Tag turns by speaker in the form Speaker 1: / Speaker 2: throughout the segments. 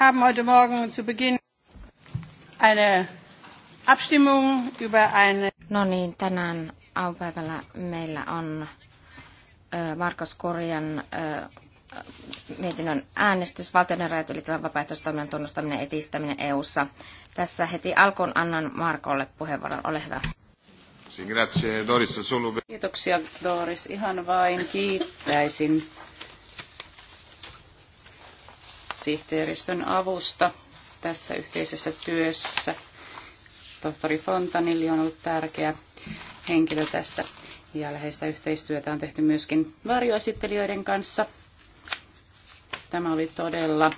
Speaker 1: haben heute
Speaker 2: Morgen zu Beginn eine Abstimmung über eine... No niin, tänään aupäivällä meillä on äh, Markus Korjan äh, mietinnön äänestys, valtioiden rajat ylittävän vapaaehtoistoiminnan tunnustaminen ja edistäminen EU-ssa. Tässä heti alkuun annan Markolle puheenvuoron. Ole hyvä. Kiitoksia Doris. Ihan vain kiittäisin
Speaker 3: sihteeristön avusta tässä yhteisessä työssä. Tohtori Fontanilli on ollut tärkeä henkilö tässä ja läheistä yhteistyötä on tehty myöskin varjoesittelijöiden kanssa. Tämä oli todella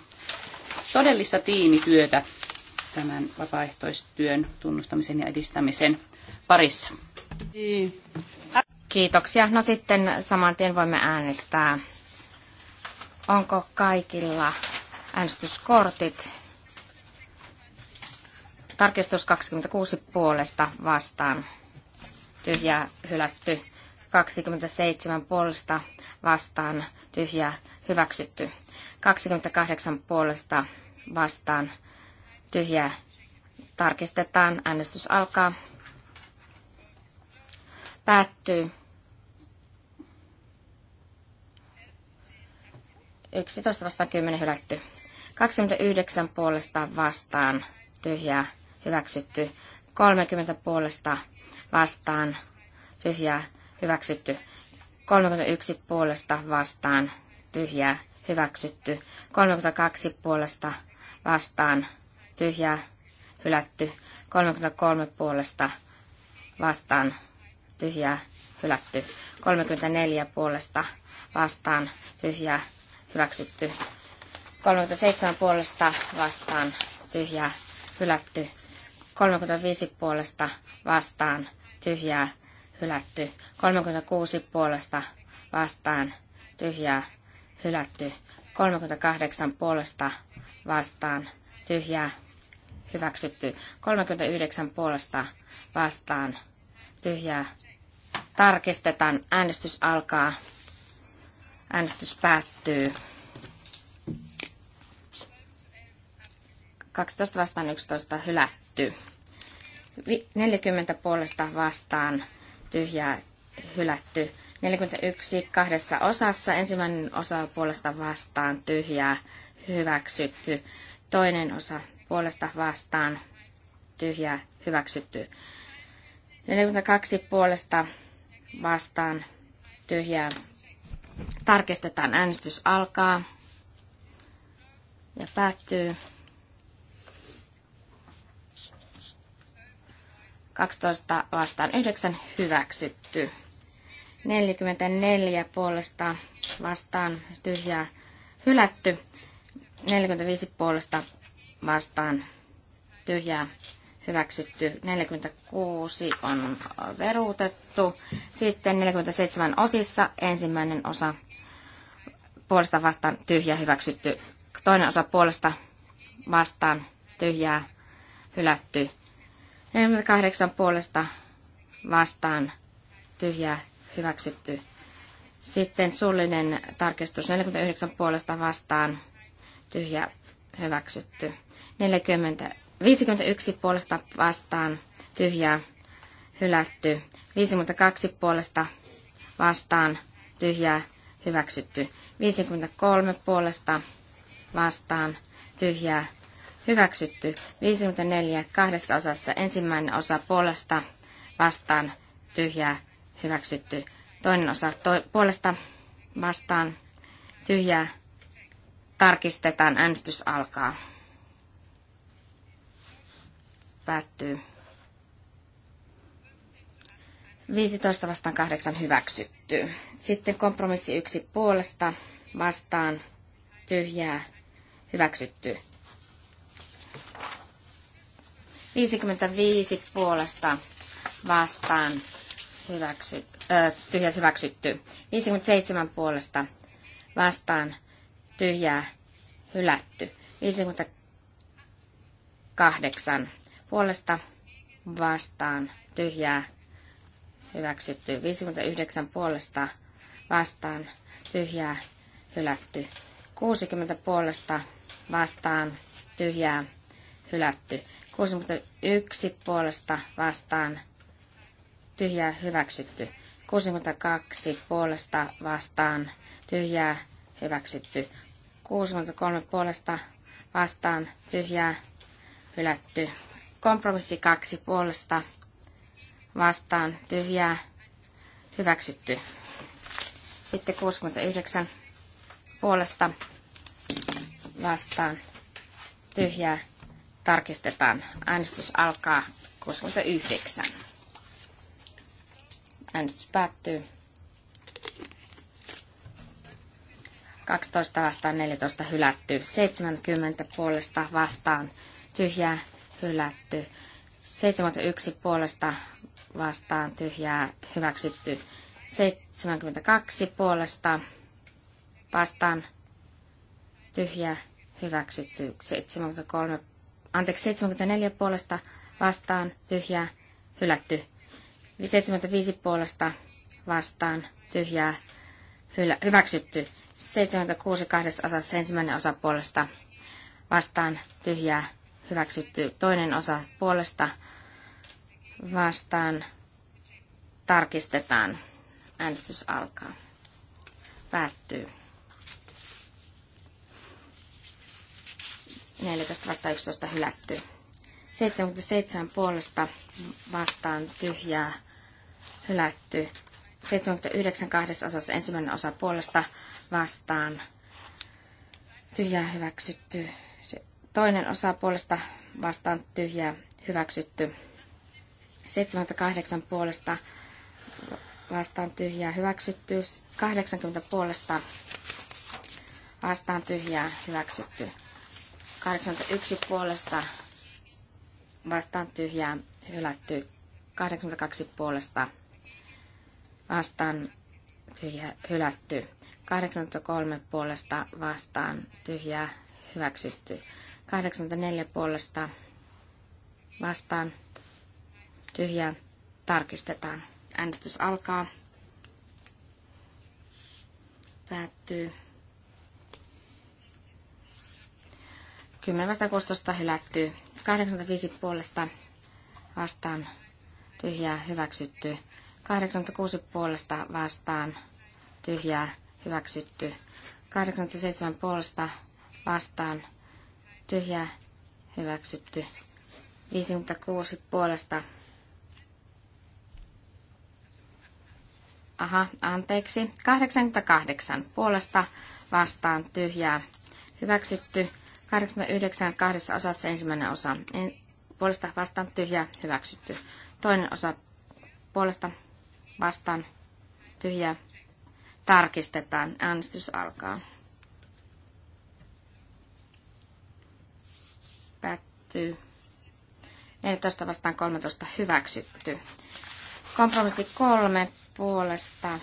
Speaker 3: todellista
Speaker 2: tiimityötä tämän vapaaehtoistyön tunnustamisen ja edistämisen parissa. Kiitoksia. No sitten saman tien voimme äänestää. Onko kaikilla äänestyskortit. Tarkistus 26 puolesta vastaan. Tyhjää hylätty. 27 puolesta vastaan. Tyhjää hyväksytty. 28 puolesta vastaan. Tyhjää tarkistetaan. Äänestys alkaa. Päättyy. 11 vastaan 10 hylätty. 29 puolesta vastaan tyhjää hyväksytty. 30 puolesta vastaan tyhjää hyväksytty. 31 puolesta vastaan tyhjää hyväksytty. 32 puolesta vastaan tyhjää hylätty. 33 puolesta vastaan tyhjää hylätty. 34 puolesta vastaan tyhjää hyväksytty. 37 puolesta vastaan tyhjää hylätty. 35 puolesta vastaan tyhjää hylätty. 36 puolesta vastaan tyhjää hylätty. 38 puolesta vastaan tyhjää hyväksytty. 39 puolesta vastaan tyhjää tarkistetaan. Äänestys alkaa. Äänestys päättyy. 12 vastaan 11 hylätty. 40 puolesta vastaan tyhjää hylätty. 41 kahdessa osassa. Ensimmäinen osa puolesta vastaan tyhjää hyväksytty. Toinen osa puolesta vastaan tyhjää hyväksytty. 42 puolesta vastaan tyhjää. Tarkistetaan äänestys alkaa ja päättyy. 12 vastaan 9 hyväksytty. 44 puolesta vastaan tyhjää hylätty. 45 puolesta vastaan tyhjää hyväksytty. 46 on veruutettu. Sitten 47 osissa ensimmäinen osa puolesta vastaan tyhjä hyväksytty. Toinen osa puolesta vastaan tyhjää hylätty. 48 puolesta vastaan tyhjä hyväksytty. Sitten suullinen tarkistus 49 puolesta vastaan tyhjä hyväksytty. 40, 51 puolesta vastaan tyhjä hylätty. 52 puolesta vastaan tyhjä hyväksytty. 53 puolesta vastaan tyhjä tyhjää Hyväksytty. 54. Kahdessa osassa. Ensimmäinen osa puolesta vastaan tyhjää. Hyväksytty. Toinen osa to- puolesta vastaan tyhjää. Tarkistetaan. Äänestys alkaa. Päättyy. 15 vastaan 8 hyväksytty. Sitten kompromissi 1 puolesta vastaan tyhjää hyväksytty. 55 puolesta vastaan hyväksy, ö, tyhjät hyväksytty. 57 puolesta vastaan tyhjää hylätty. 58 puolesta vastaan tyhjää hyväksytty. 59 puolesta vastaan tyhjää hylätty. 60 puolesta vastaan tyhjää hylätty. 61 puolesta vastaan tyhjää hyväksytty. 62 puolesta vastaan tyhjää hyväksytty. 63 puolesta vastaan tyhjää hylätty. Kompromissi 2 puolesta vastaan tyhjää hyväksytty. Sitten 69 puolesta vastaan tyhjää tarkistetaan. Äänestys alkaa 69. Äänestys päättyy. 12 vastaan 14 hylätty. 70 puolesta vastaan tyhjää hylätty. 71 puolesta vastaan tyhjää hyväksytty. 72 puolesta vastaan tyhjää hyväksytty. 73 anteeksi, 74 puolesta vastaan tyhjää hylätty. 75 puolesta vastaan tyhjää hylä, hyväksytty. 76 kahdessa osassa ensimmäinen osa puolesta vastaan tyhjää hyväksytty. Toinen osa puolesta vastaan tarkistetaan. Äänestys alkaa. Päättyy. 14 vasta 11 hylätty. 77 puolesta vastaan tyhjää hylätty. 79 kahdessa osassa ensimmäinen osa puolesta vastaan tyhjää hyväksytty. Toinen osa puolesta vastaan tyhjää hyväksytty. 78 puolesta vastaan tyhjää hyväksytty. 80 puolesta vastaan tyhjää hyväksytty. 81 puolesta vastaan tyhjää hylätty. 82 puolesta vastaan tyhjää hylätty. 83 puolesta vastaan tyhjää hyväksytty. 84 puolesta vastaan tyhjää tarkistetaan. Äänestys alkaa. Päättyy. 10 vasta 16 hylätty. 85 puolesta vastaan tyhjää hyväksytty. 86 puolesta vastaan tyhjää hyväksytty. 87 puolesta vastaan tyhjää hyväksytty. 56 puolesta. Aha, anteeksi. 88 puolesta vastaan tyhjää hyväksytty. 89 kahdessa osassa ensimmäinen osa. En, puolesta vastaan tyhjää hyväksytty. Toinen osa puolesta vastaan tyhjää tarkistetaan. Äänestys alkaa. Päättyy. 14 vastaan 13 hyväksytty. Kompromissi kolme puolesta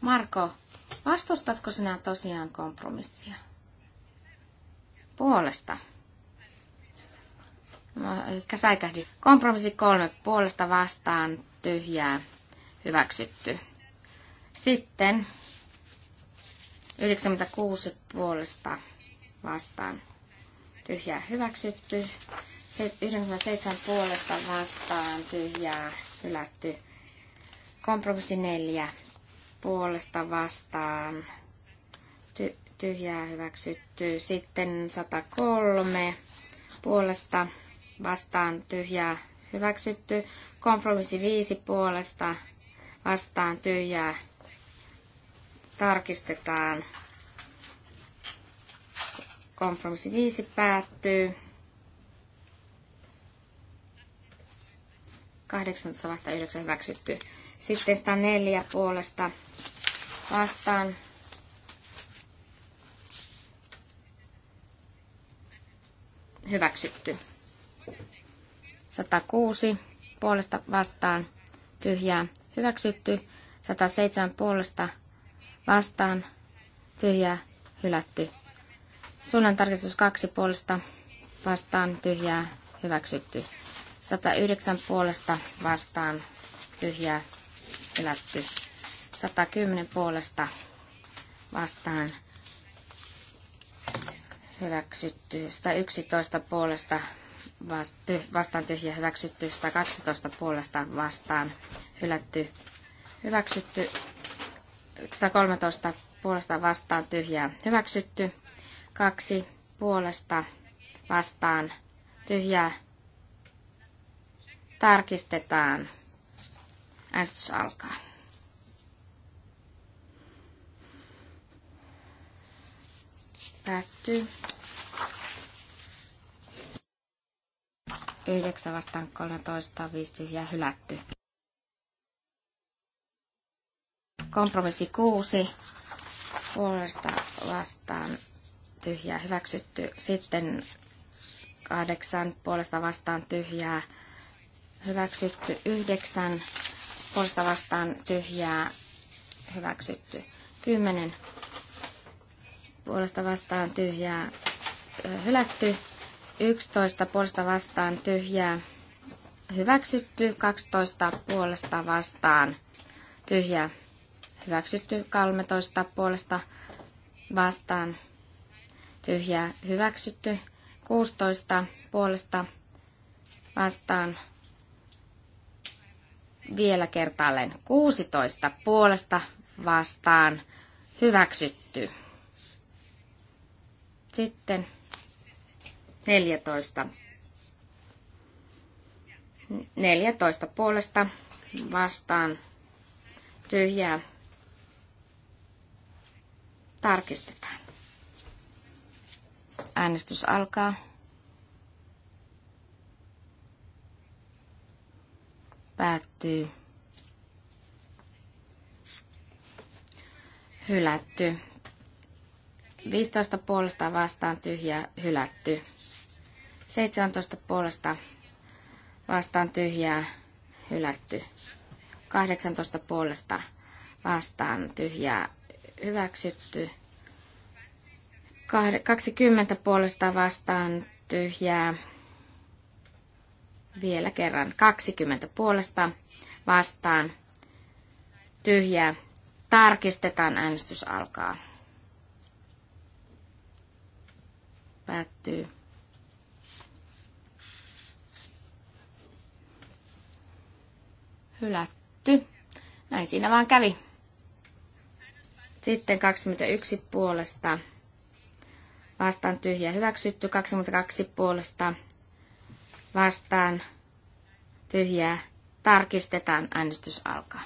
Speaker 2: Marko Vastustatko sinä tosiaan kompromissia? Puolesta. Mä no, säikähdin. Kompromissi kolme. Puolesta vastaan tyhjää. Hyväksytty. Sitten 96 puolesta vastaan tyhjää hyväksytty. 97 puolesta vastaan tyhjää hylätty. Kompromissi neljä puolesta vastaan ty- tyhjää hyväksytty. Sitten 103 puolesta vastaan tyhjää hyväksytty. Kompromissi 5 puolesta vastaan tyhjää tarkistetaan. Kompromissi 5 päättyy. 18 vasta 9 hyväksytty. Sitten 104 puolesta vastaan. Hyväksytty. 106 puolesta vastaan. Tyhjää. Hyväksytty. 107 puolesta vastaan. Tyhjää. Hylätty. Suunnan tarkistus 2 puolesta vastaan. Tyhjää. Hyväksytty. 109 puolesta vastaan tyhjää pelätty 110 puolesta vastaan hyväksytty. 111 puolesta vastaan tyhjä hyväksytty. 112 puolesta vastaan hylätty. Hyväksytty. 113 puolesta vastaan tyhjä, hyväksytty. 2 puolesta vastaan tyhjä, tarkistetaan. Äänestys alkaa. Päättyy. 9 vastaan 13, 5 tyhjää hylätty. Kompromissi 6, puolesta vastaan tyhjää hyväksytty. Sitten 8, puolesta vastaan tyhjää hyväksytty. 9, puolesta vastaan tyhjää hyväksytty. 10 puolesta vastaan tyhjää hylätty. 11 puolesta vastaan tyhjää hyväksytty. 12 puolesta vastaan tyhjää hyväksytty. 13 puolesta vastaan tyhjää hyväksytty. 16 puolesta vastaan vielä kertaalleen 16 puolesta vastaan hyväksytty. Sitten 14. 14 puolesta vastaan tyhjää tarkistetaan. Äänestys alkaa. Päättyy. Hylätty. 15 puolesta vastaan tyhjä hylätty. 17 puolesta vastaan tyhjää hylätty. 18 puolesta vastaan tyhjää hyväksytty. 20 puolesta vastaan tyhjää vielä kerran 20 puolesta vastaan tyhjää. Tarkistetaan, äänestys alkaa. Päättyy. Hylätty. Näin siinä vaan kävi. Sitten 21 puolesta vastaan tyhjä hyväksytty, 22 puolesta vastaan tyhjää. Tarkistetaan, äänestys alkaa.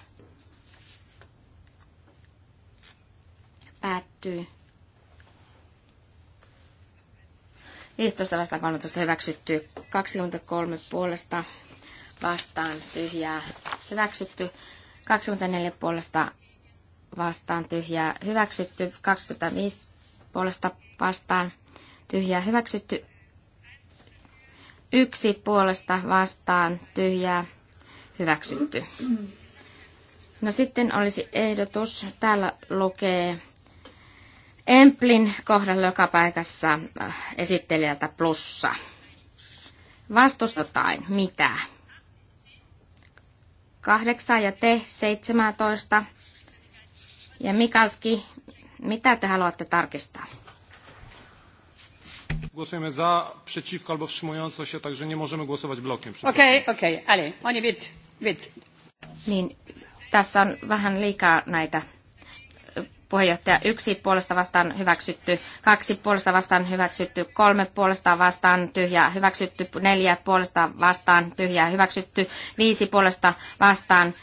Speaker 2: Päättyy. 15 vastaan 13 hyväksytty, 23 puolesta vastaan tyhjää hyväksytty, 24 puolesta vastaan tyhjää hyväksytty, 25 puolesta vastaan tyhjää hyväksytty, Yksi puolesta vastaan tyhjää hyväksytty. No sitten olisi ehdotus, täällä lukee Emplin kohdalla joka paikassa äh, esittelijältä plussa. Vastustotain mitä? 8 ja te 17. Ja Mikalski, mitä te haluatte tarkistaa?
Speaker 1: Głosujemy za, przeciwko albo wstrzymująco się, także nie możemy głosować blokiem.
Speaker 2: Okei, okay, okei, okay. ale, oni vit, vit. Niin, tässä on vähän liikaa näitä e, puheenjohtaja. Yksi puolesta vastaan hyväksytty, kaksi puolesta vastaan hyväksytty, kolme puolesta vastaan tyhjä, hyväksytty, neljä puolesta vastaan tyhjä, hyväksytty, viisi puolesta vastaan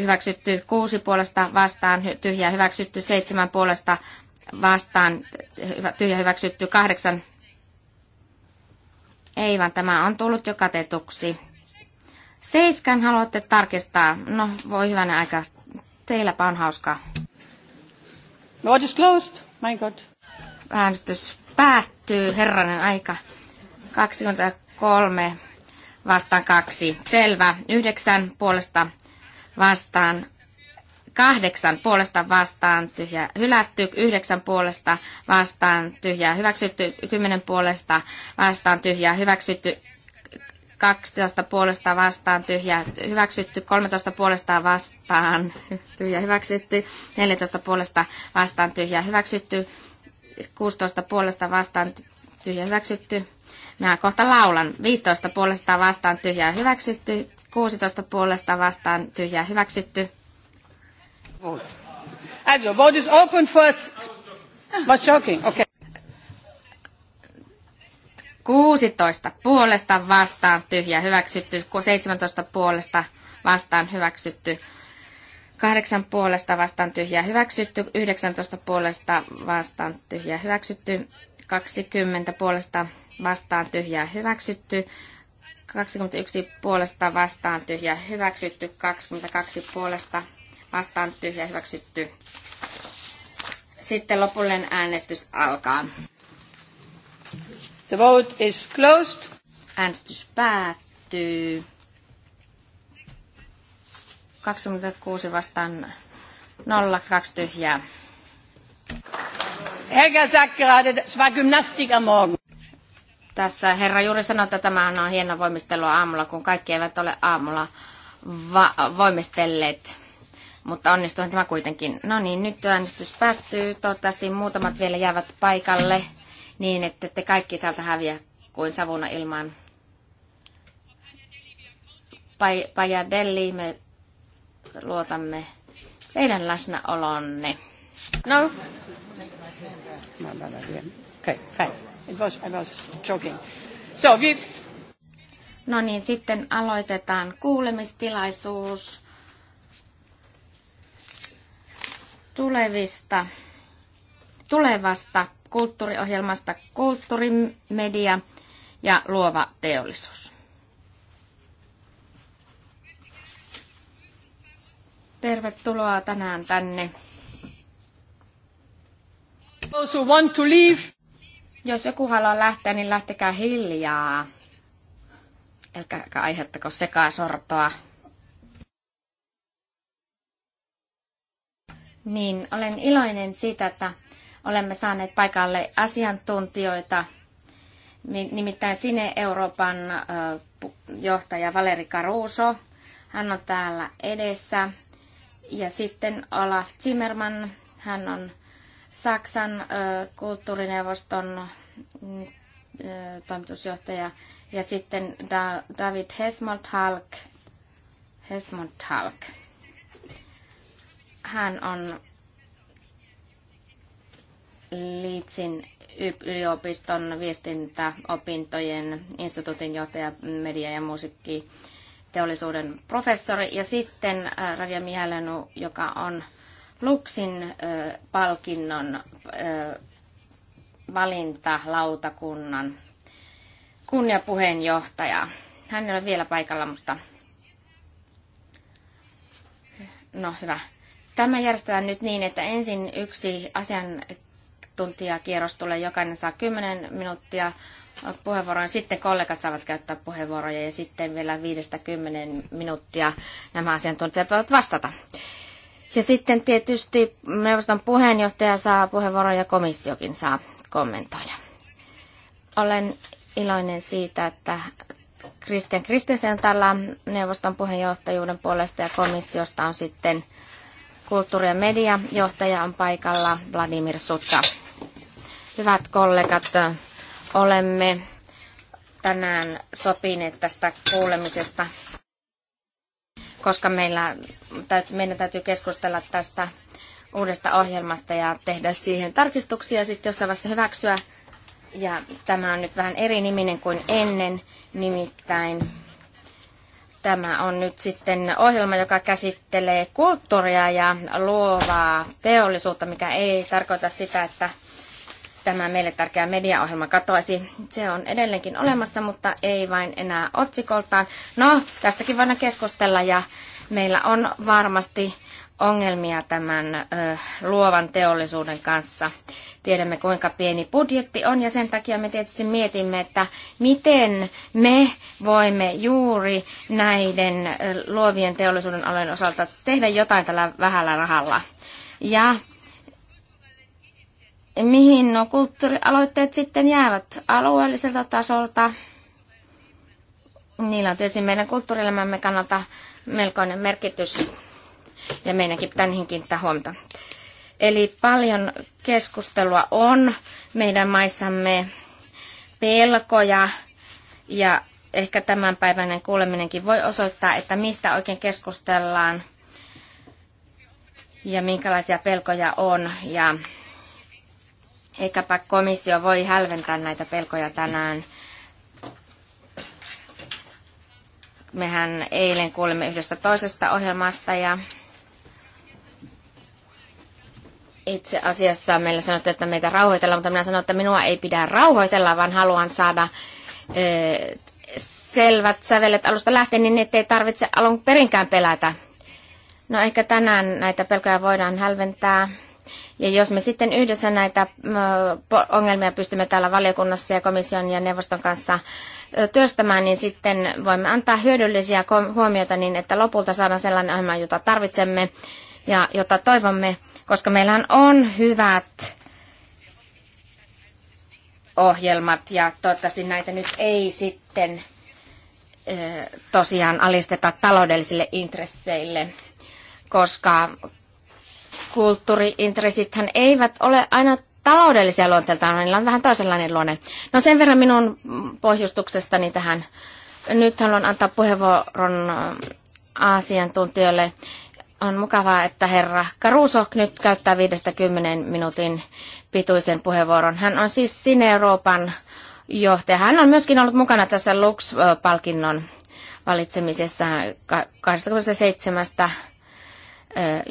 Speaker 2: hyväksytty, kuusi puolesta vastaan tyhjä, hyväksytty, seitsemän puolesta vastaan tyhjä hyväksytty, kahdeksan ei vaan tämä on tullut jo katetuksi. Seiskän haluatte tarkistaa. No, voi hyvänä aika. Teilläpä on hauskaa. Vote is closed. My God. Äänestys päättyy. Herranen aika. 23 vastaan kaksi. Selvä. Yhdeksän puolesta vastaan kahdeksan puolesta vastaan tyhjää hylätty, yhdeksän puolesta vastaan tyhjää hyväksytty, kymmenen puolesta vastaan tyhjää hyväksytty, 12 puolesta vastaan tyhjää hyväksytty, 13 puolesta vastaan tyhjää hyväksytty, 14 puolesta vastaan tyhjää hyväksytty, 16 puolesta vastaan tyhjää hyväksytty. Minä kohta laulan. 15 puolesta vastaan tyhjää hyväksytty, 16 puolesta vastaan tyhjää hyväksytty, vote. Also, vote is open first. Was joking, okay. 16 puolesta vastaan tyhjä hyväksytty, 17 puolesta vastaan hyväksytty, 8 puolesta vastaan tyhjä hyväksytty, 19 puolesta vastaan tyhjä hyväksytty, 20 puolesta vastaan tyhjä hyväksytty, 21 puolesta vastaan tyhjä hyväksytty, 22 puolesta vastaan tyhjä hyväksytty. Sitten lopullinen äänestys alkaa. The vote is closed. Äänestys päättyy. 26 vastaan 0, 2 tyhjää. Helga sagt gerade, das war Gymnastik am Morgen. Tässä herra juuri sanoi, että tämä on hieno voimistelua aamulla, kun kaikki eivät ole aamulla va- voimistelleet mutta onnistuin tämä kuitenkin. No niin, nyt äänestys päättyy. Toivottavasti muutamat vielä jäävät paikalle niin, että te kaikki täältä häviä kuin savuna Paja Delli, me luotamme teidän läsnäolonne. No. no, no, no It was, was So, No niin, sitten aloitetaan kuulemistilaisuus. tulevista, tulevasta kulttuuriohjelmasta kulttuurimedia ja luova teollisuus. Tervetuloa tänään tänne. Also want to leave. Jos joku haluaa lähteä, niin lähtekää hiljaa. Älkääkä aiheuttako sekaa sortoa. Niin, olen iloinen siitä, että olemme saaneet paikalle asiantuntijoita, nimittäin sinne Euroopan johtaja Valeri Caruso. Hän on täällä edessä. Ja sitten Olaf Zimmermann, hän on Saksan kulttuurineuvoston mm, toimitusjohtaja. Ja sitten David hesmond Halk. hesmond Halk hän on Liitsin yliopiston viestintäopintojen instituutin johtaja, media- ja musiikkiteollisuuden professori. Ja sitten äh, radja mielenu, joka on Luxin äh, palkinnon äh, valintalautakunnan kunniapuheenjohtaja. Hän ei ole vielä paikalla, mutta no hyvä. Tämä järjestetään nyt niin, että ensin yksi asiantuntijakierros tulee, jokainen saa 10 minuuttia puheenvuoron. Sitten kollegat saavat käyttää puheenvuoroja ja sitten vielä 5-10 minuuttia nämä asiantuntijat voivat vastata. Ja sitten tietysti neuvoston puheenjohtaja saa puheenvuoron ja komissiokin saa kommentoida. Olen iloinen siitä, että Christian Kristensen tällä neuvoston puheenjohtajuuden puolesta ja komissiosta on sitten kulttuuri- ja mediajohtaja on paikalla, Vladimir Sutka. Hyvät kollegat, olemme tänään sopineet tästä kuulemisesta, koska meillä, meidän täytyy keskustella tästä uudesta ohjelmasta ja tehdä siihen tarkistuksia sitten jossain vaiheessa hyväksyä. Ja tämä on nyt vähän eri niminen kuin ennen, nimittäin Tämä on nyt sitten ohjelma, joka käsittelee kulttuuria ja luovaa teollisuutta, mikä ei tarkoita sitä, että tämä meille tärkeä mediaohjelma katoisi. Se on edelleenkin olemassa, mutta ei vain enää otsikoltaan. No, tästäkin voidaan keskustella ja meillä on varmasti ongelmia tämän luovan teollisuuden kanssa. Tiedämme, kuinka pieni budjetti on ja sen takia me tietysti mietimme, että miten me voimme juuri näiden luovien teollisuuden alojen osalta tehdä jotain tällä vähällä rahalla. Ja mihin nuo kulttuurialoitteet sitten jäävät alueelliselta tasolta. Niillä on tietysti meidän kulttuurielämämme kannalta melkoinen merkitys ja meidänkin pitää niihin kiinnittää huomiota. Eli paljon keskustelua on meidän maissamme pelkoja ja ehkä tämänpäiväinen kuuleminenkin voi osoittaa, että mistä oikein keskustellaan ja minkälaisia pelkoja on. Ja ehkäpä komissio voi hälventää näitä pelkoja tänään. Mehän eilen kuulimme yhdestä toisesta ohjelmasta ja itse asiassa meillä sanottiin, että meitä rauhoitellaan, mutta minä sanoin, että minua ei pidä rauhoitella, vaan haluan saada ö, selvät sävelet alusta lähtien, niin ettei tarvitse alun perinkään pelätä. No ehkä tänään näitä pelkoja voidaan hälventää. Ja jos me sitten yhdessä näitä ongelmia pystymme täällä valiokunnassa ja komission ja neuvoston kanssa työstämään, niin sitten voimme antaa hyödyllisiä huomioita niin, että lopulta saadaan sellainen ohjelma, jota tarvitsemme ja jota toivomme, koska meillä on hyvät ohjelmat ja toivottavasti näitä nyt ei sitten tosiaan alisteta taloudellisille intresseille, koska kulttuuriintressithän eivät ole aina taloudellisia luonteeltaan, niillä on vähän toisenlainen luonne. No sen verran minun pohjustuksestani tähän. Nyt haluan antaa puheenvuoron asiantuntijoille on mukavaa, että herra Caruso nyt käyttää 50 minuutin pituisen puheenvuoron. Hän on siis sinne Euroopan johtaja. Hän on myöskin ollut mukana tässä Lux-palkinnon valitsemisessa 27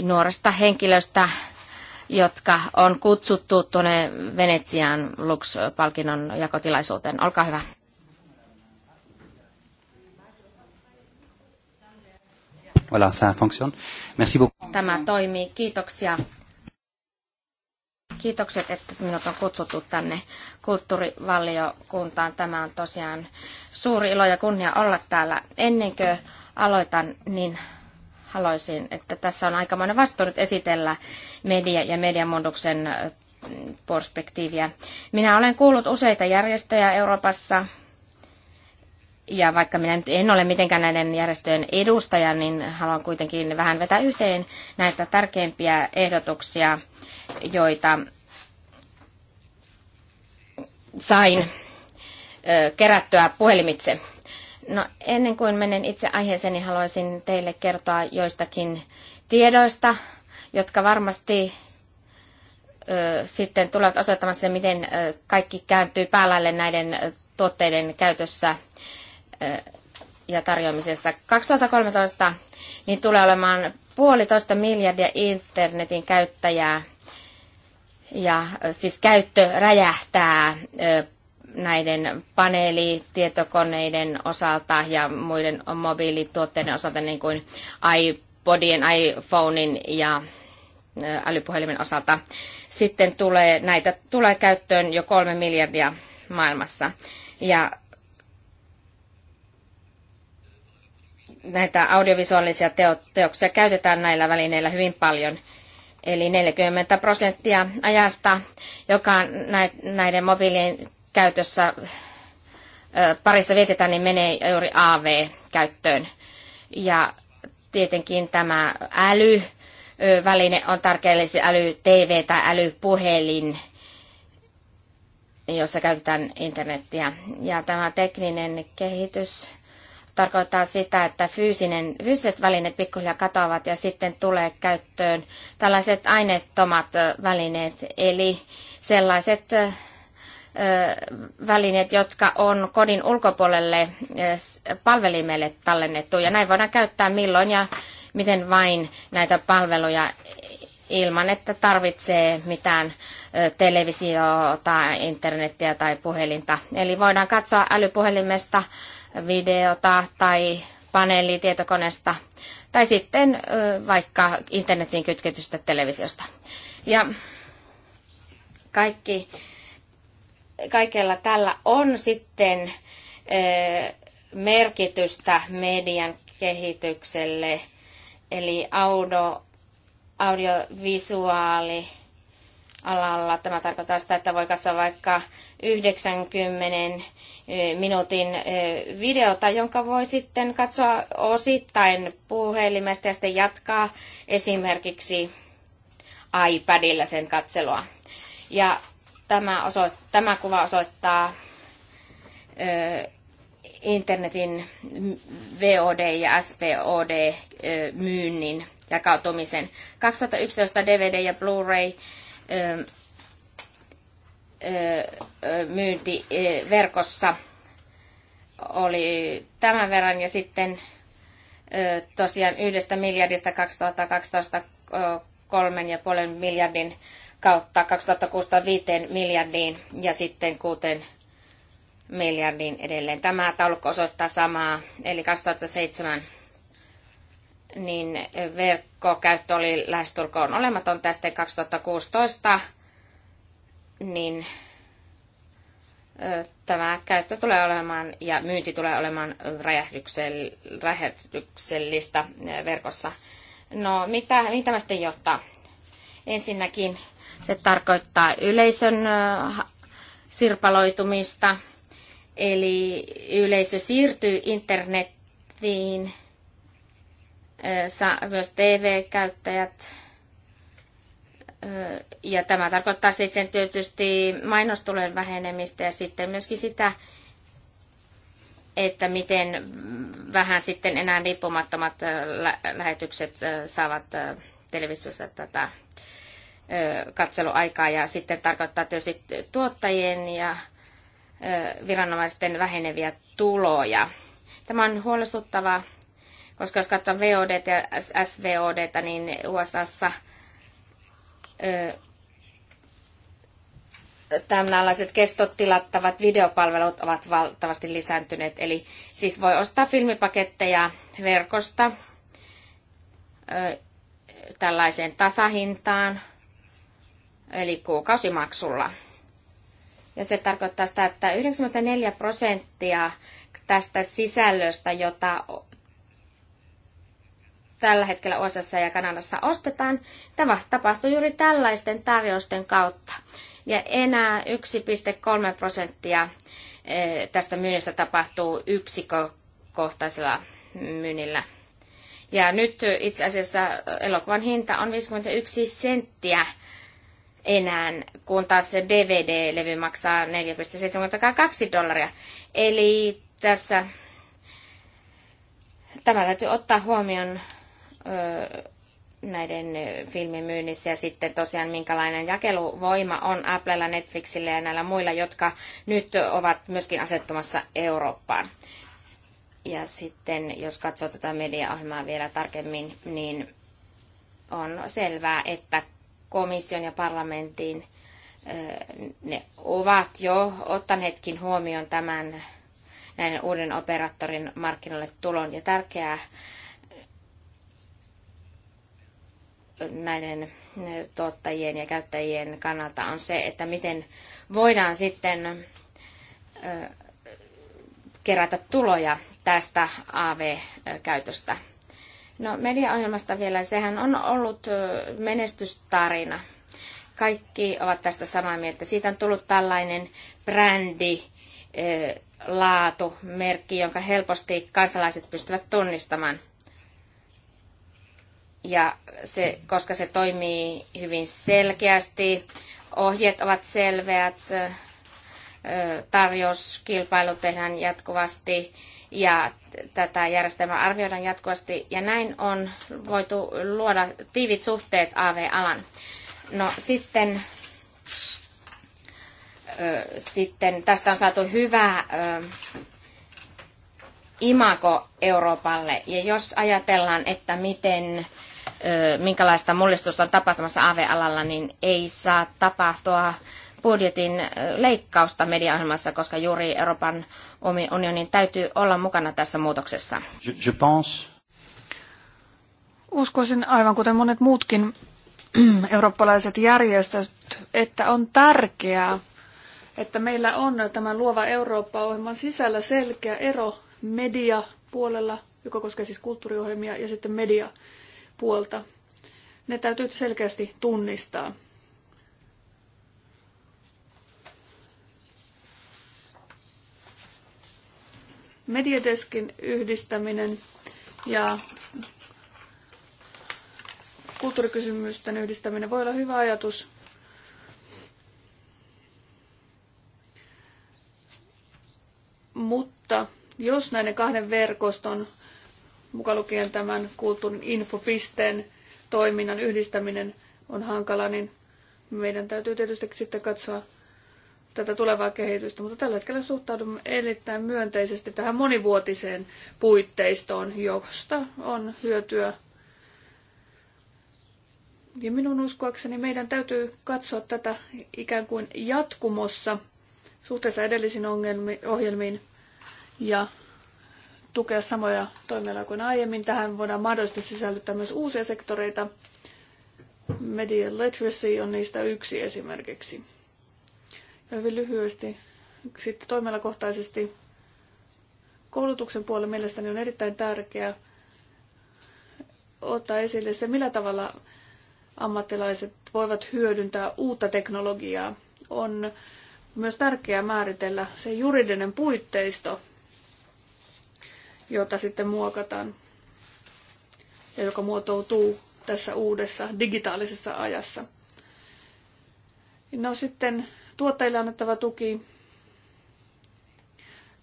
Speaker 2: nuoresta henkilöstä, jotka on kutsuttu tuonne Venetsian Lux-palkinnon jakotilaisuuteen. Olkaa hyvä.
Speaker 1: Voilà, ça fonctionne. Merci beaucoup.
Speaker 2: Tämä toimii. Kiitoksia. Kiitokset, että minut on kutsuttu tänne kulttuurivaliokuntaan. Tämä on tosiaan suuri ilo ja kunnia olla täällä. Ennen kuin aloitan, niin haluaisin, että tässä on aikamoinen vastuu nyt esitellä media ja mediamonduksen perspektiiviä. Minä olen kuullut useita järjestöjä Euroopassa, ja vaikka minä nyt en ole mitenkään näiden järjestöjen edustaja, niin haluan kuitenkin vähän vetää yhteen näitä tärkeimpiä ehdotuksia, joita sain kerättyä puhelimitse. No ennen kuin menen itse aiheeseen, niin haluaisin teille kertoa joistakin tiedoista, jotka varmasti ö, sitten tulevat osoittamaan sille, miten ö, kaikki kääntyy päälle näiden tuotteiden käytössä ja tarjoamisessa. 2013 niin tulee olemaan puolitoista miljardia internetin käyttäjää ja siis käyttö räjähtää näiden paneelitietokoneiden osalta ja muiden mobiilituotteiden osalta, niin kuin iPodien, iPhonein ja älypuhelimen osalta. Sitten tulee, näitä tulee käyttöön jo kolme miljardia maailmassa. Ja näitä audiovisuaalisia teoksia käytetään näillä välineillä hyvin paljon. Eli 40 prosenttia ajasta, joka näiden mobiilien käytössä parissa vietetään, niin menee juuri AV-käyttöön. Ja tietenkin tämä älyväline on tärkeä, eli äly TV tai älypuhelin, jossa käytetään internettiä. Ja tämä tekninen kehitys tarkoittaa sitä, että fyysinen, fyysiset välineet pikkuhiljaa katoavat ja sitten tulee käyttöön tällaiset aineettomat välineet, eli sellaiset välineet, jotka on kodin ulkopuolelle palvelimelle tallennettu. Ja näin voidaan käyttää milloin ja miten vain näitä palveluja ilman, että tarvitsee mitään televisiota, internettiä tai puhelinta. Eli voidaan katsoa älypuhelimesta videota tai tietokoneesta tai sitten vaikka internetin kytketystä televisiosta. Ja kaikki, kaikella tällä on sitten merkitystä median kehitykselle, eli audio, audiovisuaali alalla. Tämä tarkoittaa sitä, että voi katsoa vaikka 90 minuutin videota, jonka voi sitten katsoa osittain puhelimesta ja sitten jatkaa esimerkiksi iPadilla sen katselua. Ja tämä, oso, tämä kuva osoittaa ö, internetin VOD ja SPOD-myynnin jakautumisen. 2011 DVD ja Blu-ray myyntiverkossa oli tämän verran ja sitten tosiaan yhdestä miljardista 2012 kolmen ja puolen miljardin kautta 2065 miljardiin ja sitten kuuteen miljardiin edelleen. Tämä taulukko osoittaa samaa, eli 2007 niin verkkokäyttö oli lähestulkoon olematon tästä 2016, niin tämä käyttö tulee olemaan ja myynti tulee olemaan räjähdyksellistä verkossa. No mitä, mitä mä sitten johtaa? Ensinnäkin se tarkoittaa yleisön sirpaloitumista, eli yleisö siirtyy internettiin myös TV-käyttäjät. Ja tämä tarkoittaa sitten tietysti mainostulojen vähenemistä ja sitten myöskin sitä, että miten vähän sitten enää riippumattomat lähetykset saavat televisiossa tätä katseluaikaa ja sitten tarkoittaa tietysti tuottajien ja viranomaisten väheneviä tuloja. Tämä on huolestuttava koska jos katsoo VOD ja SVOD, niin USAssa tällaiset tilattavat videopalvelut ovat valtavasti lisääntyneet. Eli siis voi ostaa filmipaketteja verkosta ö, tällaiseen tasahintaan, eli kuukausimaksulla. Ja se tarkoittaa sitä, että 94 prosenttia tästä sisällöstä, jota tällä hetkellä USA ja Kanadassa ostetaan. Tämä tapahtuu juuri tällaisten tarjousten kautta. Ja enää 1,3 prosenttia eh, tästä myynnistä tapahtuu yksikkökohtaisella myynnillä. Ja nyt itse asiassa elokuvan hinta on 51 senttiä enää, kun taas se DVD-levy maksaa 4,72 dollaria. Eli tässä tämä täytyy ottaa huomioon näiden filmin myynnissä ja sitten tosiaan minkälainen jakeluvoima on Applella, Netflixillä ja näillä muilla, jotka nyt ovat myöskin asettumassa Eurooppaan. Ja sitten jos katsoo tätä mediaohjelmaa vielä tarkemmin, niin on selvää, että komission ja parlamentin ne ovat jo ottaneetkin huomioon tämän näiden uuden operaattorin markkinoille tulon. Ja tärkeää näiden eh, tuottajien ja käyttäjien kannalta on se, että miten voidaan sitten eh, kerätä tuloja tästä AV-käytöstä. No mediaohjelmasta vielä, sehän on ollut eh, menestystarina. Kaikki ovat tästä samaa mieltä. Siitä on tullut tällainen brändi, laatu, merkki, jonka helposti kansalaiset pystyvät tunnistamaan – ja se, koska se toimii hyvin selkeästi, ohjeet ovat selveät, tarjouskilpailu tehdään jatkuvasti ja tätä järjestelmää arvioidaan jatkuvasti. Ja näin on voitu luoda tiivit suhteet AV-alan. No sitten, sitten tästä on saatu hyvä imako Euroopalle. Ja jos ajatellaan, että miten minkälaista mullistusta on tapahtumassa AV-alalla, niin ei saa tapahtua budjetin leikkausta mediaohjelmassa, koska juuri Euroopan unionin täytyy olla mukana tässä muutoksessa. Je, je pense.
Speaker 1: Uskoisin aivan kuten monet muutkin eurooppalaiset järjestöt, että on tärkeää, että meillä on tämän Luova Eurooppa-ohjelman sisällä selkeä ero media puolella, joka koskee siis kulttuuriohjelmia, ja sitten media puolta. Ne täytyy selkeästi tunnistaa. mediadeskin yhdistäminen ja kulttuurikysymysten yhdistäminen voi olla hyvä ajatus. Mutta jos näiden kahden verkoston mukaan lukien tämän kulttuurin infopisteen toiminnan yhdistäminen on hankala, niin meidän täytyy tietysti sitten katsoa tätä tulevaa kehitystä, mutta tällä hetkellä suhtaudumme erittäin myönteisesti tähän monivuotiseen puitteistoon, josta on hyötyä. Ja minun uskoakseni meidän täytyy katsoa tätä ikään kuin jatkumossa suhteessa edellisiin ongelmi- ohjelmiin ja tukea samoja toimialoja kuin aiemmin. Tähän voidaan mahdollisesti sisällyttää myös uusia sektoreita. Media literacy on niistä yksi esimerkiksi. Ja hyvin lyhyesti sitten toimialakohtaisesti koulutuksen puolella mielestäni on erittäin tärkeää ottaa esille se, millä tavalla ammattilaiset voivat hyödyntää uutta teknologiaa. On myös tärkeää määritellä se juridinen puitteisto, jota sitten muokataan ja joka muotoutuu tässä uudessa digitaalisessa ajassa. No sitten tuottajille annettava tuki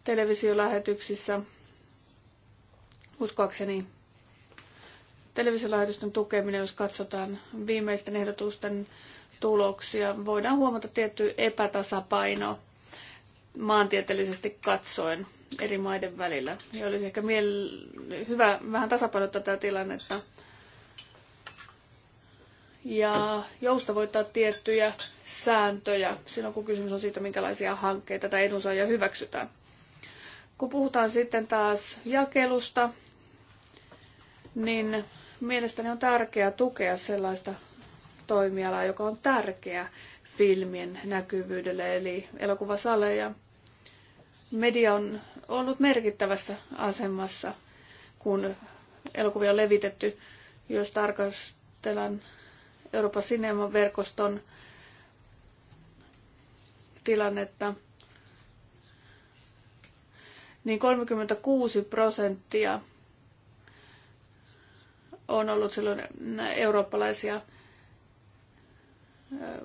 Speaker 1: televisiolähetyksissä. Uskoakseni televisiolähetysten tukeminen, jos katsotaan viimeisten ehdotusten tuloksia, voidaan huomata tietty epätasapaino maantieteellisesti katsoen eri maiden välillä. Ja olisi ehkä miel- hyvä vähän tasapainottaa tätä tilannetta ja joustavoittaa tiettyjä sääntöjä silloin, kun kysymys on siitä, minkälaisia hankkeita tai edunsaajia hyväksytään. Kun puhutaan sitten taas jakelusta, niin mielestäni on tärkeää tukea sellaista toimialaa, joka on tärkeä filmien näkyvyydelle, eli elokuvasaleja. Media on ollut merkittävässä asemassa, kun elokuvia on levitetty. Jos tarkastellaan Euroopan sinemaverkoston verkoston tilannetta, niin 36 prosenttia on ollut silloin eurooppalaisia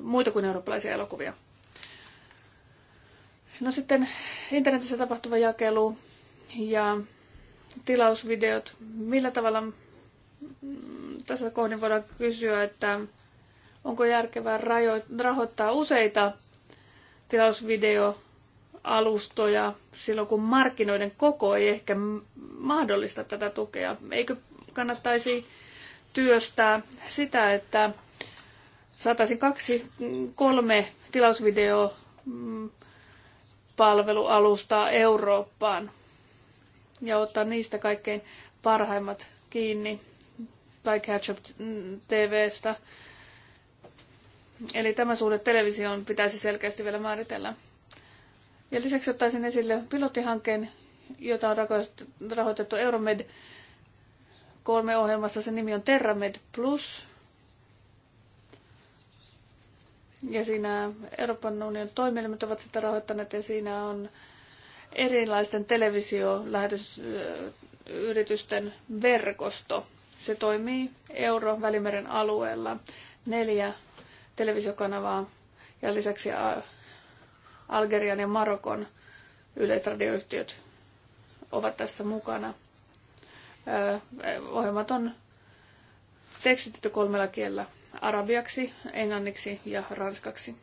Speaker 1: muita kuin eurooppalaisia elokuvia. No sitten internetissä tapahtuva jakelu ja tilausvideot. Millä tavalla mm, tässä kohdin voidaan kysyä, että onko järkevää rahoittaa useita tilausvideoalustoja silloin, kun markkinoiden koko ei ehkä mahdollista tätä tukea. Eikö kannattaisi työstää sitä, että saataisiin kaksi, kolme tilausvideo mm, palvelualustaa Eurooppaan ja ottaa niistä kaikkein parhaimmat kiinni tai Catch Up TVstä. Eli tämä suhde televisioon pitäisi selkeästi vielä määritellä. Ja lisäksi ottaisin esille pilottihankkeen, jota on rahoitettu Euromed kolme ohjelmasta. Sen nimi on Terramed Plus. Ja siinä Euroopan unionin toimielimet ovat sitä rahoittaneet ja siinä on erilaisten televisiolähetysyritysten verkosto. Se toimii Euro-Välimeren alueella. Neljä televisiokanavaa ja lisäksi Algerian ja Marokon yleisradioyhtiöt ovat tässä mukana. Ohjelmat on tekstitetty kolmella kielellä, arabiaksi, englanniksi ja ranskaksi.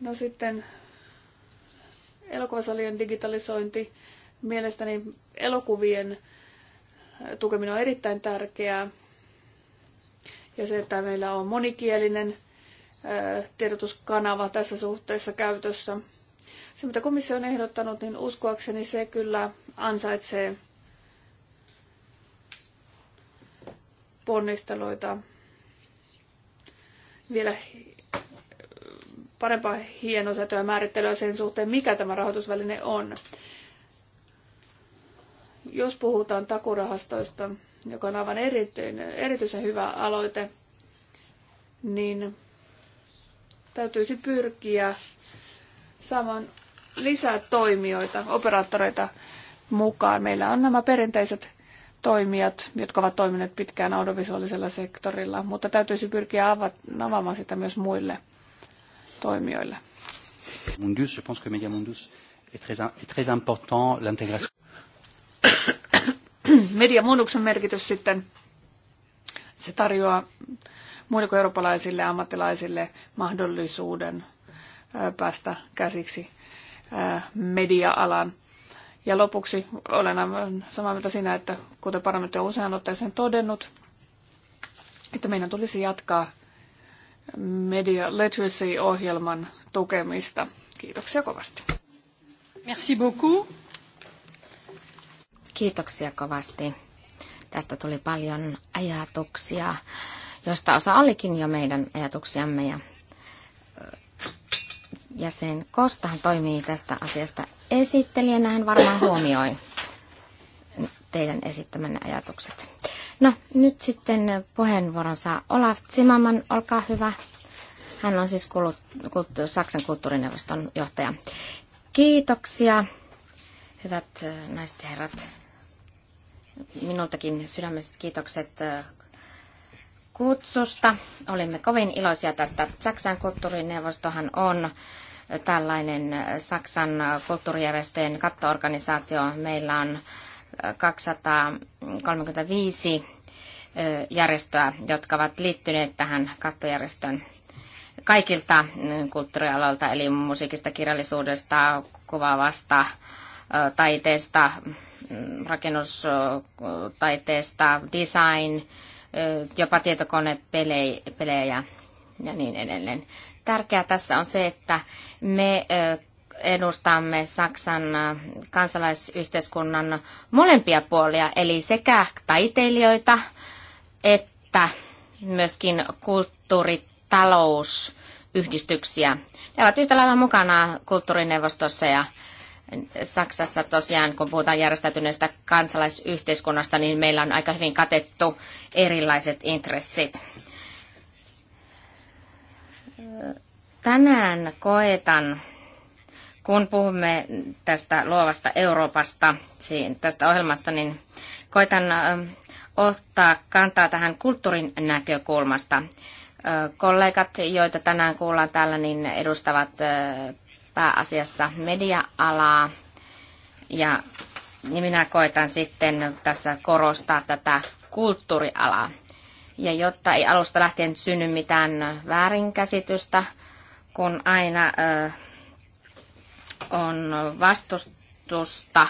Speaker 1: No sitten elokuvasalien digitalisointi. Mielestäni elokuvien tukeminen on erittäin tärkeää. Ja se, että meillä on monikielinen tiedotuskanava tässä suhteessa käytössä. Se, mitä komissio on ehdottanut, niin uskoakseni se kyllä ansaitsee ponnisteluita vielä parempaa hienosäätöä ja määrittelyä sen suhteen, mikä tämä rahoitusväline on. Jos puhutaan takurahastoista, joka on aivan erityinen, erityisen hyvä aloite, niin täytyisi pyrkiä saamaan lisää toimijoita, operaattoreita mukaan. Meillä on nämä perinteiset toimijat, jotka ovat toimineet pitkään audiovisuaalisella sektorilla, mutta täytyisi pyrkiä ava- avaamaan sitä myös muille toimijoille.
Speaker 3: Mundus, je pense que Media Mundus est très, est très important l'intégration.
Speaker 1: Media Munduksen merkitys sitten, se tarjoaa muille kuin eurooppalaisille ammattilaisille mahdollisuuden päästä käsiksi media-alan ja lopuksi olen aivan samaa mieltä siinä, että kuten parlamentti on usean otteeseen todennut, että meidän tulisi jatkaa Media Literacy-ohjelman
Speaker 2: tukemista.
Speaker 1: Kiitoksia kovasti.
Speaker 2: Merci beaucoup. Kiitoksia kovasti. Tästä tuli paljon ajatuksia, josta osa olikin jo meidän ajatuksiamme ja jäsen Kostahan toimii tästä asiasta esittelijänä. Hän varmaan huomioi teidän esittämänne ajatukset. No, nyt sitten puheenvuoron saa Olaf Zimmermann. olkaa hyvä. Hän on siis kulut, kult, Saksan kulttuurineuvoston johtaja. Kiitoksia, hyvät äh, naiset ja herrat. Minultakin sydämiset kiitokset äh, kutsusta. Olimme kovin iloisia tästä. Saksan kulttuurineuvostohan on tällainen Saksan kulttuurijärjestöjen kattoorganisaatio. Meillä on 235 järjestöä, jotka ovat liittyneet tähän kattojärjestön kaikilta mm, kulttuurialoilta, eli musiikista, kirjallisuudesta, kuvaavasta, taiteesta, mm, rakennustaiteesta, design, jopa tietokonepelejä ja niin edelleen. Tärkeää tässä on se, että me edustamme Saksan kansalaisyhteiskunnan molempia puolia, eli sekä taiteilijoita että myöskin kulttuuritalousyhdistyksiä. Ne ovat yhtä lailla mukana kulttuurineuvostossa ja Saksassa tosiaan, kun puhutaan järjestäytyneestä kansalaisyhteiskunnasta, niin meillä on aika hyvin katettu erilaiset intressit. Tänään koetan, kun puhumme tästä luovasta Euroopasta, tästä ohjelmasta, niin koitan ottaa kantaa tähän kulttuurin näkökulmasta. Kollegat, joita tänään kuullaan täällä, niin edustavat pääasiassa media-alaa. Ja niin minä koitan sitten tässä korostaa tätä kulttuurialaa. Ja jotta ei alusta lähtien synny mitään väärinkäsitystä, kun aina ö, on vastustusta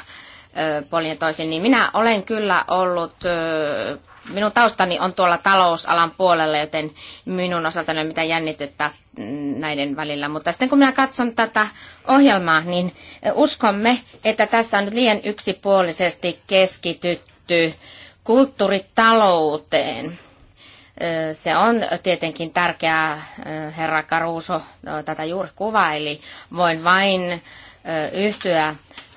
Speaker 2: puolin toisin, niin minä olen kyllä ollut, minun taustani on tuolla talousalan puolella, joten minun osaltani ei ole mitään jännitettä mm, näiden välillä. Mutta sitten kun minä katson tätä ohjelmaa, niin uskomme, että tässä on nyt liian yksipuolisesti keskitytty kulttuuritalouteen. Se on tietenkin tärkeää, herra Karuuso tätä juuri kuvaili. Voin vain yhtyä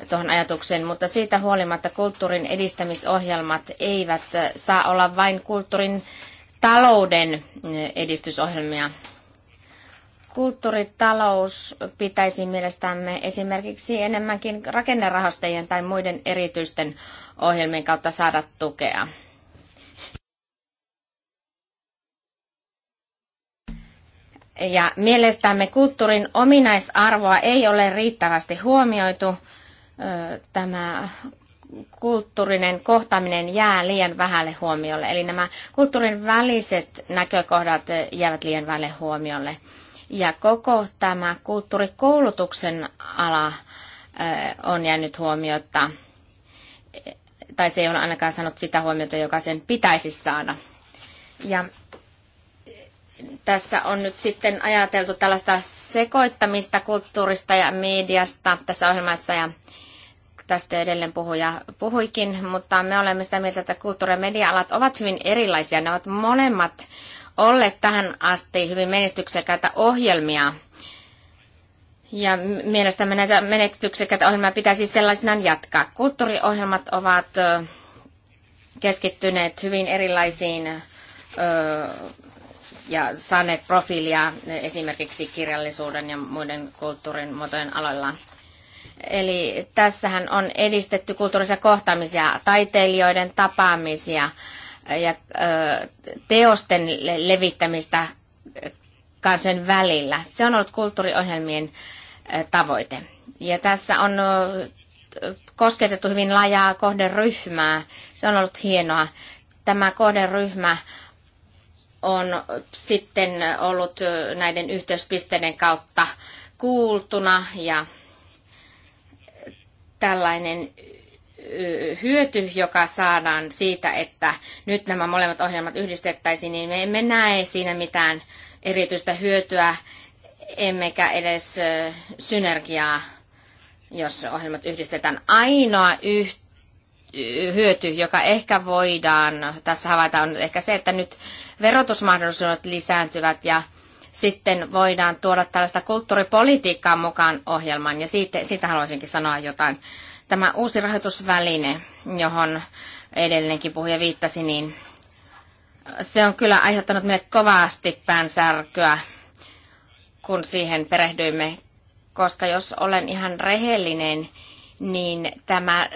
Speaker 2: tuohon ajatukseen, mutta siitä huolimatta kulttuurin edistämisohjelmat eivät saa olla vain kulttuurin talouden edistysohjelmia. Kulttuuritalous pitäisi mielestämme esimerkiksi enemmänkin rakennerahastojen tai muiden erityisten ohjelmien kautta saada tukea. Ja mielestämme kulttuurin ominaisarvoa ei ole riittävästi huomioitu. Tämä kulttuurinen kohtaaminen jää liian vähälle huomiolle. Eli nämä kulttuurin väliset näkökohdat jäävät liian vähälle huomiolle. Ja koko tämä kulttuurikoulutuksen ala on jäänyt huomiota, tai se ei ole ainakaan sanonut sitä huomiota, joka sen pitäisi saada. Ja tässä on nyt sitten ajateltu tällaista sekoittamista kulttuurista ja mediasta tässä ohjelmassa ja tästä edelleen puhuja puhuikin, mutta me olemme sitä mieltä, että kulttuuri- ja media-alat ovat hyvin erilaisia. Ne ovat molemmat olleet tähän asti hyvin menestyksekäitä ohjelmia. Ja mielestämme näitä menestyksekäitä ohjelmia pitäisi sellaisenaan jatkaa. Kulttuuriohjelmat ovat keskittyneet hyvin erilaisiin ja saaneet profiilia esimerkiksi kirjallisuuden ja muiden kulttuurin muotojen aloillaan. Eli tässähän on edistetty kulttuurisia kohtaamisia, taiteilijoiden tapaamisia ja teosten levittämistä kansojen välillä. Se on ollut kulttuuriohjelmien tavoite. Ja tässä on kosketettu hyvin laajaa kohderyhmää. Se on ollut hienoa. Tämä kohderyhmä on sitten ollut näiden yhteyspisteiden kautta kuultuna ja tällainen hyöty, joka saadaan siitä, että nyt nämä molemmat ohjelmat yhdistettäisiin, niin me emme näe siinä mitään erityistä hyötyä, emmekä edes synergiaa, jos ohjelmat yhdistetään. Ainoa yhteys hyöty, joka ehkä voidaan tässä havaita, on ehkä se, että nyt verotusmahdollisuudet lisääntyvät ja sitten voidaan tuoda tällaista kulttuuripolitiikkaa mukaan ohjelmaan. Ja siitä, siitä haluaisinkin sanoa jotain. Tämä uusi rahoitusväline, johon edellinenkin puhuja viittasi, niin se on kyllä aiheuttanut meille kovasti päänsärkyä, kun siihen perehdyimme. Koska jos olen ihan rehellinen, niin tämä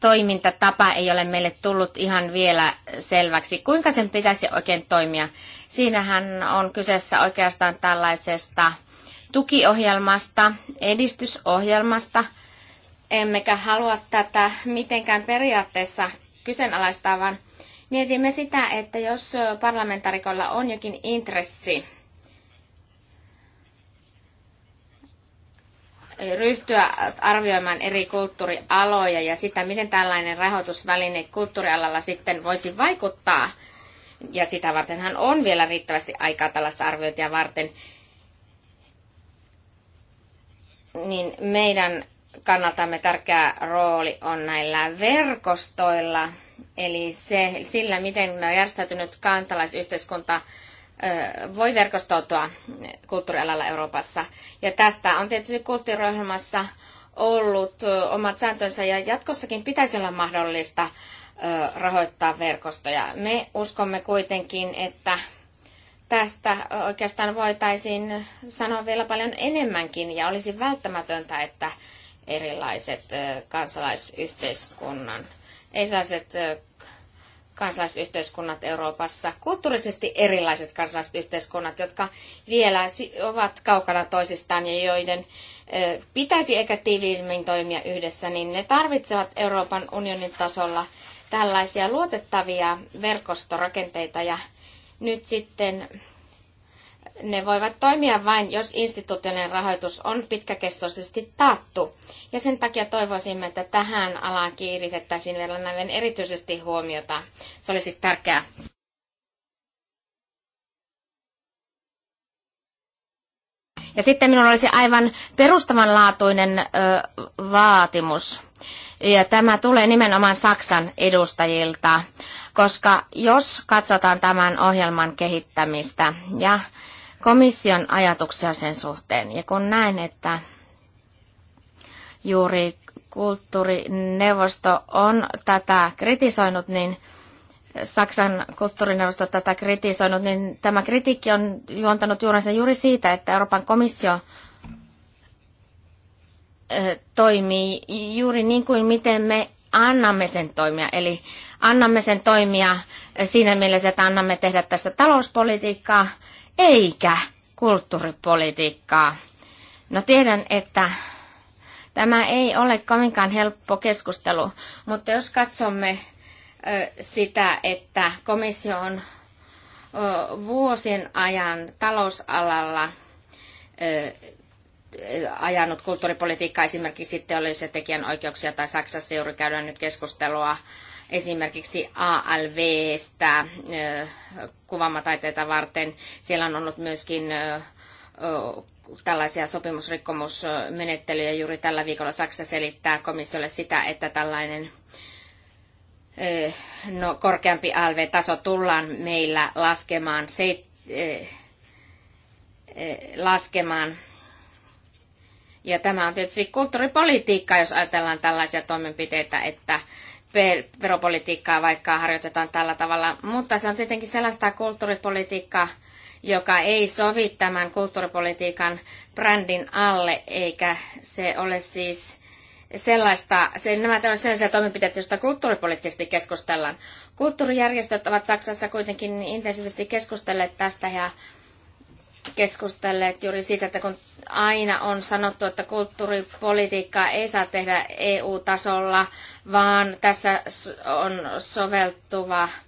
Speaker 2: toimintatapa ei ole meille tullut ihan vielä selväksi. Kuinka sen pitäisi oikein toimia? Siinähän on kyseessä oikeastaan tällaisesta tukiohjelmasta, edistysohjelmasta. Emmekä halua tätä mitenkään periaatteessa kyseenalaistaa, vaan mietimme sitä, että jos parlamentarikolla on jokin intressi ryhtyä arvioimaan eri kulttuurialoja ja sitä, miten tällainen rahoitusväline kulttuurialalla sitten voisi vaikuttaa. Ja sitä vartenhan on vielä riittävästi aikaa tällaista arviointia varten. Niin meidän kannaltamme tärkeä rooli on näillä verkostoilla, eli se, sillä, miten järjestäytynyt kantalaisyhteiskunta yhteiskunta voi verkostoitua kulttuurialalla Euroopassa. Ja tästä on tietysti kulttuuriohjelmassa ollut omat sääntönsä ja jatkossakin pitäisi olla mahdollista rahoittaa verkostoja. Me uskomme kuitenkin, että tästä oikeastaan voitaisiin sanoa vielä paljon enemmänkin ja olisi välttämätöntä, että erilaiset kansalaisyhteiskunnan, erilaiset kansalaisyhteiskunnat Euroopassa, kulttuurisesti erilaiset kansalaisyhteiskunnat, jotka vielä ovat kaukana toisistaan ja joiden pitäisi ehkä tiiviimmin toimia yhdessä, niin ne tarvitsevat Euroopan unionin tasolla tällaisia luotettavia verkostorakenteita ja nyt sitten ne voivat toimia vain, jos instituutioiden rahoitus on pitkäkestoisesti taattu. Ja sen takia toivoisimme, että tähän alaan kiinnitettäisiin vielä näin erityisesti huomiota. Se olisi tärkeää. Ja sitten minulla olisi aivan perustavanlaatuinen ö, vaatimus. Ja tämä tulee nimenomaan Saksan edustajilta, koska jos katsotaan tämän ohjelman kehittämistä ja komission ajatuksia sen suhteen. Ja kun näin, että juuri kulttuurineuvosto on tätä kritisoinut, niin Saksan kulttuurineuvosto tätä kritisoinut, niin tämä kritiikki on juontanut juurensa juuri siitä, että Euroopan komissio toimii juuri niin kuin miten me annamme sen toimia. Eli annamme sen toimia siinä mielessä, että annamme tehdä tässä talouspolitiikkaa eikä kulttuuripolitiikkaa. No tiedän, että tämä ei ole kovinkaan helppo keskustelu, mutta jos katsomme sitä, että komissio on vuosien ajan talousalalla ajanut kulttuuripolitiikkaa, esimerkiksi sitten oli se tekijänoikeuksia tai Saksassa juuri käydään nyt keskustelua esimerkiksi ALVstä kuvamataiteita varten. Siellä on ollut myöskin tällaisia sopimusrikkomusmenettelyjä. Juuri tällä viikolla Saksa selittää komissiolle sitä, että tällainen no, korkeampi ALV-taso tullaan meillä laskemaan, se, laskemaan ja tämä on tietysti kulttuuripolitiikka, jos ajatellaan tällaisia toimenpiteitä, että veropolitiikkaa, vaikka harjoitetaan tällä tavalla. Mutta se on tietenkin sellaista kulttuuripolitiikkaa, joka ei sovi tämän kulttuuripolitiikan brändin alle, eikä se ole siis sellaista, se, nämä ovat sellaisia toimenpiteitä, joista kulttuuripoliittisesti keskustellaan. Kulttuurijärjestöt ovat Saksassa kuitenkin intensiivisesti keskustelleet tästä ja keskustelleet juuri siitä, että kun aina on sanottu, että kulttuuripolitiikkaa ei saa tehdä EU-tasolla, vaan tässä on soveltuva, äh,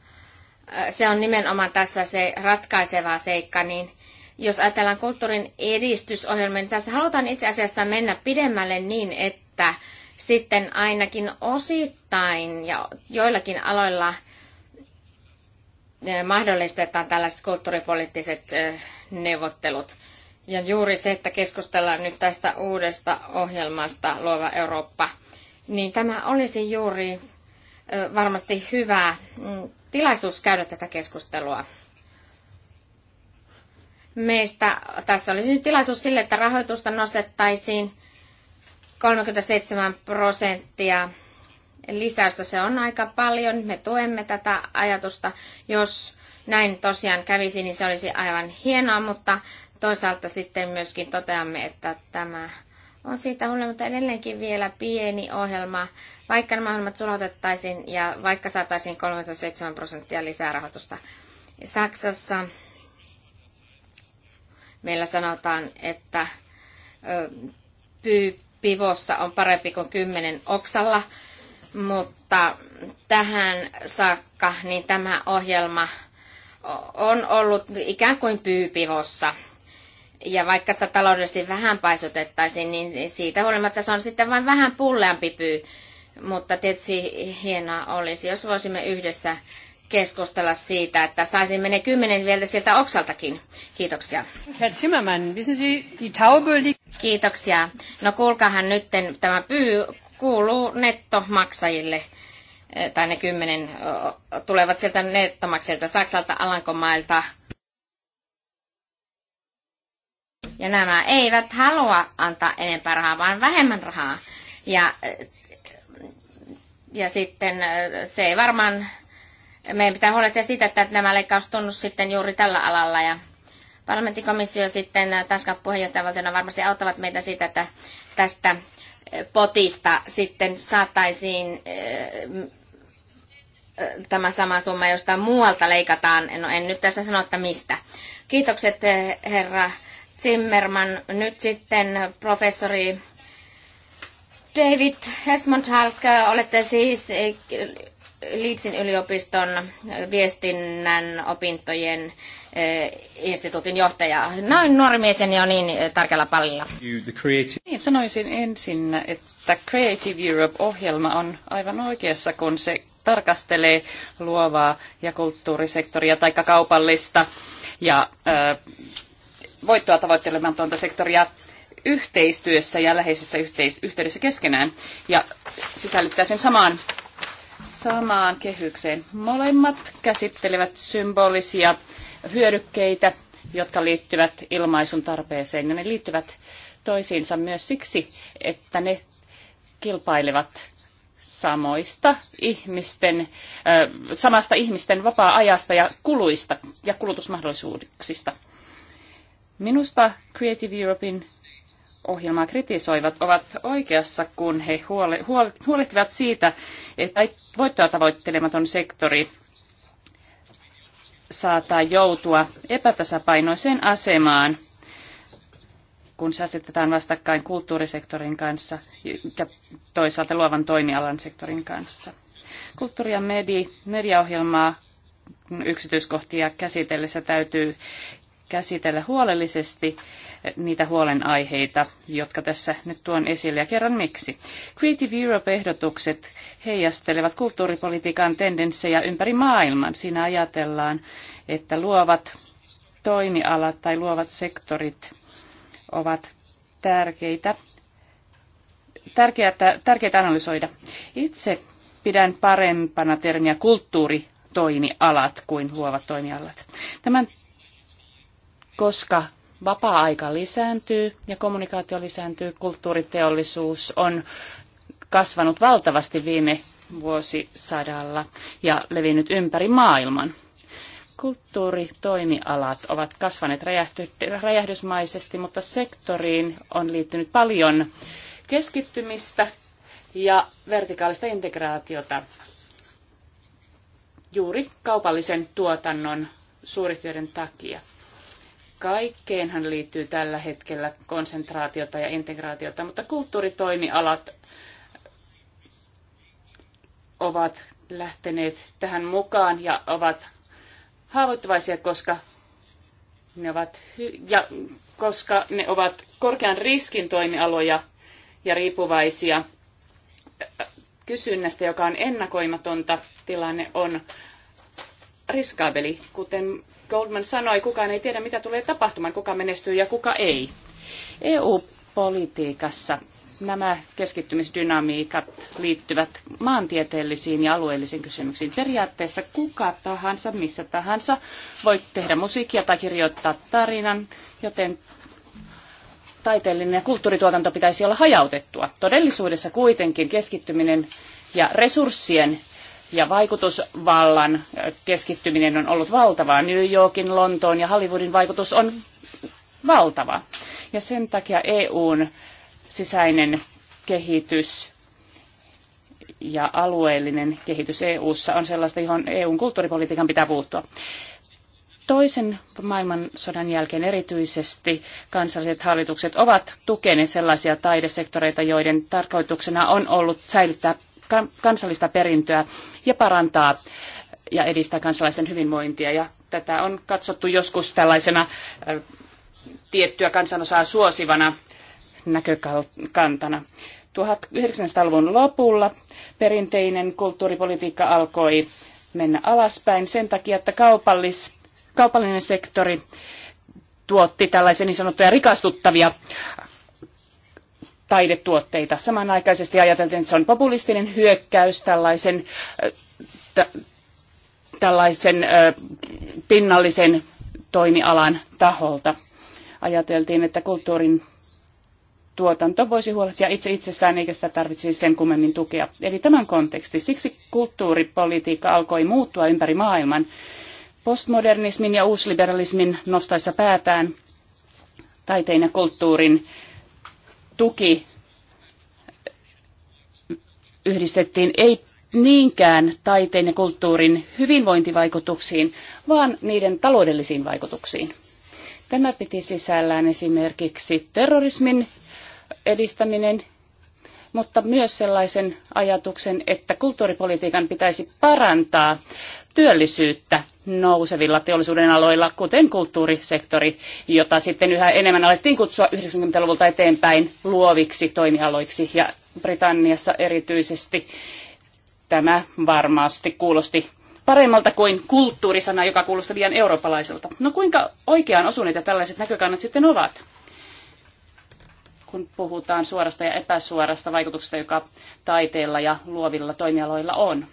Speaker 2: se on nimenomaan tässä se ratkaiseva seikka, niin jos ajatellaan kulttuurin edistysohjelmia, niin tässä halutaan itse asiassa mennä pidemmälle niin, että sitten ainakin osittain ja joillakin aloilla – Eh, mahdollistetaan tällaiset kulttuuripoliittiset eh, neuvottelut. Ja juuri se, että keskustellaan nyt tästä uudesta ohjelmasta Luova Eurooppa, niin tämä olisi juuri eh, varmasti hyvä mm, tilaisuus käydä tätä keskustelua. Meistä tässä olisi nyt tilaisuus sille, että rahoitusta nostettaisiin 37 prosenttia lisäystä. Se on aika paljon. Me tuemme tätä ajatusta. Jos näin tosiaan kävisi, niin se olisi aivan hienoa, mutta toisaalta sitten myöskin toteamme, että tämä on siitä huolimatta edelleenkin vielä pieni ohjelma, vaikka nämä ohjelmat sulotettaisiin ja vaikka saataisiin 37 prosenttia lisää rahoitusta. Saksassa meillä sanotaan, että pivossa on parempi kuin kymmenen oksalla mutta tähän saakka niin tämä ohjelma on ollut ikään kuin pyypivossa. Ja vaikka sitä taloudellisesti vähän paisutettaisiin, niin siitä huolimatta se on sitten vain vähän pulleampi pyy. Mutta tietysti hienoa olisi, jos voisimme yhdessä keskustella siitä, että saisimme ne kymmenen vielä sieltä oksaltakin. Kiitoksia. Herr Zimmermann, wissen Sie, die Taube Kiitoksia. No kuulkahan nyt, tämä pyy kuuluu nettomaksajille, eh, tai ne kymmenen tulevat sieltä nettomaksajilta Saksalta, Alankomailta. Ja nämä eivät halua antaa enempää rahaa, vaan vähemmän rahaa. Ja, eh, ja sitten eh, se ei varmaan, meidän pitää huolehtia siitä, että nämä leikkaus tunnus sitten juuri tällä alalla ja parlamenttikomissio sitten Tanskan puheenjohtajavaltiona varmasti auttavat meitä siitä, että tästä potista sitten saataisiin eh, eh, tämä sama summa jostain muualta leikataan. No en nyt tässä sano, että mistä. Kiitokset eh, herra Zimmerman. Nyt sitten professori David Hesmondhalk, olette siis liitsin yliopiston viestinnän opintojen Eh, instituutin johtaja. Noin nuori mies en ole niin eh, tarkalla pallilla. Niin, sanoisin ensin, että Creative Europe-ohjelma on aivan oikeassa, kun se
Speaker 3: tarkastelee luovaa ja kulttuurisektoria tai kaupallista ja äh, voittoa tuonta sektoria yhteistyössä ja läheisessä yhteis- yhteydessä keskenään ja sisällyttää sen samaan samaan kehykseen. Molemmat käsittelevät symbolisia hyödykkeitä, jotka liittyvät ilmaisun tarpeeseen. Ja ne liittyvät toisiinsa myös siksi, että ne kilpailevat samoista ihmisten, samasta ihmisten vapaa-ajasta ja kuluista ja kulutusmahdollisuuksista. Minusta Creative Europein ohjelmaa kritisoivat ovat oikeassa, kun he huole, huolehtivat siitä, että voittoa tavoittelematon sektori saattaa joutua epätasapainoiseen asemaan, kun se asetetaan vastakkain kulttuurisektorin kanssa ja toisaalta luovan toimialan sektorin kanssa. Kulttuuri- ja medi, mediaohjelmaa mm, yksityiskohtia käsitellessä täytyy käsitellä huolellisesti niitä huolenaiheita, jotka tässä nyt tuon esille ja kerron miksi. Creative Europe-ehdotukset heijastelevat kulttuuripolitiikan tendenssejä ympäri maailman. Siinä ajatellaan, että luovat toimialat tai luovat sektorit ovat tärkeitä, tärkeää, tärkeää analysoida. Itse pidän parempana termiä kulttuuritoimialat kuin luovat toimialat. Tämän koska vapaa-aika lisääntyy ja kommunikaatio lisääntyy. Kulttuuriteollisuus on kasvanut valtavasti viime vuosisadalla ja levinnyt ympäri maailman. Kulttuuritoimialat ovat kasvaneet räjähdysmaisesti, mutta sektoriin on liittynyt paljon keskittymistä ja vertikaalista integraatiota juuri kaupallisen tuotannon suurityöiden takia kaikkeenhan liittyy tällä hetkellä konsentraatiota ja integraatiota, mutta kulttuuritoimialat ovat lähteneet tähän mukaan ja ovat haavoittuvaisia, koska ne ovat, ja koska ne ovat korkean riskin toimialoja ja riippuvaisia kysynnästä, joka on ennakoimatonta, tilanne on riskaabeli, kuten Goldman sanoi, kukaan ei tiedä, mitä tulee tapahtumaan, kuka menestyy ja kuka ei. EU-politiikassa nämä keskittymisdynamiikat liittyvät maantieteellisiin ja alueellisiin kysymyksiin. Periaatteessa kuka tahansa, missä tahansa voi tehdä musiikkia tai kirjoittaa tarinan, joten taiteellinen ja kulttuurituotanto pitäisi olla hajautettua. Todellisuudessa kuitenkin keskittyminen ja resurssien ja vaikutusvallan keskittyminen on ollut valtavaa. New Yorkin, Lontoon ja Hollywoodin vaikutus on valtava. Ja sen takia EUn sisäinen kehitys ja alueellinen kehitys EU:ssa on sellaista, johon EUn kulttuuripolitiikan pitää puuttua. Toisen maailmansodan jälkeen erityisesti kansalliset hallitukset ovat tukeneet sellaisia taidesektoreita, joiden tarkoituksena on ollut säilyttää kansallista perintöä ja parantaa ja edistää kansalaisten hyvinvointia. Ja tätä on katsottu joskus tällaisena tiettyä kansanosaa suosivana näkökantana. 1900-luvun lopulla perinteinen kulttuuripolitiikka alkoi mennä alaspäin sen takia, että kaupallis, kaupallinen sektori tuotti tällaisia niin sanottuja rikastuttavia taidetuotteita. Samanaikaisesti ajateltiin, että se on populistinen hyökkäys tällaisen, tällaisen pinnallisen toimialan taholta. Ajateltiin, että kulttuurin tuotanto voisi huolehtia itse itsessään, eikä sitä tarvitsisi sen kummemmin tukea. Eli tämän konteksti. Siksi kulttuuripolitiikka alkoi muuttua ympäri maailman. Postmodernismin ja uusliberalismin nostaessa päätään taiteen ja kulttuurin tuki yhdistettiin ei niinkään taiteen ja kulttuurin hyvinvointivaikutuksiin, vaan niiden taloudellisiin vaikutuksiin. Tämä piti sisällään esimerkiksi terrorismin edistäminen, mutta myös sellaisen ajatuksen, että kulttuuripolitiikan pitäisi parantaa työllisyyttä nousevilla teollisuuden aloilla, kuten kulttuurisektori, jota sitten yhä enemmän alettiin kutsua 90-luvulta eteenpäin luoviksi toimialoiksi. Ja Britanniassa erityisesti tämä varmasti kuulosti paremmalta kuin kulttuurisana, joka kuulosti liian eurooppalaiselta. No kuinka oikeaan osuneita tällaiset näkökannat sitten ovat? kun puhutaan suorasta ja epäsuorasta vaikutuksesta, joka taiteella ja luovilla toimialoilla on.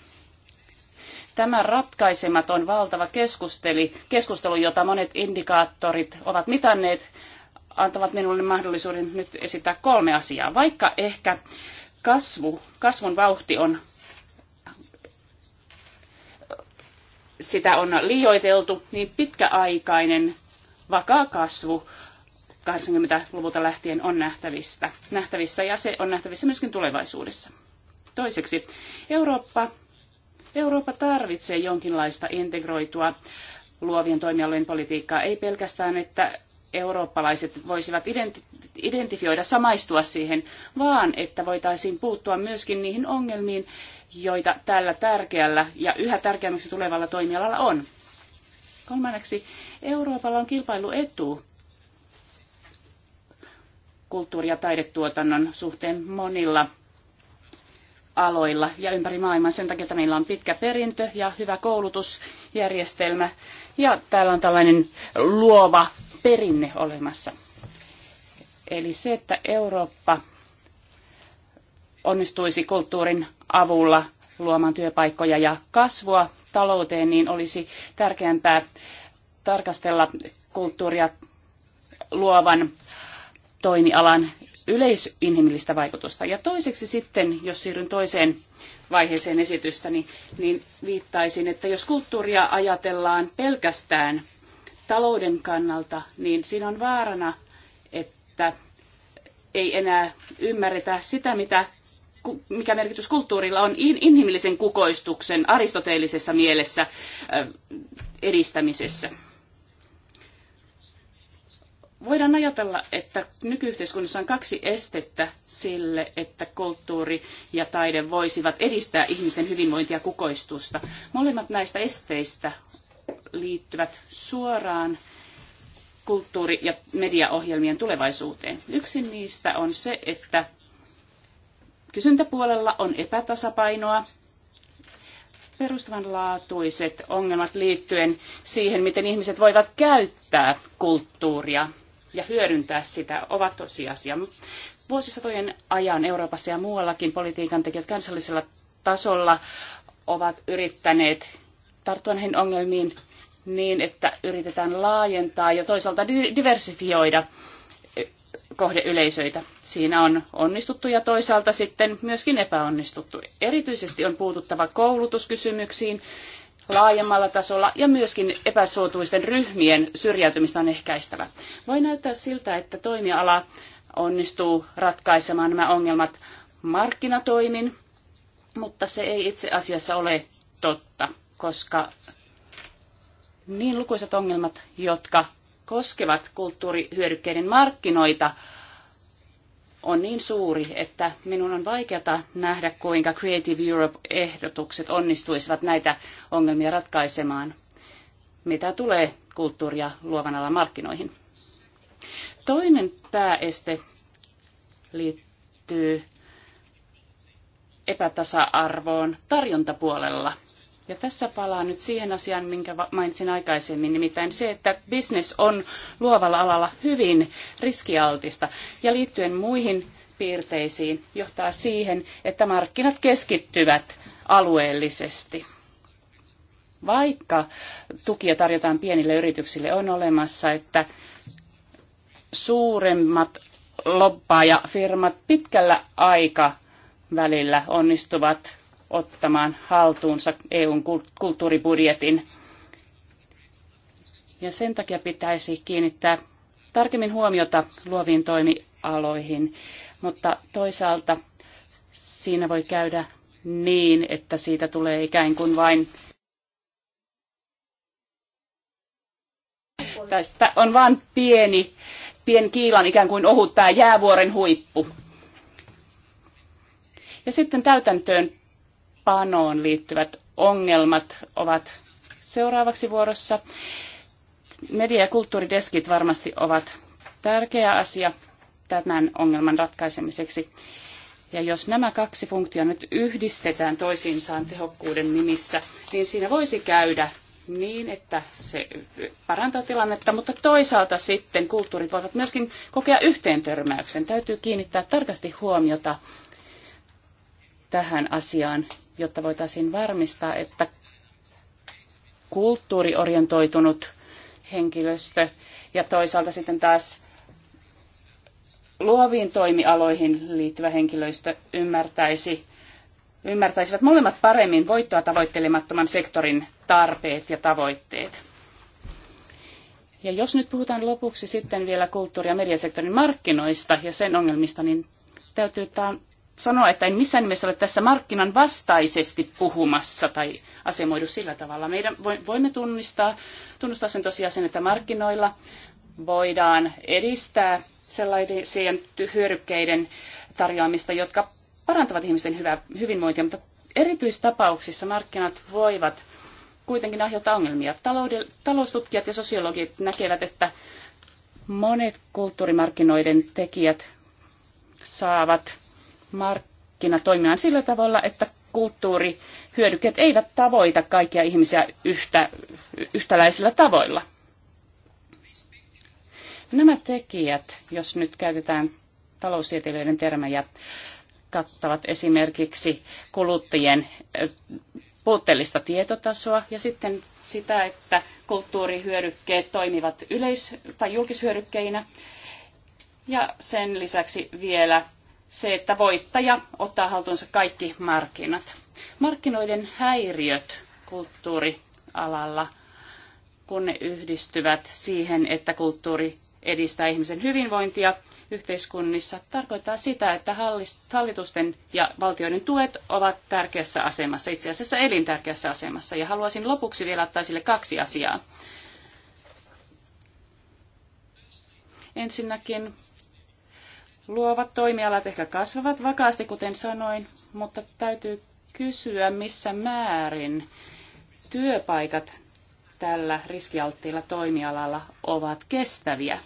Speaker 3: Tämä ratkaisematon valtava keskusteli, keskustelu, jota monet indikaattorit ovat mitanneet, antavat minulle mahdollisuuden nyt esittää kolme asiaa. Vaikka ehkä kasvu, kasvun vauhti on sitä on liioiteltu, niin pitkäaikainen vakaa kasvu 80-luvulta lähtien on nähtävissä, nähtävissä ja se on nähtävissä myöskin tulevaisuudessa. Toiseksi, Eurooppa Eurooppa tarvitsee jonkinlaista integroitua luovien toimialojen politiikkaa, ei pelkästään, että eurooppalaiset voisivat identifioida, samaistua siihen, vaan että voitaisiin puuttua myöskin niihin ongelmiin, joita tällä tärkeällä ja yhä tärkeämmäksi tulevalla toimialalla on. Kolmanneksi, Euroopalla on kilpailuetu kulttuuri- ja taidetuotannon suhteen monilla aloilla ja ympäri maailman sen takia, että meillä on pitkä perintö ja hyvä koulutusjärjestelmä. Ja täällä on tällainen luova perinne olemassa. Eli se, että Eurooppa onnistuisi kulttuurin avulla luomaan työpaikkoja ja kasvua talouteen, niin olisi tärkeämpää tarkastella kulttuuria luovan toimialan yleisinhimillistä vaikutusta. Ja toiseksi sitten, jos siirryn toiseen vaiheeseen esitystäni, niin viittaisin, että jos kulttuuria ajatellaan pelkästään talouden kannalta, niin siinä on vaarana, että ei enää ymmärretä sitä, mitä mikä merkitys kulttuurilla on inhimillisen kukoistuksen aristoteellisessa mielessä edistämisessä. Voidaan ajatella, että nykyyhteiskunnassa on kaksi estettä sille, että kulttuuri ja taide voisivat edistää ihmisten hyvinvointia ja kukoistusta. Molemmat näistä esteistä liittyvät suoraan kulttuuri- ja mediaohjelmien tulevaisuuteen. Yksi niistä on se, että kysyntäpuolella on epätasapainoa. Perustavanlaatuiset ongelmat liittyen siihen, miten ihmiset voivat käyttää kulttuuria ja hyödyntää sitä ovat tosiasia. Vuosisatojen ajan Euroopassa ja muuallakin politiikan tekijät kansallisella tasolla ovat yrittäneet tarttua näihin ongelmiin niin, että yritetään laajentaa ja toisaalta diversifioida eh, kohdeyleisöitä. Siinä on onnistuttu ja toisaalta sitten myöskin epäonnistuttu. Erityisesti on puututtava koulutuskysymyksiin laajemmalla tasolla ja myöskin epäsuotuisten ryhmien syrjäytymistä on ehkäistävä. Voi näyttää siltä, että toimiala onnistuu ratkaisemaan nämä ongelmat markkinatoimin, mutta se ei itse asiassa ole totta, koska niin lukuisat ongelmat, jotka koskevat kulttuurihyödykkeiden markkinoita, on niin suuri, että minun on vaikeata nähdä, kuinka Creative Europe-ehdotukset onnistuisivat näitä ongelmia ratkaisemaan, mitä tulee kulttuuria luovan alan markkinoihin. Toinen pääeste liittyy epätasa-arvoon tarjontapuolella – ja tässä palaan nyt siihen asiaan, minkä mainitsin aikaisemmin, nimittäin se, että business on luovalla alalla hyvin riskialtista ja liittyen muihin piirteisiin johtaa siihen, että markkinat keskittyvät alueellisesti. Vaikka tukia tarjotaan pienille yrityksille, on olemassa, että suuremmat lobbaajafirmat pitkällä aikavälillä onnistuvat ottamaan haltuunsa EUn kulttuuribudjetin. Ja sen takia pitäisi kiinnittää tarkemmin huomiota luoviin toimialoihin, mutta toisaalta siinä voi käydä niin, että siitä tulee ikään kuin vain tästä on vain pieni, pieni kiilan ikään kuin ohut tämä jäävuoren huippu. Ja sitten täytäntöön Panoon liittyvät ongelmat ovat seuraavaksi vuorossa. Media- ja kulttuurideskit varmasti ovat tärkeä asia tämän ongelman ratkaisemiseksi. Ja jos nämä kaksi funktiota nyt yhdistetään toisiinsaan tehokkuuden nimissä, niin siinä voisi käydä niin, että se parantaa tilannetta, mutta toisaalta sitten kulttuurit voivat myöskin kokea yhteentörmäyksen. Täytyy kiinnittää tarkasti huomiota tähän asiaan, jotta voitaisiin varmistaa, että kulttuuriorientoitunut henkilöstö ja toisaalta sitten taas luoviin toimialoihin liittyvä henkilöstö ymmärtäisi, ymmärtäisivät molemmat paremmin voittoa tavoittelemattoman sektorin tarpeet ja tavoitteet. Ja jos nyt puhutaan lopuksi sitten vielä kulttuuri- ja mediasektorin markkinoista ja sen ongelmista, niin täytyy sanoa, että en missään nimessä ole tässä markkinan vastaisesti puhumassa tai asemoidu sillä tavalla. Meidän voimme tunnistaa, tunnustaa sen tosiasian, että markkinoilla voidaan edistää sellaisen hyödykkeiden tarjoamista, jotka parantavat ihmisten hyvää, hyvinvointia, mutta erityistapauksissa markkinat voivat kuitenkin aiheuttaa ongelmia. Taloudel, taloustutkijat ja sosiologit näkevät, että monet kulttuurimarkkinoiden tekijät saavat Markkina toimimaan sillä tavalla, että kulttuurihyödykkeet eivät tavoita kaikkia ihmisiä yhtä, yhtäläisillä tavoilla. Nämä tekijät, jos nyt käytetään taloustieteilijöiden termejä, kattavat esimerkiksi kuluttajien puutteellista tietotasoa ja sitten sitä, että kulttuurihyödykkeet toimivat yleis- tai julkishyödykkeinä. Ja sen lisäksi vielä se, että voittaja ottaa haltuunsa kaikki markkinat. Markkinoiden häiriöt kulttuurialalla, kun ne yhdistyvät siihen, että kulttuuri edistää ihmisen hyvinvointia yhteiskunnissa, tarkoittaa sitä, että hallitusten ja valtioiden tuet ovat tärkeässä asemassa, itse asiassa elintärkeässä asemassa. Ja haluaisin lopuksi vielä ottaa sille kaksi asiaa. Ensinnäkin Luovat toimialat ehkä kasvavat vakaasti, kuten sanoin, mutta täytyy kysyä, missä määrin työpaikat tällä riskialttiilla toimialalla ovat kestäviä.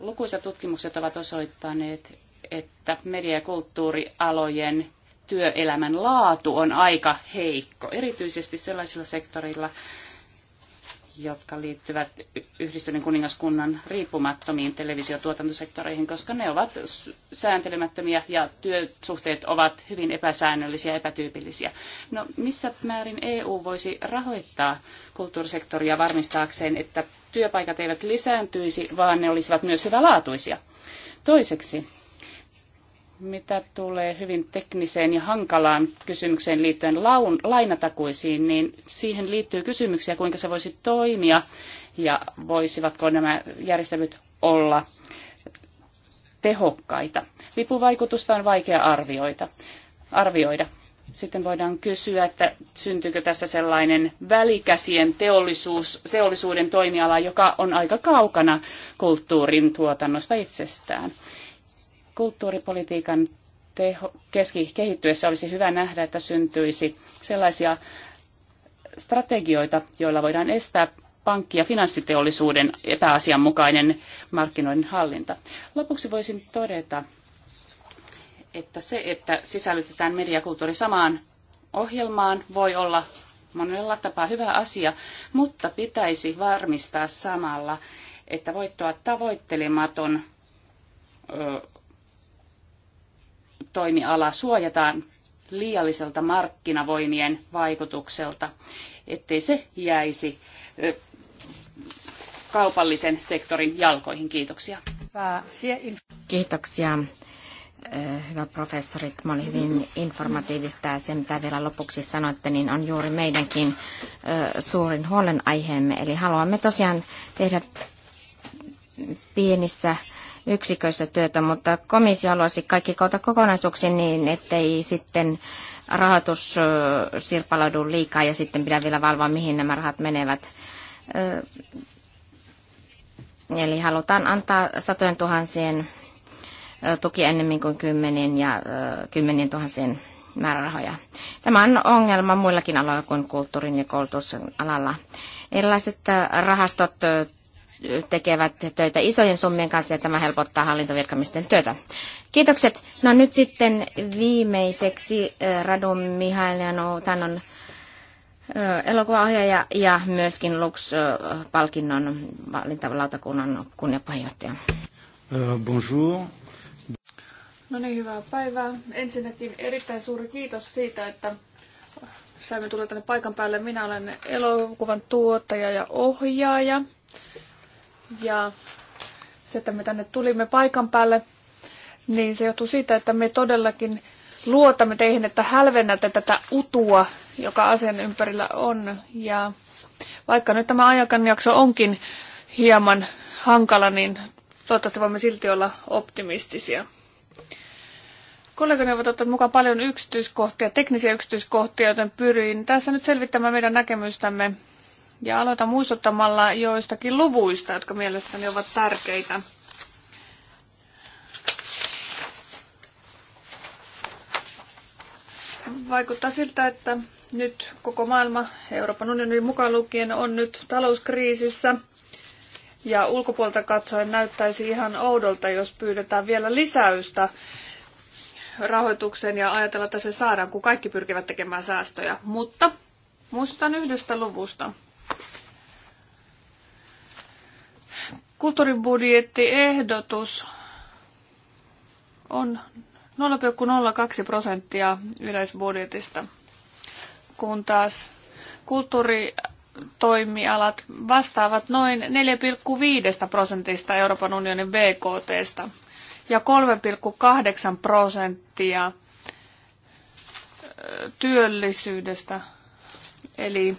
Speaker 3: Lukuisat tutkimukset ovat osoittaneet, että media- ja kulttuurialojen työelämän laatu on aika heikko, erityisesti sellaisilla sektoreilla, jotka liittyvät yhdistyneen kuningaskunnan riippumattomiin televisiotuotantosektoreihin, koska ne ovat sääntelemättömiä ja työsuhteet ovat hyvin epäsäännöllisiä ja epätyypillisiä. No missä määrin EU voisi rahoittaa kulttuurisektoria varmistaakseen, että työpaikat eivät lisääntyisi, vaan ne olisivat myös hyvälaatuisia? Toiseksi, mitä tulee hyvin tekniseen ja hankalaan kysymykseen liittyen laun, lainatakuisiin, niin siihen liittyy kysymyksiä, kuinka se voisi toimia ja voisivatko nämä järjestelyt olla tehokkaita. Vipuvaikutusta on vaikea arvioida. arvioida. Sitten voidaan kysyä, että syntyykö tässä sellainen välikäsien teollisuus, teollisuuden toimiala, joka on aika kaukana kulttuurin tuotannosta itsestään. Kulttuuripolitiikan teho, keski, kehittyessä olisi hyvä nähdä, että syntyisi sellaisia strategioita, joilla voidaan estää pankki- ja finanssiteollisuuden epäasianmukainen markkinoiden hallinta. Lopuksi voisin todeta, että se, että sisällytetään media ja kulttuuri samaan ohjelmaan, voi olla monella tapaa hyvä asia, mutta pitäisi varmistaa samalla, että voittoa tavoittelematon toimiala suojataan liialliselta markkinavoimien vaikutukselta, ettei se jäisi kaupallisen sektorin jalkoihin. Kiitoksia.
Speaker 2: Kiitoksia. Hyvä professori, tämä oli hyvin informatiivista ja se mitä vielä lopuksi sanoitte, niin on juuri meidänkin suurin huolenaiheemme. Eli haluamme tosiaan tehdä pienissä yksiköissä työtä, mutta komissio haluaisi kaikki koota kokonaisuuksiin niin, ettei sitten rahoitus sirpaloidu liikaa ja sitten pidä vielä valvoa, mihin nämä rahat menevät. Eli halutaan antaa satojen tuhansien tuki ennemmin kuin kymmenien ja kymmenien tuhansien määrärahoja. Tämä on ongelma muillakin aloilla kuin kulttuurin ja koulutuksen alalla. Erilaiset rahastot tekevät töitä isojen summien kanssa ja tämä helpottaa hallintovirkamisten työtä. Kiitokset. No nyt sitten viimeiseksi äh, Radu Mihailjanov, tämän on äh, elokuvaohjaaja ja myöskin Lux-palkinnon valintalautakunnan kunniapuheenjohtaja. Äh,
Speaker 3: bonjour.
Speaker 1: No niin, hyvää päivää. Ensinnäkin erittäin suuri kiitos siitä, että saimme tulla tänne paikan päälle. Minä olen elokuvan tuottaja ja ohjaaja ja se, että me tänne tulimme paikan päälle, niin se johtuu siitä, että me todellakin luotamme teihin, että hälvennätte tätä utua, joka asian ympärillä on. Ja vaikka nyt tämä ajanjakso onkin hieman hankala, niin toivottavasti voimme silti olla optimistisia. Kollegani ovat ottaneet mukaan paljon yksityiskohtia, teknisiä yksityiskohtia, joten pyrin tässä nyt selvittämään meidän näkemystämme ja aloitan muistuttamalla joistakin luvuista, jotka mielestäni ovat tärkeitä. Vaikuttaa siltä, että nyt koko maailma, Euroopan unionin mukaan lukien, on nyt talouskriisissä. Ja ulkopuolta katsoen näyttäisi ihan oudolta, jos pyydetään vielä lisäystä rahoitukseen ja ajatella, että se saadaan, kun kaikki pyrkivät tekemään säästöjä. Mutta muistutan yhdestä luvusta. Kulttuuribudjettiehdotus on 0,02 prosenttia yleisbudjetista, kun taas kulttuuritoimialat vastaavat noin 4,5 prosentista Euroopan unionin BKTstä ja 3,8 prosenttia työllisyydestä, eli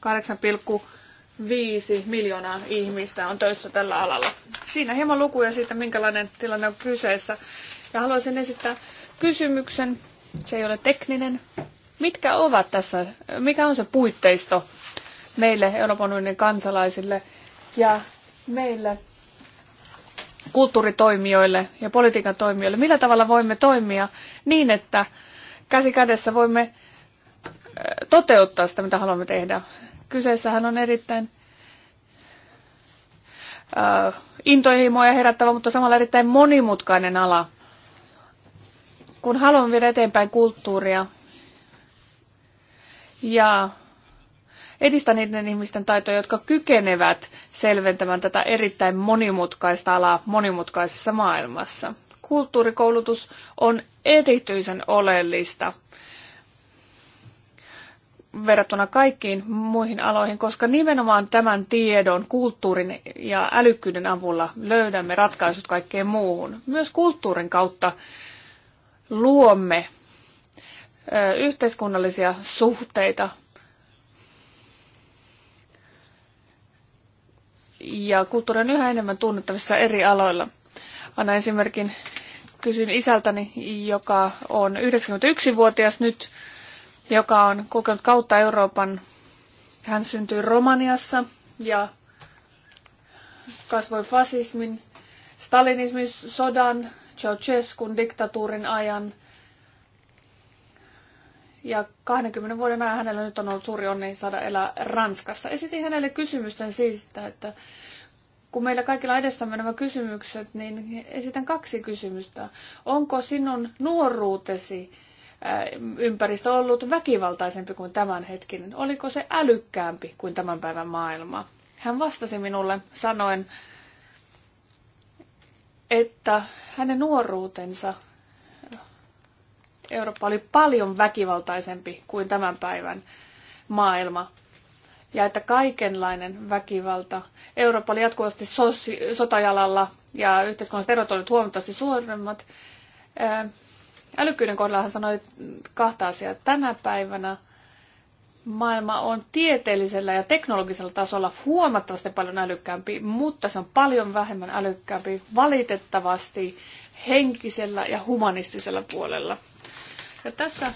Speaker 1: 8, viisi miljoonaa ihmistä on töissä tällä alalla. Siinä hieman lukuja siitä, minkälainen tilanne on kyseessä. Ja haluaisin esittää kysymyksen, se ei ole tekninen. Mitkä ovat tässä, mikä on se puitteisto meille Euroopan unionin kansalaisille ja meille kulttuuritoimijoille ja politiikan toimijoille? Millä tavalla voimme toimia niin, että käsi kädessä voimme toteuttaa sitä, mitä haluamme tehdä? Kyseessähän on erittäin äh, intohimoja herättävä, mutta samalla erittäin monimutkainen ala. Kun haluan viedä eteenpäin kulttuuria ja edistää niiden ihmisten taitoja, jotka kykenevät selventämään tätä erittäin monimutkaista alaa monimutkaisessa maailmassa. Kulttuurikoulutus on erityisen oleellista verrattuna kaikkiin muihin aloihin, koska nimenomaan tämän tiedon, kulttuurin ja älykkyyden avulla löydämme ratkaisut kaikkeen muuhun. Myös kulttuurin kautta luomme yhteiskunnallisia suhteita ja kulttuuri on yhä enemmän tunnettavissa eri aloilla. Anna esimerkin kysyn isältäni, joka on 91-vuotias nyt, joka on kokenut kautta Euroopan. Hän syntyi Romaniassa ja kasvoi fasismin, stalinismin, sodan, Ceausescun diktatuurin ajan. Ja 20 vuoden ajan hänellä nyt on ollut suuri onni saada elää Ranskassa. Esitin hänelle kysymysten siitä, että kun meillä kaikilla edessämme nämä kysymykset, niin esitän kaksi kysymystä. Onko sinun nuoruutesi Äh, ympäristö ollut väkivaltaisempi kuin tämänhetkinen? Oliko se älykkäämpi kuin tämän päivän maailma? Hän vastasi minulle sanoen, että hänen nuoruutensa Eurooppa oli paljon väkivaltaisempi kuin tämän päivän maailma. Ja että kaikenlainen väkivalta. Eurooppa oli jatkuvasti sosi- sotajalalla ja yhteiskunnalliset erot olivat huomattavasti suuremmat. Äh, älykkyyden kohdalla hän sanoi kahta asiaa. Tänä päivänä maailma on tieteellisellä ja teknologisella tasolla huomattavasti paljon älykkäämpi, mutta se on paljon vähemmän älykkäämpi valitettavasti henkisellä ja humanistisella puolella. Ja tässä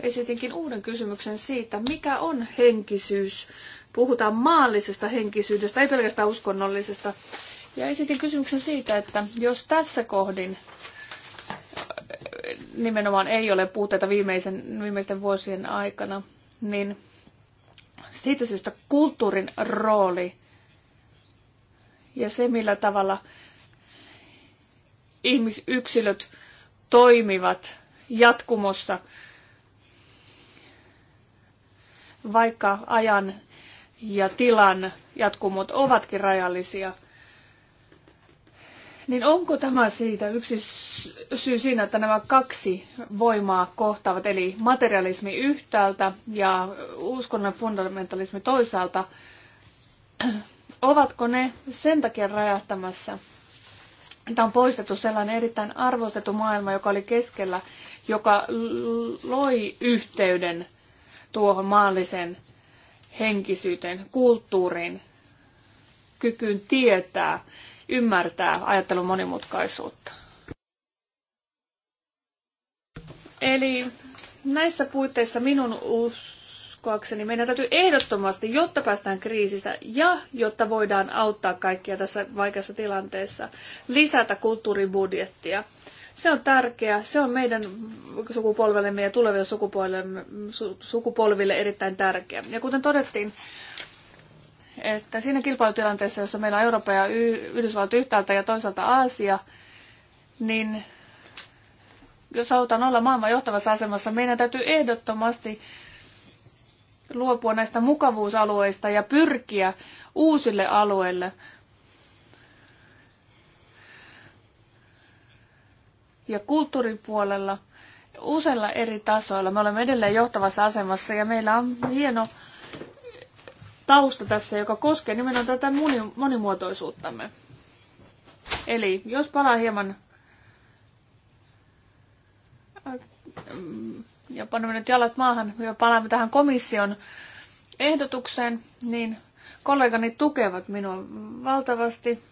Speaker 1: esitinkin uuden kysymyksen siitä, mikä on henkisyys. Puhutaan maallisesta henkisyydestä, ei pelkästään uskonnollisesta. Ja esitin kysymyksen siitä, että jos tässä kohdin nimenomaan ei ole puutteita viimeisen, viimeisten vuosien aikana, niin siitä syystä kulttuurin rooli ja se, millä tavalla ihmisyksilöt toimivat jatkumossa, vaikka ajan ja tilan jatkumot ovatkin rajallisia – niin onko tämä siitä yksi syy siinä, että nämä kaksi voimaa kohtaavat, eli materialismi yhtäältä ja uskonnon fundamentalismi toisaalta, ovatko ne sen takia räjähtämässä, Tämä on poistettu sellainen erittäin arvostettu maailma, joka oli keskellä, joka loi yhteyden tuohon maalliseen henkisyyteen, kulttuuriin, kykyyn tietää – ymmärtää ajattelun monimutkaisuutta. Eli näissä puitteissa minun uskoakseni meidän täytyy ehdottomasti, jotta päästään kriisistä ja jotta voidaan auttaa kaikkia tässä vaikeassa tilanteessa, lisätä kulttuuribudjettia. Se on tärkeää, se on meidän sukupolvellemme ja tuleville sukupolville, sukupolville erittäin tärkeä. Ja kuten todettiin, että siinä kilpailutilanteessa, jossa meillä on Eurooppa ja Yhdysvallat yhtäältä ja toisaalta Aasia, niin jos halutaan olla maailman johtavassa asemassa, meidän täytyy ehdottomasti luopua näistä mukavuusalueista ja pyrkiä uusille alueille. Ja kulttuuripuolella useilla eri tasoilla. Me olemme edelleen johtavassa asemassa ja meillä on hieno tausta tässä, joka koskee nimenomaan tätä monimuotoisuuttamme. Eli jos palaa hieman äh, ja panemme nyt jalat maahan ja palaamme tähän komission ehdotukseen, niin kollegani tukevat minua valtavasti.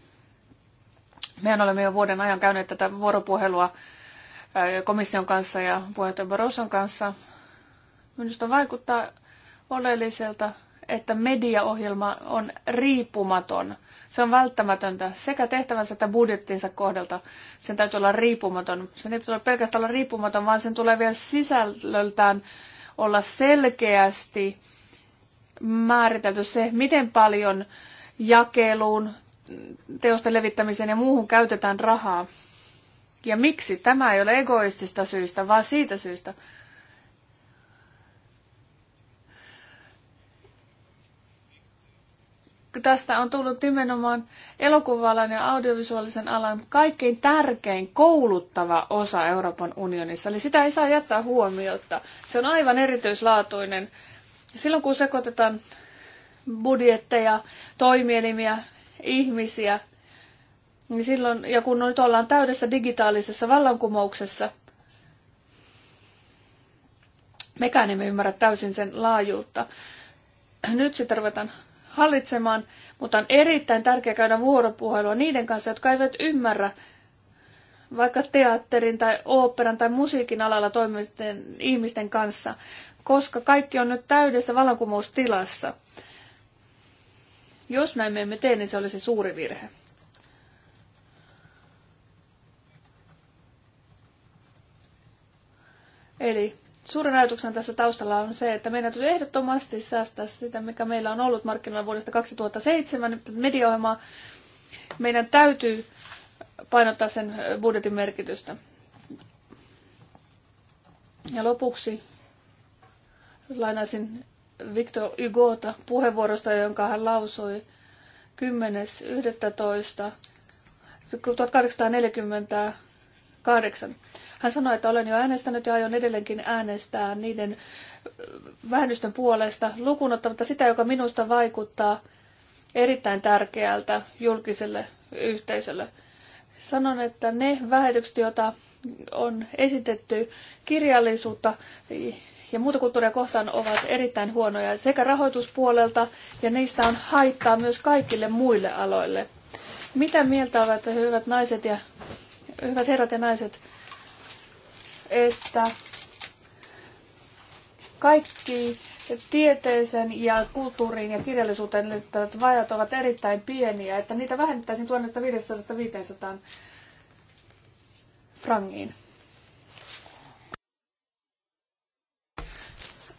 Speaker 1: Mehän olemme jo vuoden ajan käyneet tätä vuoropuhelua äh, komission kanssa ja puheenjohtaja Barroson kanssa. Minusta vaikuttaa oleelliselta että mediaohjelma on riippumaton. Se on välttämätöntä sekä tehtävänsä että budjettinsa kohdalta. Sen täytyy olla riippumaton. Sen ei tule pelkästään olla riippumaton, vaan sen tulee vielä sisällöltään olla selkeästi määritelty se, miten paljon jakeluun, teosten levittämiseen ja muuhun käytetään rahaa. Ja miksi? Tämä ei ole egoistista syystä, vaan siitä syystä, tästä on tullut nimenomaan elokuvalan ja audiovisuaalisen alan kaikkein tärkein kouluttava osa Euroopan unionissa. Eli sitä ei saa jättää huomiota. Se on aivan erityislaatuinen. Silloin kun sekoitetaan budjetteja, toimielimiä, ihmisiä, niin silloin, ja kun nyt ollaan täydessä digitaalisessa vallankumouksessa, mekään emme ymmärrä täysin sen laajuutta. Nyt sitä ruvetaan hallitsemaan, mutta on erittäin tärkeää käydä vuoropuhelua niiden kanssa, jotka eivät ymmärrä vaikka teatterin tai oopperan tai musiikin alalla toimivien ihmisten kanssa, koska kaikki on nyt täydessä vallankumoustilassa. Jos näin me emme tee, niin se olisi suuri virhe. Eli Suuren ajatuksen tässä taustalla on se, että meidän tulee ehdottomasti säästää sitä, mikä meillä on ollut markkinoilla vuodesta 2007, medioimaa. Meidän täytyy painottaa sen budjetin merkitystä. Ja lopuksi lainaisin Victor Hugota puheenvuorosta, jonka hän lausui 10.11.1848. Hän sanoi, että olen jo äänestänyt ja aion edelleenkin äänestää niiden äh, vähennysten puolesta lukuun ottamatta sitä, joka minusta vaikuttaa erittäin tärkeältä julkiselle yhteisölle. Sanon, että ne vähetykset, joita on esitetty kirjallisuutta ja muuta kulttuuria kohtaan, ovat erittäin huonoja sekä rahoituspuolelta ja niistä on haittaa myös kaikille muille aloille. Mitä mieltä ovat hyvät naiset ja hyvät herrat ja naiset että kaikki tieteeseen ja kulttuuriin ja kirjallisuuteen liittyvät vajat ovat erittäin pieniä, että niitä vähennettäisiin 1500-500 frangiin.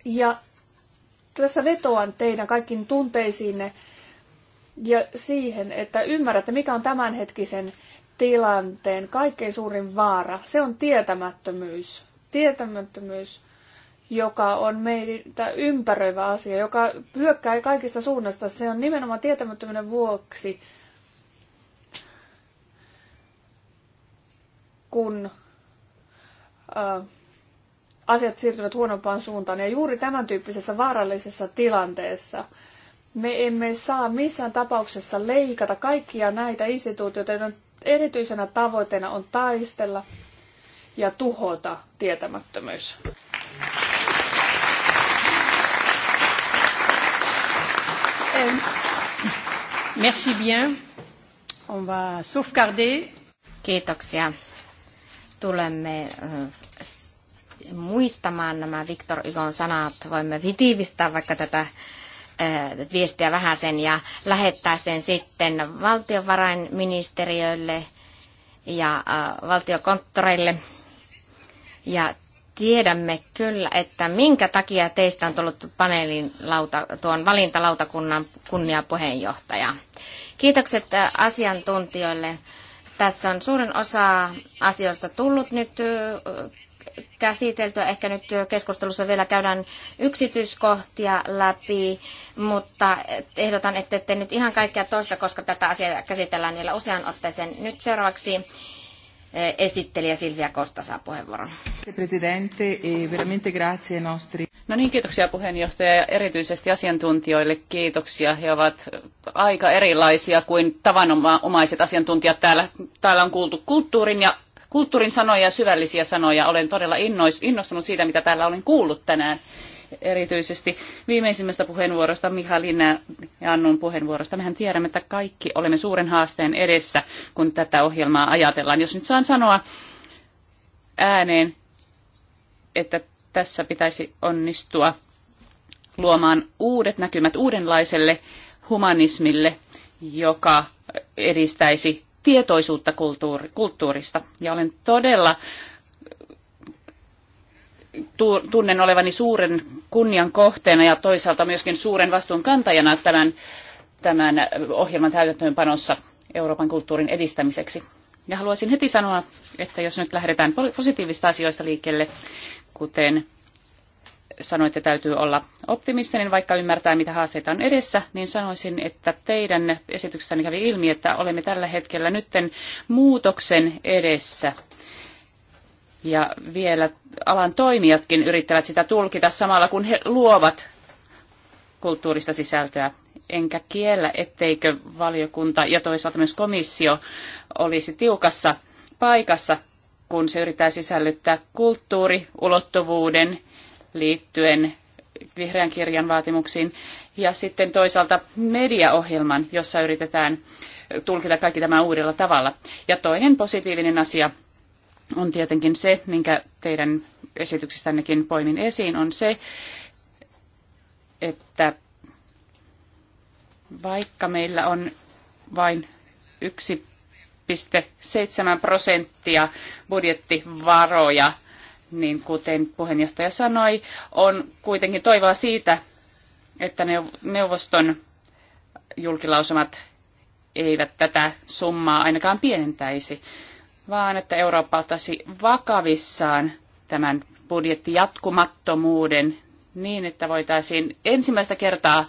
Speaker 1: Ja tässä vetoan teidän kaikkiin tunteisiinne ja siihen, että ymmärrätte, mikä on tämänhetkisen tilanteen kaikkein suurin vaara, se on tietämättömyys. Tietämättömyys, joka on meitä ympäröivä asia, joka hyökkää kaikista suunnasta. Se on nimenomaan tietämättömyyden vuoksi, kun äh, asiat siirtyvät huonompaan suuntaan. Ja juuri tämän tyyppisessä vaarallisessa tilanteessa me emme saa missään tapauksessa leikata kaikkia näitä instituutioita, joiden erityisenä tavoitteena on taistella ja tuhota tietämättömyys.
Speaker 2: Eh, merci bien. On va sauvegarder. Kiitoksia. Tulemme eh, muistamaan nämä Viktor Ygon sanat. Voimme vitiivistää vaikka tätä Äh, viestiä vähäsen ja lähettää sen sitten valtiovarainministeriölle ja äh, valtiokonttoreille. Ja tiedämme kyllä, että minkä takia teistä on tullut paneelin lauta, tuon valintalautakunnan kunniapuheenjohtaja. Kiitokset äh, asiantuntijoille. Tässä on suurin osa asioista tullut nyt käsiteltyä. Ehkä nyt keskustelussa vielä käydään yksityiskohtia läpi, mutta ehdotan, että ette nyt ihan kaikkea toista, koska tätä asiaa käsitellään vielä usean otteeseen. Nyt seuraavaksi eh, esittelijä Silvia Kosta saa puheenvuoron.
Speaker 3: Presidente, e veramente grazie nostri. No niin, kiitoksia puheenjohtaja ja erityisesti asiantuntijoille kiitoksia. He ovat aika erilaisia kuin tavanomaiset asiantuntijat täällä. Täällä on kuultu kulttuurin ja kulttuurin sanoja, syvällisiä sanoja. Olen todella innostunut siitä, mitä täällä olen kuullut tänään. Erityisesti viimeisimmästä puheenvuorosta, Mihalina ja Annun puheenvuorosta. Mehän tiedämme, että kaikki olemme suuren haasteen edessä, kun tätä ohjelmaa ajatellaan. Jos nyt saan sanoa ääneen, että tässä pitäisi onnistua luomaan uudet näkymät uudenlaiselle humanismille, joka edistäisi tietoisuutta kulttuuri, kulttuurista. Ja olen todella tunnen olevani suuren kunnian kohteena ja toisaalta myöskin suuren vastuun kantajana tämän, tämän ohjelman täytäntöönpanossa Euroopan kulttuurin edistämiseksi. Ja haluaisin heti sanoa, että jos nyt lähdetään positiivista asioista liikkeelle, kuten sanoi, että täytyy olla optimistinen, vaikka ymmärtää, mitä haasteita on edessä, niin sanoisin, että teidän esityksestänne kävi ilmi, että olemme tällä hetkellä nytten muutoksen edessä. Ja vielä alan toimijatkin yrittävät sitä tulkita samalla, kun he luovat kulttuurista sisältöä. Enkä kiellä, etteikö valiokunta ja toisaalta myös komissio olisi tiukassa paikassa, kun se yrittää sisällyttää kulttuuriulottuvuuden liittyen vihreän kirjan vaatimuksiin ja sitten toisaalta mediaohjelman, jossa yritetään tulkita kaikki tämä uudella tavalla. Ja toinen positiivinen asia on tietenkin se, minkä teidän esityksistännekin poimin esiin, on se, että vaikka meillä on vain yksi 1,7 prosenttia budjettivaroja niin kuten puheenjohtaja sanoi, on kuitenkin toivoa siitä, että neuvoston julkilausumat eivät tätä summaa ainakaan pienentäisi, vaan että Eurooppa ottaisi vakavissaan tämän budjettijatkumattomuuden niin, että voitaisiin ensimmäistä kertaa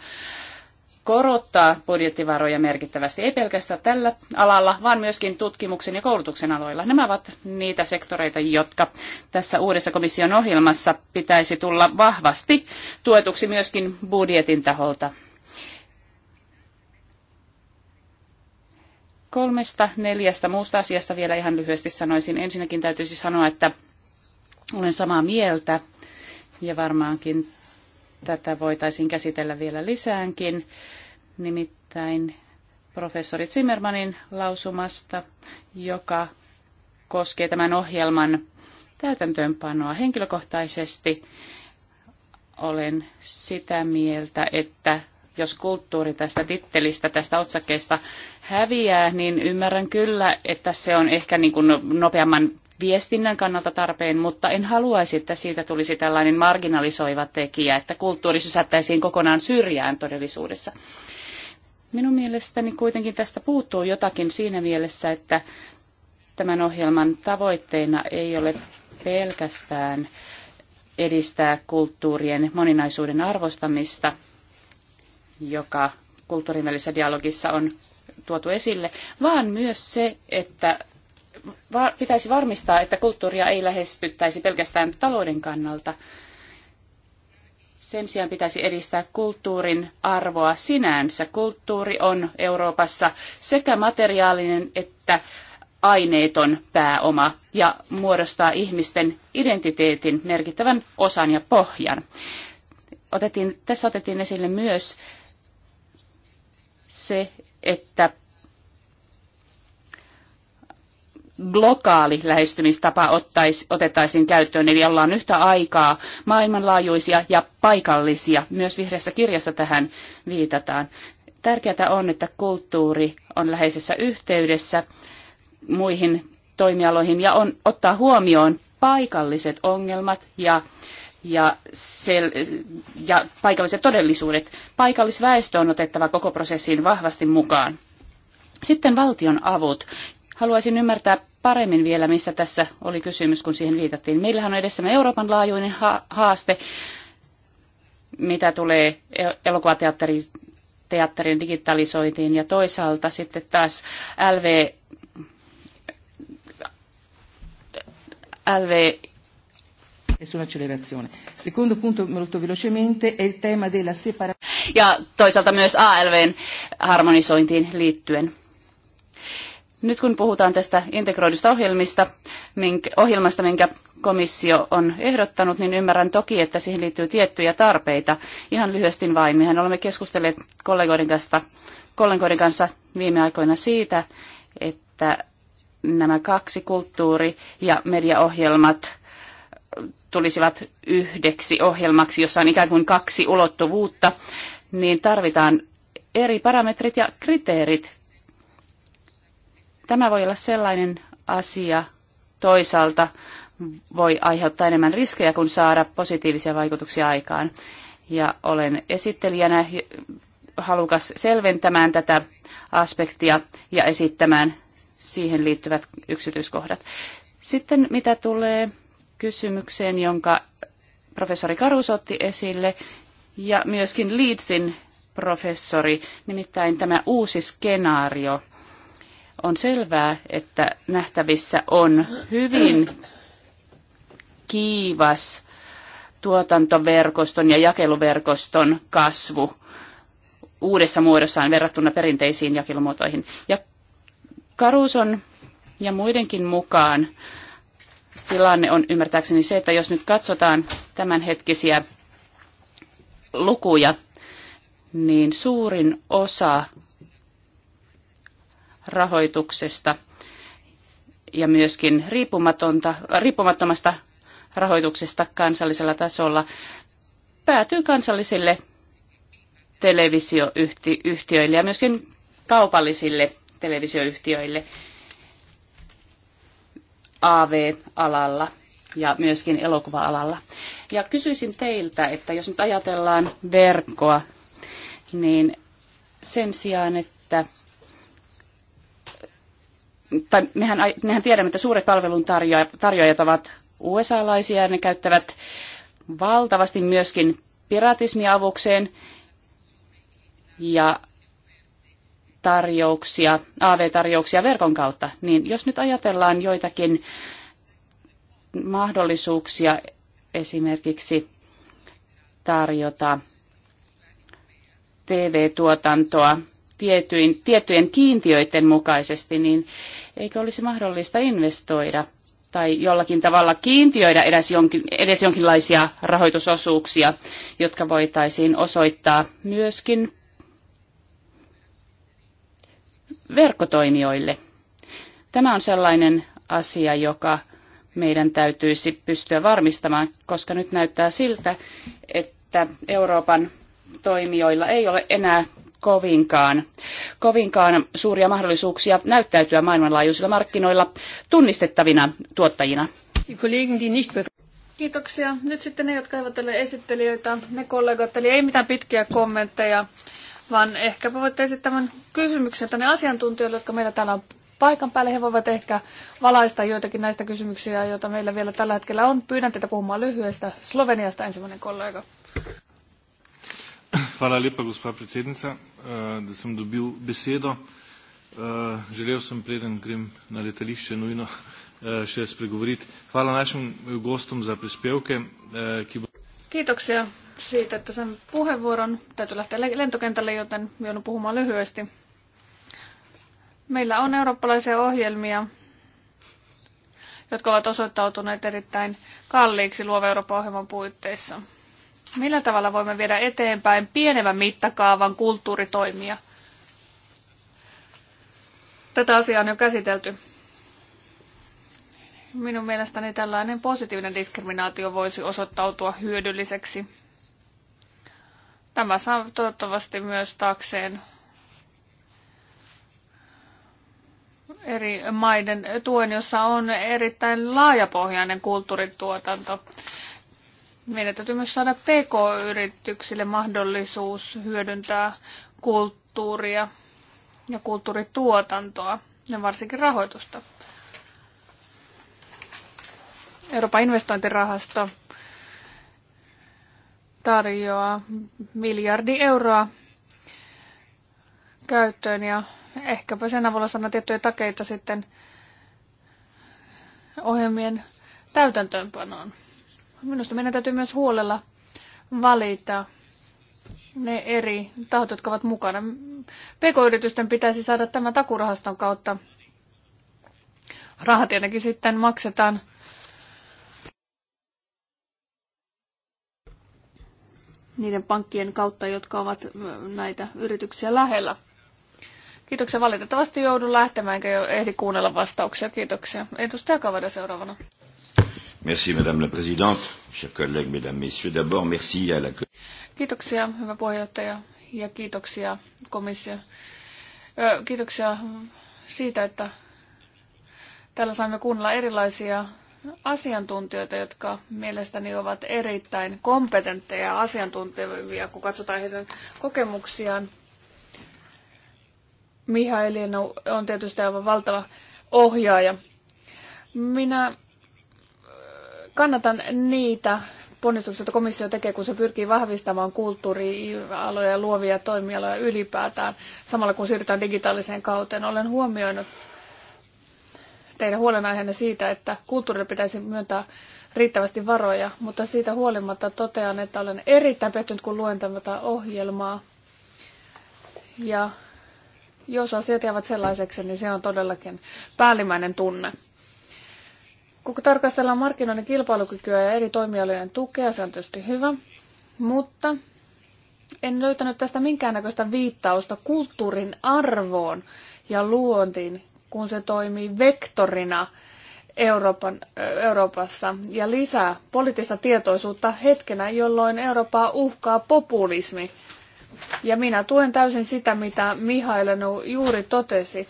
Speaker 3: korottaa budjettivaroja merkittävästi, ei pelkästään tällä alalla, vaan myöskin tutkimuksen ja koulutuksen aloilla. Nämä ovat niitä sektoreita, jotka tässä uudessa komission ohjelmassa pitäisi tulla vahvasti tuetuksi myöskin budjetin taholta. Kolmesta neljästä muusta asiasta vielä ihan lyhyesti sanoisin. Ensinnäkin täytyisi sanoa, että olen samaa mieltä ja varmaankin tätä voitaisiin käsitellä vielä lisäänkin, nimittäin professori Zimmermanin lausumasta, joka koskee tämän ohjelman täytäntöönpanoa henkilökohtaisesti. Olen sitä mieltä, että jos kulttuuri tästä tittelistä, tästä otsakkeesta häviää, niin ymmärrän kyllä, että se on ehkä niin kuin nopeamman viestinnän kannalta tarpeen, mutta en haluaisi, että siitä tulisi tällainen marginalisoiva tekijä, että kulttuuri sysättäisiin kokonaan syrjään todellisuudessa. Minun mielestäni kuitenkin tästä puuttuu jotakin siinä mielessä, että tämän ohjelman tavoitteena ei ole pelkästään edistää kulttuurien moninaisuuden arvostamista, joka kulttuurin välisessä dialogissa on tuotu esille, vaan myös se, että pitäisi varmistaa, että kulttuuria ei lähestyttäisi pelkästään talouden kannalta. Sen sijaan pitäisi edistää kulttuurin arvoa sinänsä. Kulttuuri on Euroopassa sekä materiaalinen että aineeton pääoma ja muodostaa ihmisten identiteetin merkittävän osan ja pohjan. Otettiin, tässä otettiin esille myös se, että globaali lähestymistapa ottaisi, otettaisiin käyttöön, eli ollaan yhtä aikaa maailmanlaajuisia ja paikallisia. Myös vihreässä kirjassa tähän viitataan. Tärkeää on, että kulttuuri on läheisessä yhteydessä muihin toimialoihin ja on ottaa huomioon paikalliset ongelmat ja, ja, sel, ja paikalliset todellisuudet. Paikallisväestö on otettava koko prosessiin vahvasti mukaan. Sitten valtion avut. Haluaisin ymmärtää paremmin vielä, missä tässä oli kysymys, kun siihen viitattiin. Meillähän on edessämme Euroopan laajuinen haaste, mitä tulee e- elokuvateatterin teatterin digitalisointiin ja toisaalta sitten taas LV, LV Secondo punto molto velocemente è il tema della separazione. Ja toisaalta myös ALVn harmonisointiin liittyen. Nyt kun puhutaan tästä integroidusta ohjelmista, minkä, ohjelmasta, minkä komissio on ehdottanut, niin ymmärrän toki, että siihen liittyy tiettyjä tarpeita. Ihan lyhyesti vain. Mehän olemme keskustelleet kollegoiden kanssa, kollegoiden kanssa viime aikoina siitä, että nämä kaksi kulttuuri- ja mediaohjelmat tulisivat yhdeksi ohjelmaksi, jossa on ikään kuin kaksi ulottuvuutta, niin tarvitaan eri parametrit ja kriteerit Tämä voi olla sellainen asia toisaalta, voi aiheuttaa enemmän riskejä kuin saada positiivisia vaikutuksia aikaan. Ja olen esittelijänä halukas selventämään tätä aspektia ja esittämään siihen liittyvät yksityiskohdat. Sitten mitä tulee kysymykseen, jonka professori Karus otti esille ja myöskin Leedsin professori, nimittäin tämä uusi skenaario, on selvää, että nähtävissä on hyvin kiivas tuotantoverkoston ja jakeluverkoston kasvu uudessa muodossaan verrattuna perinteisiin jakelumuotoihin. Ja Karuson ja muidenkin mukaan tilanne on ymmärtääkseni se, että jos nyt katsotaan tämänhetkisiä lukuja, niin suurin osa rahoituksesta ja myöskin riippumatonta, riippumattomasta rahoituksesta kansallisella tasolla päätyy kansallisille televisioyhtiöille ja myöskin kaupallisille televisioyhtiöille AV-alalla ja myöskin elokuva-alalla. Ja kysyisin teiltä, että jos nyt ajatellaan verkkoa, niin sen sijaan, että tai mehän, mehän tiedämme, että suuret palveluntarjoajat ovat USA-laisia ja ne käyttävät valtavasti myöskin piratismia avukseen ja tarjouksia, AV-tarjouksia verkon kautta. Niin jos nyt ajatellaan joitakin mahdollisuuksia esimerkiksi tarjota TV-tuotantoa tietyin, tiettyjen kiintiöiden mukaisesti, niin eikö olisi mahdollista investoida tai jollakin tavalla kiintiöidä edes, jonkin, edes jonkinlaisia rahoitusosuuksia, jotka voitaisiin osoittaa myöskin verkkotoimijoille. Tämä on sellainen asia, joka meidän täytyisi pystyä varmistamaan, koska nyt näyttää siltä, että Euroopan toimijoilla ei ole enää kovinkaan, kovinkaan suuria mahdollisuuksia näyttäytyä maailmanlaajuisilla markkinoilla tunnistettavina tuottajina.
Speaker 1: Kiitoksia. Nyt sitten ne, jotka eivät ole esittelijöitä, ne kollegat, eli ei mitään pitkiä kommentteja, vaan ehkä voitte esittää tämän kysymyksen tänne asiantuntijoille, jotka meillä täällä on paikan päälle. He voivat ehkä valaista joitakin näistä kysymyksiä, joita meillä vielä tällä hetkellä on. Pyydän teitä puhumaan lyhyestä. Sloveniasta ensimmäinen kollega.
Speaker 2: Hvala lepa, gospa predsednica, eh, da sem dobil besedo. Eh, želel sem, preden grem na letališče, nujno eh, še spregovoriti. Hvala našim gostom za prispevke. ki
Speaker 1: Kiitoksia siitä, että sen puheenvuoron. Täytyy lähteä lentokentälle, joten joudun puhumaan lyhyesti. Meillä on eurooppalaisia ohjelmia, jotka ovat osoittautuneet erittäin kalliiksi Luova Euroopan ohjelman puitteissa. Millä tavalla voimme viedä eteenpäin pienemmän mittakaavan kulttuuritoimia? Tätä asiaa on jo käsitelty. Minun mielestäni tällainen positiivinen diskriminaatio voisi osoittautua hyödylliseksi. Tämä saa toivottavasti myös taakseen. eri maiden tuen, jossa on erittäin laajapohjainen kulttuurituotanto meidän täytyy myös saada PK-yrityksille mahdollisuus hyödyntää kulttuuria ja kulttuurituotantoa ja varsinkin rahoitusta. Euroopan investointirahasto tarjoaa miljardi euroa käyttöön ja ehkäpä sen avulla saada tiettyjä takeita sitten ohjelmien täytäntöönpanoon minusta meidän täytyy myös huolella valita ne eri tahot, jotka ovat mukana. PK-yritysten pitäisi saada tämän takurahaston kautta. rahat, tietenkin sitten maksetaan niiden pankkien kautta, jotka ovat näitä yrityksiä lähellä. Kiitoksia. Valitettavasti joudun lähtemään, enkä jo ehdi kuunnella vastauksia. Kiitoksia. Edustaja Kavada seuraavana.
Speaker 2: Merci, Madame la Présidente. Chers collègues, Mesdames, Messieurs, d'abord, merci à la...
Speaker 1: Kiitoksia, hyvä puheenjohtaja, ja kiitoksia komissio. Kiitoksia siitä, että täällä saimme kuunnella erilaisia asiantuntijoita, jotka mielestäni ovat erittäin kompetentteja asiantuntevia, kun katsotaan heidän kokemuksiaan. Mihailin on tietysti aivan valtava ohjaaja. Minä Kannatan niitä ponnistuksia, joita komissio tekee, kun se pyrkii vahvistamaan kulttuurialoja ja luovia toimialoja ylipäätään, samalla kun siirrytään digitaaliseen kauteen. Olen huomioinut teidän huolenaiheenne siitä, että kulttuurille pitäisi myöntää riittävästi varoja, mutta siitä huolimatta totean, että olen erittäin pettynyt, kun luen tätä ohjelmaa. Ja jos asiat jäävät sellaiseksi, niin se on todellakin päällimmäinen tunne. Kun tarkastellaan markkinoiden kilpailukykyä ja eri toimialojen tukea, se on tietysti hyvä, mutta en löytänyt tästä minkäännäköistä viittausta kulttuurin arvoon ja luontiin, kun se toimii vektorina Euroopan, Euroopassa ja lisää poliittista tietoisuutta hetkenä, jolloin Eurooppaa uhkaa populismi. Ja minä tuen täysin sitä, mitä Mihailenu juuri totesi.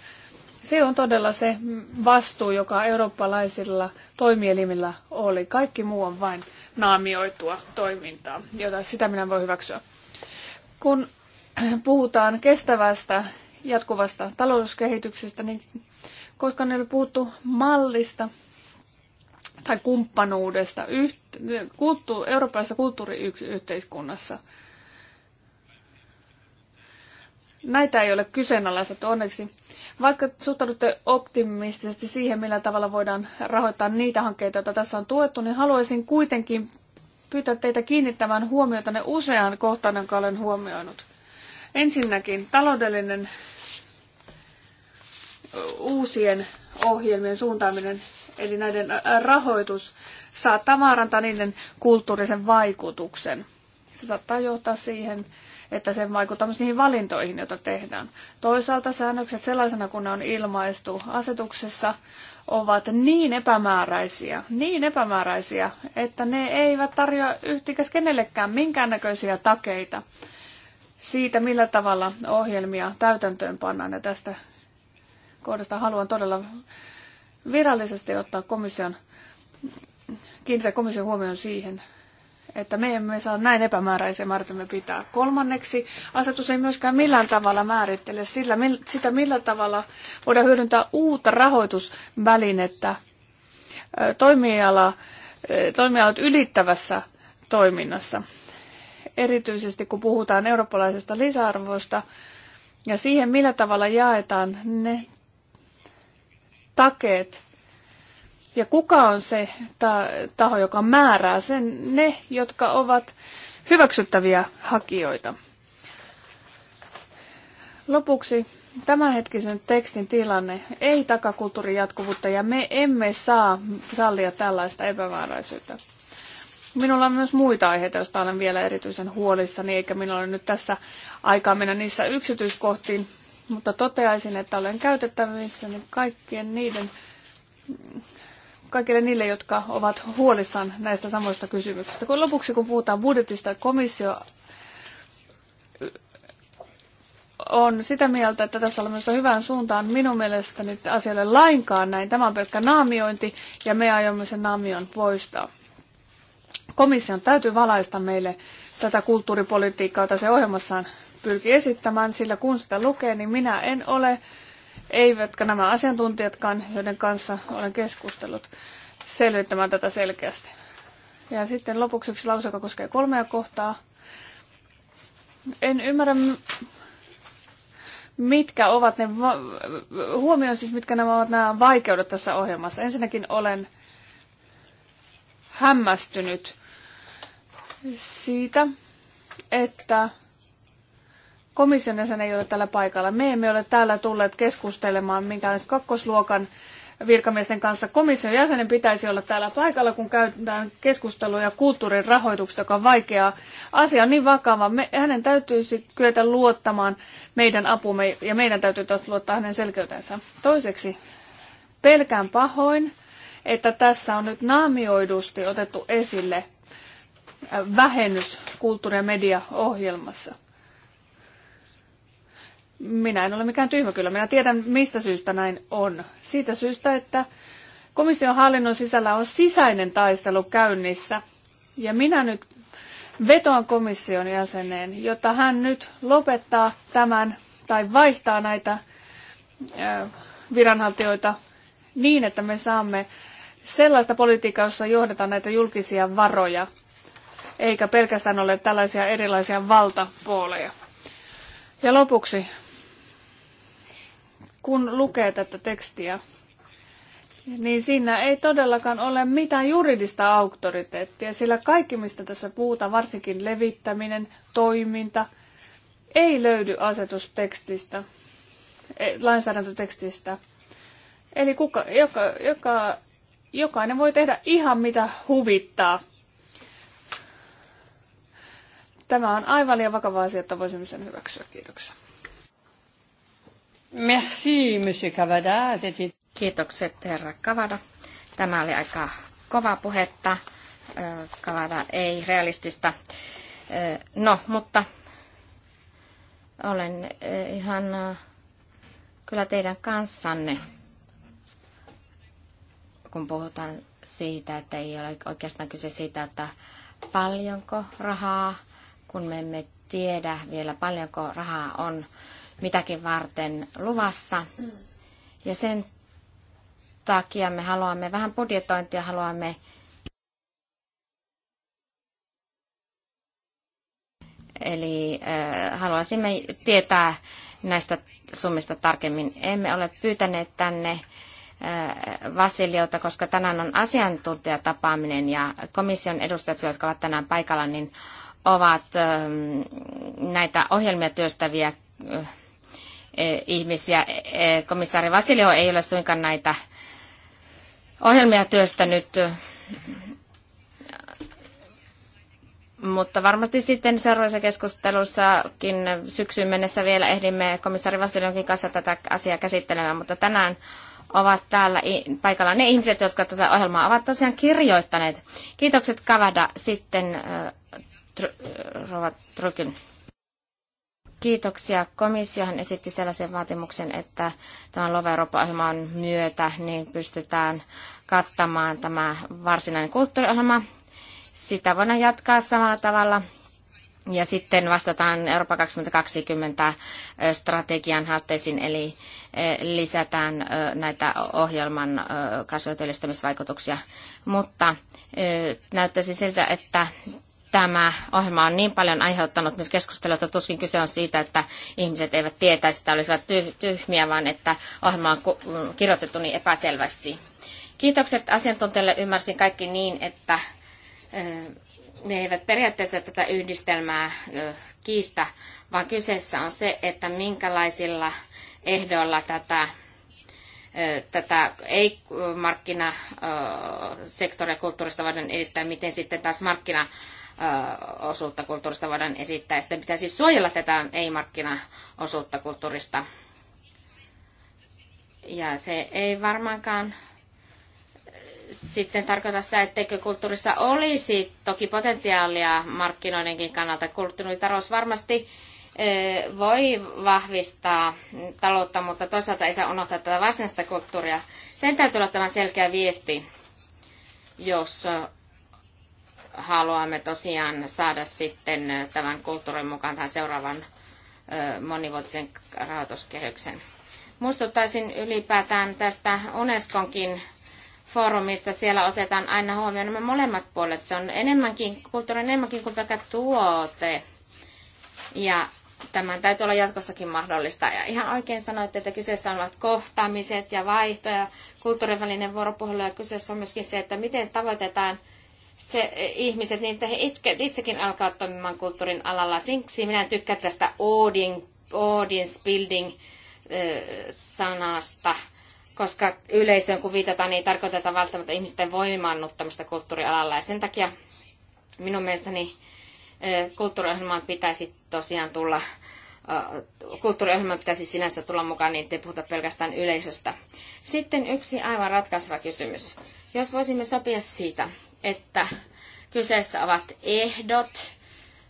Speaker 1: Se on todella se vastuu, joka eurooppalaisilla toimielimillä oli. Kaikki muu on vain naamioitua toimintaa, jota sitä minä voi hyväksyä. Kun puhutaan kestävästä jatkuvasta talouskehityksestä, niin koska ne oli puhuttu mallista tai kumppanuudesta yht- kulttu- eurooppalaisessa kulttuuriyhteiskunnassa, näitä ei ole kyseenalaistettu onneksi. Vaikka suhtaudutte optimistisesti siihen, millä tavalla voidaan rahoittaa niitä hankkeita, joita tässä on tuettu, niin haluaisin kuitenkin pyytää teitä kiinnittämään huomiota ne useaan kohtaan, jonka olen huomioinut. Ensinnäkin taloudellinen uusien ohjelmien suuntaaminen, eli näiden rahoitus, saattaa vaarantaa niiden kulttuurisen vaikutuksen. Se saattaa johtaa siihen, että se vaikuttaa myös niihin valintoihin, joita tehdään. Toisaalta säännökset sellaisena, kun ne on ilmaistu asetuksessa, ovat niin epämääräisiä, niin epämääräisiä, että ne eivät tarjoa yhtikäs kenellekään minkäännäköisiä takeita siitä, millä tavalla ohjelmia täytäntöön pannaan. Ja tästä kohdasta haluan todella virallisesti ottaa komission, kiinnittää komission huomioon siihen, että me emme saa näin epämääräisiä määritelmiä pitää. Kolmanneksi, asetus ei myöskään millään tavalla määrittele sillä, sitä, millä tavalla voidaan hyödyntää uutta rahoitusvälinettä toimiala, toimialat ylittävässä toiminnassa. Erityisesti kun puhutaan eurooppalaisesta lisäarvoista ja siihen, millä tavalla jaetaan ne takeet, ja kuka on se taho, joka määrää sen? Ne, jotka ovat hyväksyttäviä hakijoita. Lopuksi tämänhetkisen tekstin tilanne ei takakulttuurin jatkuvuutta ja me emme saa sallia tällaista epämääräisyyttä. Minulla on myös muita aiheita, joista olen vielä erityisen huolissani, eikä minulla ole nyt tässä aikaa mennä niissä yksityiskohtiin, mutta toteaisin, että olen käytettävissä kaikkien niiden kaikille niille, jotka ovat huolissaan näistä samoista kysymyksistä. Kun lopuksi, kun puhutaan budjetista, komissio on sitä mieltä, että tässä on myös hyvään suuntaan. Minun mielestäni asialle lainkaan näin. Tämä on pelkkä naamiointi ja me aiomme sen naamion poistaa. Komission täytyy valaista meille tätä kulttuuripolitiikkaa, jota se ohjelmassaan pyrkii esittämään, sillä kun sitä lukee, niin minä en ole eivätkä nämä asiantuntijatkaan, joiden kanssa olen keskustellut, selvittämään tätä selkeästi. Ja sitten lopuksi yksi lause, joka koskee kolmea kohtaa. En ymmärrä, mitkä ovat ne, huomioon siis mitkä nämä ovat nämä vaikeudet tässä ohjelmassa. Ensinnäkin olen hämmästynyt siitä, että komission jäsen ei ole täällä paikalla. Me emme ole täällä tulleet keskustelemaan minkään kakkosluokan virkamiesten kanssa. Komission jäsenen pitäisi olla täällä paikalla, kun käydään keskusteluja kulttuurin rahoituksesta, joka on vaikeaa. Asia on niin vakava. Me, hänen täytyisi kyetä luottamaan meidän apumme ja meidän täytyy taas luottaa hänen selkeytensä. Toiseksi pelkään pahoin, että tässä on nyt naamioidusti otettu esille vähennys kulttuuri- ja mediaohjelmassa. Minä en ole mikään tyhmä kyllä. Minä tiedän, mistä syystä näin on. Siitä syystä, että komission hallinnon sisällä on sisäinen taistelu käynnissä. Ja minä nyt vetoan komission jäseneen, jotta hän nyt lopettaa tämän tai vaihtaa näitä viranhaltijoita niin, että me saamme sellaista politiikkaa, jossa johdetaan näitä julkisia varoja, eikä pelkästään ole tällaisia erilaisia valtapooleja. Ja lopuksi kun lukee tätä tekstiä, niin siinä ei todellakaan ole mitään juridista auktoriteettia, sillä kaikki, mistä tässä puhutaan, varsinkin levittäminen, toiminta, ei löydy asetustekstistä, e, lainsäädäntötekstistä. Eli kuka, joka, joka, jokainen voi tehdä ihan mitä huvittaa. Tämä on aivan liian vakava asia, että voisimme sen hyväksyä. Kiitoksia.
Speaker 2: Merci, Monsieur Cavada. Kiitokset, herra Kavada. Tämä oli aika kova puhetta. Kavada ei realistista. No, mutta olen ihan kyllä teidän kanssanne, kun puhutaan siitä, että ei ole oikeastaan kyse siitä, että paljonko rahaa, kun me emme tiedä vielä paljonko rahaa on mitäkin varten luvassa. Ja sen takia me haluamme vähän budjetointia, haluamme Eli äh, haluaisimme tietää näistä summista tarkemmin. Emme ole pyytäneet tänne äh, Vasiliota, koska tänään on asiantuntijatapaaminen ja komission edustajat, jotka ovat tänään paikalla, niin ovat näitä ohjelmia työstäviä E, ihmisiä. E, komissaari Vasilio ei ole suinkaan näitä ohjelmia työstänyt, mutta varmasti sitten seuraavassa keskustelussakin syksyyn mennessä vielä ehdimme komissaari Vasilionkin kanssa tätä asiaa käsittelemään, mutta tänään ovat täällä paikalla ne ihmiset, jotka tätä ohjelmaa ovat tosiaan kirjoittaneet. Kiitokset Kavada sitten Rova Trykin. Kiitoksia. Komissiohan esitti sellaisen vaatimuksen, että tämän Love Europa-ohjelman myötä niin pystytään kattamaan tämä varsinainen kulttuuriohjelma. Sitä voidaan jatkaa samalla tavalla. Ja sitten vastataan Eurooppa 2020 strategian haasteisiin, eli lisätään näitä ohjelman kasvu- ja työllistämisvaikutuksia. Mutta näyttäisi siltä, että tämä ohjelma on niin paljon aiheuttanut nyt keskustelua, että tuskin kyse on siitä, että ihmiset eivät tietäisi, että olisivat tyhmiä, vaan että ohjelma on kirjoitettu niin epäselvästi. Kiitokset asiantuntijalle. Ymmärsin kaikki niin, että ne eivät periaatteessa tätä yhdistelmää kiistä, vaan kyseessä on se, että minkälaisilla ehdoilla tätä tätä ei markkinasektoria kulttuurista voidaan edistää, miten sitten taas markkina osuutta kulttuurista voidaan esittää. Sitten pitää siis suojella tätä ei-markkinaosuutta kulttuurista. Ja se ei varmaankaan sitten tarkoita sitä, etteikö kulttuurissa olisi toki potentiaalia markkinoidenkin kannalta. Kulttuuritarous varmasti voi vahvistaa taloutta, mutta toisaalta ei saa unohtaa tätä varsinaista kulttuuria. Sen täytyy olla tämän selkeä viesti, jos haluamme tosiaan saada sitten tämän kulttuurin mukaan tämän seuraavan monivuotisen rahoituskehyksen. Muistuttaisin ylipäätään tästä Unesconkin foorumista. Siellä otetaan aina huomioon nämä molemmat puolet. Se on enemmänkin, kulttuuri enemmänkin kuin pelkä tuote. Ja tämän täytyy olla jatkossakin mahdollista. Ja ihan oikein sanoitte, että kyseessä ovat kohtaamiset ja vaihto ja kulttuurivälinen vuoropuhelu. Ja kyseessä on myöskin se, että miten tavoitetaan se eh, ihmiset niin, että he itke, itsekin alkaa toimimaan kulttuurin alalla. Siksi minä tykkään tästä audience building eh, sanasta, koska yleisöön kun viitataan, niin ei tarkoiteta välttämättä ihmisten voimaannuttamista kulttuurialalla. Ja sen takia minun mielestäni Eh, kulttuuriohjelmaan pitäisi tosiaan tulla eh, kulttuuriohjelma pitäisi sinänsä tulla mukaan, niin ettei puhuta pelkästään yleisöstä. Sitten yksi aivan ratkaiseva kysymys. Jos voisimme sopia siitä, että kyseessä ovat ehdot,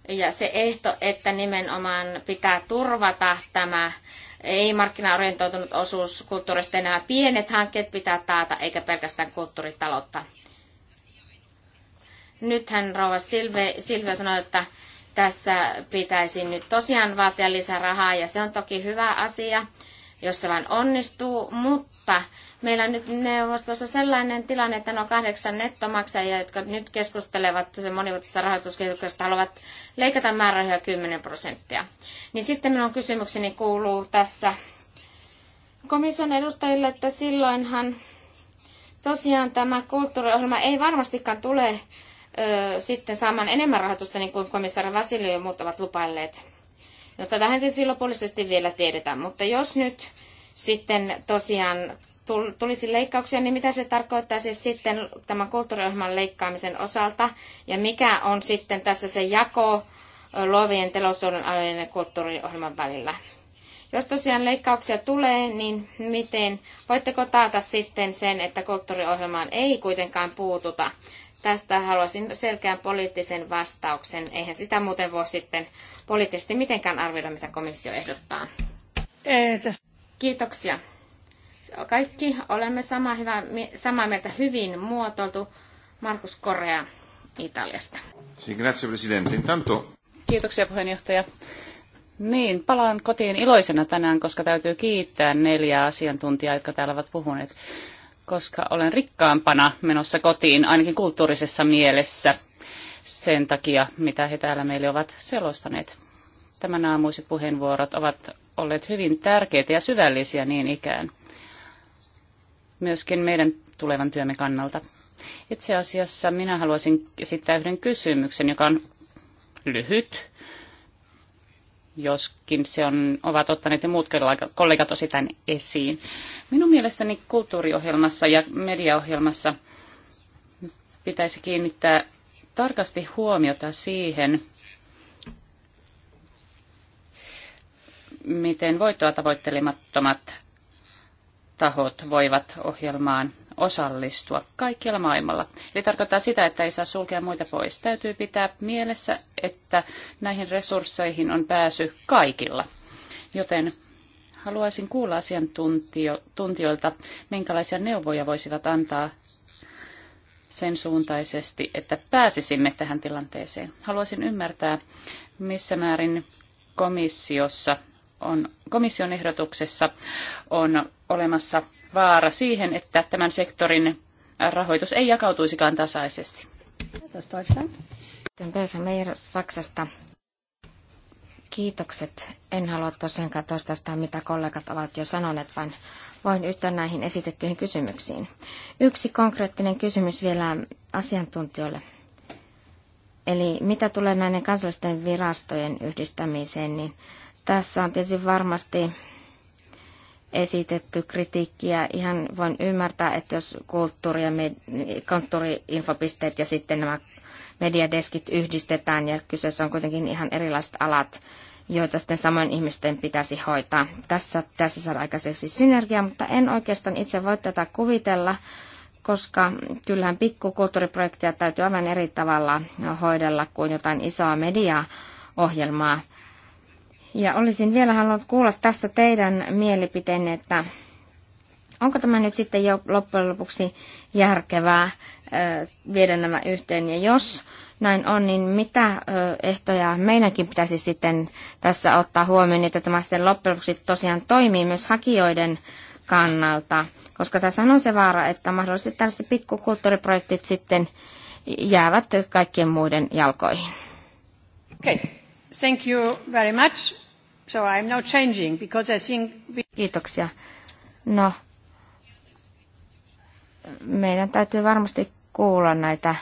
Speaker 2: ja se ehto, että nimenomaan pitää turvata tämä ei-markkinaorientoitunut osuus kulttuurista, ja nämä pienet hankkeet pitää taata, eikä pelkästään kulttuuritaloutta. Nythän rouva Silve, Silve sanoi, että tässä pitäisi nyt tosiaan vaatia lisää rahaa ja se on toki hyvä asia, jos se vain onnistuu, mutta meillä on nyt neuvostossa sellainen tilanne, että nuo kahdeksan nettomaksajia, jotka nyt keskustelevat sen monivuotisesta rahoituskehityksestä, haluavat leikata määrärahoja 10 prosenttia. Niin sitten minun kysymykseni kuuluu tässä komission edustajille, että silloinhan tosiaan tämä kulttuuriohjelma ei varmastikaan tule sitten saamaan enemmän rahoitusta, niin kuin komissaari Vasilio ja muut ovat lupailleet. No, tätähän tietysti lopullisesti vielä tiedetään, mutta jos nyt sitten tosiaan tulisi leikkauksia, niin mitä se tarkoittaa siis sitten tämän kulttuuriohjelman leikkaamisen osalta, ja mikä on sitten tässä se jako luovien telosuuden alojen ja kulttuuriohjelman välillä? Jos tosiaan leikkauksia tulee, niin miten voitteko taata sitten sen, että kulttuuriohjelmaan ei kuitenkaan puututa Tästä haluaisin selkeän poliittisen vastauksen. Eihän sitä muuten voi sitten poliittisesti mitenkään arvioida, mitä komissio ehdottaa. Kiitoksia. Kaikki olemme sama hyvä, samaa mieltä hyvin muotoiltu. Markus Korea Italiasta.
Speaker 1: grazie Presidente. Intanto...
Speaker 2: Kiitoksia puheenjohtaja.
Speaker 3: Niin, palaan kotiin iloisena tänään, koska täytyy kiittää neljää asiantuntijaa, jotka täällä ovat puhuneet koska olen rikkaampana menossa kotiin, ainakin kulttuurisessa mielessä, sen takia, mitä he täällä meille ovat selostaneet. Tämän aamuiset puheenvuorot ovat olleet hyvin tärkeitä ja syvällisiä niin ikään, myöskin meidän tulevan työmme kannalta. Itse asiassa minä haluaisin esittää yhden kysymyksen, joka on lyhyt, joskin se on, ovat ottaneet ja muut kollegat osittain esiin. Minun mielestäni kulttuuriohjelmassa ja mediaohjelmassa pitäisi kiinnittää tarkasti huomiota siihen, miten voittoa tavoittelemattomat tahot voivat ohjelmaan osallistua kaikkialla maailmalla. Eli tarkoittaa sitä, että ei saa sulkea muita pois. Täytyy pitää mielessä, että näihin resursseihin on pääsy kaikilla. Joten haluaisin kuulla asiantuntijoilta, minkälaisia neuvoja voisivat antaa sen suuntaisesti, että pääsisimme tähän tilanteeseen. Haluaisin ymmärtää, missä määrin komissiossa on, komission ehdotuksessa on olemassa vaara siihen, että tämän sektorin rahoitus ei jakautuisikaan tasaisesti.
Speaker 2: Bermeer Saksasta. Kiitokset. En halua tosiaankaan toistaa sitä, mitä kollegat ovat jo sanoneet, vaan voin yhtyä näihin esitettyihin kysymyksiin. Yksi konkreettinen kysymys vielä asiantuntijoille. Eli mitä tulee näiden kansallisten virastojen yhdistämiseen, niin tässä on tietysti varmasti esitetty kritiikkiä. Ihan voin ymmärtää, että jos kulttuuri- ja med- ja sitten nämä mediadeskit yhdistetään ja kyseessä on kuitenkin ihan erilaiset alat, joita sitten samoin ihmisten pitäisi hoitaa. Tässä tässä saada aikaiseksi synergia, mutta en oikeastaan itse voi tätä kuvitella, koska kyllähän pikkukulttuuriprojektia täytyy aivan eri tavalla hoidella kuin jotain isoa mediaohjelmaa. ohjelmaa ja olisin vielä halunnut kuulla tästä teidän mielipiteenne, että onko tämä nyt sitten jo loppujen lopuksi järkevää viedä nämä yhteen. Ja jos näin on, niin mitä ehtoja meidänkin pitäisi sitten tässä ottaa huomioon, että tämä sitten loppujen lopuksi tosiaan toimii myös hakijoiden kannalta. Koska tässä on se vaara, että mahdollisesti tällaiset pikkukulttuuriprojektit sitten jäävät kaikkien muiden jalkoihin.
Speaker 1: Okei. Okay. Thank you
Speaker 2: very much. So I'm now changing because I think we... Kiitoksia. No, meidän täytyy varmasti kuulla näitä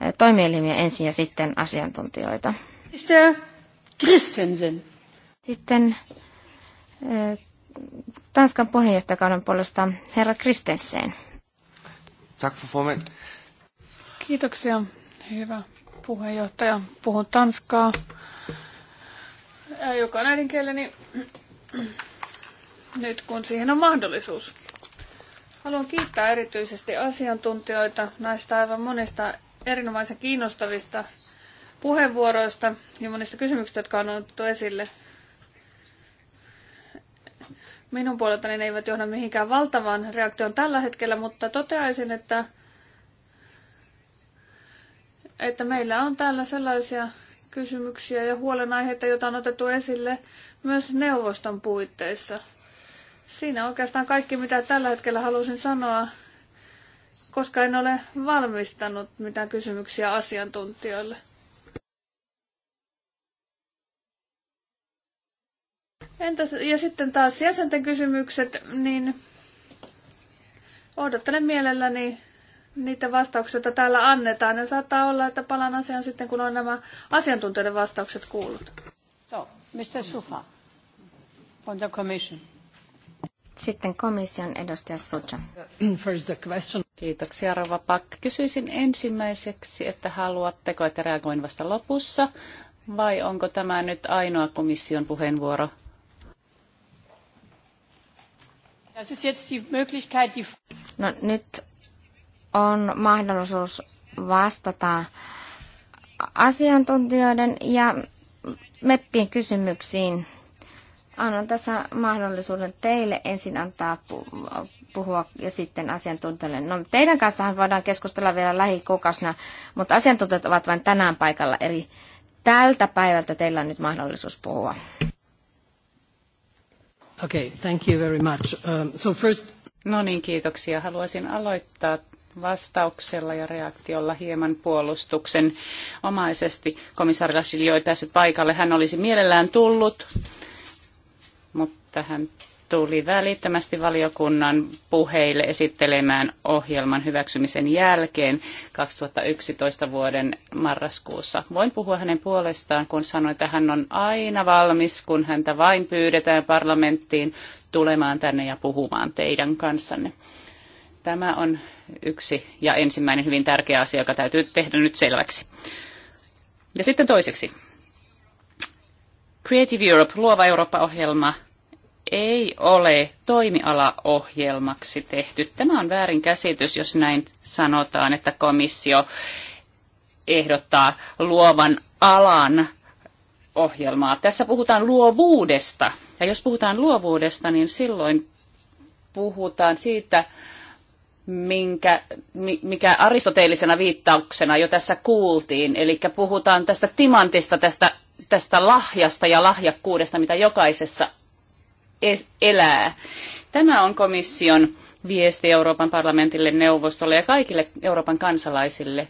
Speaker 2: eh, toimielimiä ensin ja sitten asiantuntijoita. Mr. Christensen. Sitten eh, Tanskan puheenjohtajakauden puolesta herra Kristensen.
Speaker 1: Tack för Kiitoksia, hyvä puheenjohtaja. Puhun tanskaa, joka on äidinkieleni nyt kun siihen on mahdollisuus. Haluan kiittää erityisesti asiantuntijoita näistä aivan monista erinomaisen kiinnostavista puheenvuoroista ja monista kysymyksistä, jotka on otettu esille. Minun puoleltani ne eivät johda mihinkään valtavaan reaktioon tällä hetkellä, mutta toteaisin, että että meillä on täällä sellaisia kysymyksiä ja huolenaiheita, joita on otettu esille myös neuvoston puitteissa. Siinä oikeastaan kaikki, mitä tällä hetkellä halusin sanoa, koska en ole valmistanut mitään kysymyksiä asiantuntijoille. Entäs, ja sitten taas jäsenten kysymykset, niin odottelen mielelläni niitä vastauksia, joita täällä annetaan. Ja saattaa olla, että palaan asiaan sitten, kun on nämä asiantuntijoiden vastaukset kuullut. So, Mr.
Speaker 2: Sufa, On the commission. Sitten komission edustaja Suja. First the question. Kiitoksia, Rova Pak. Kysyisin
Speaker 3: ensimmäiseksi, että haluatteko, että reagoin vasta lopussa, vai onko tämä nyt ainoa komission puheenvuoro?
Speaker 2: No nyt on mahdollisuus vastata asiantuntijoiden ja meppien kysymyksiin. Annan tässä mahdollisuuden teille ensin antaa puhua ja sitten asiantuntijoille. No, teidän kanssahan voidaan keskustella vielä lähikuukausina, mutta asiantuntijat ovat vain tänään paikalla, eli tältä päivältä teillä on nyt mahdollisuus puhua. Okay, thank you very much. Um, so first...
Speaker 3: No niin, kiitoksia. Haluaisin aloittaa vastauksella ja reaktiolla hieman puolustuksen omaisesti. Komissaari Lasilio ei päässyt paikalle. Hän olisi mielellään tullut, mutta hän tuli välittömästi valiokunnan puheille esittelemään ohjelman hyväksymisen jälkeen 2011 vuoden marraskuussa. Voin puhua hänen puolestaan, kun sanoin, että hän on aina valmis, kun häntä vain pyydetään parlamenttiin tulemaan tänne ja puhumaan teidän kanssanne. Tämä on yksi ja ensimmäinen hyvin tärkeä asia, joka täytyy tehdä nyt selväksi. Ja sitten toiseksi. Creative Europe, luova Eurooppa-ohjelma, ei ole toimialaohjelmaksi tehty. Tämä on väärin käsitys, jos näin sanotaan, että komissio ehdottaa luovan alan ohjelmaa. Tässä puhutaan luovuudesta. Ja jos puhutaan luovuudesta, niin silloin puhutaan siitä minkä, mikä aristoteellisena viittauksena jo tässä kuultiin. Eli puhutaan tästä timantista, tästä, tästä lahjasta ja lahjakkuudesta, mitä jokaisessa elää. Tämä on komission viesti Euroopan parlamentille, neuvostolle ja kaikille Euroopan kansalaisille.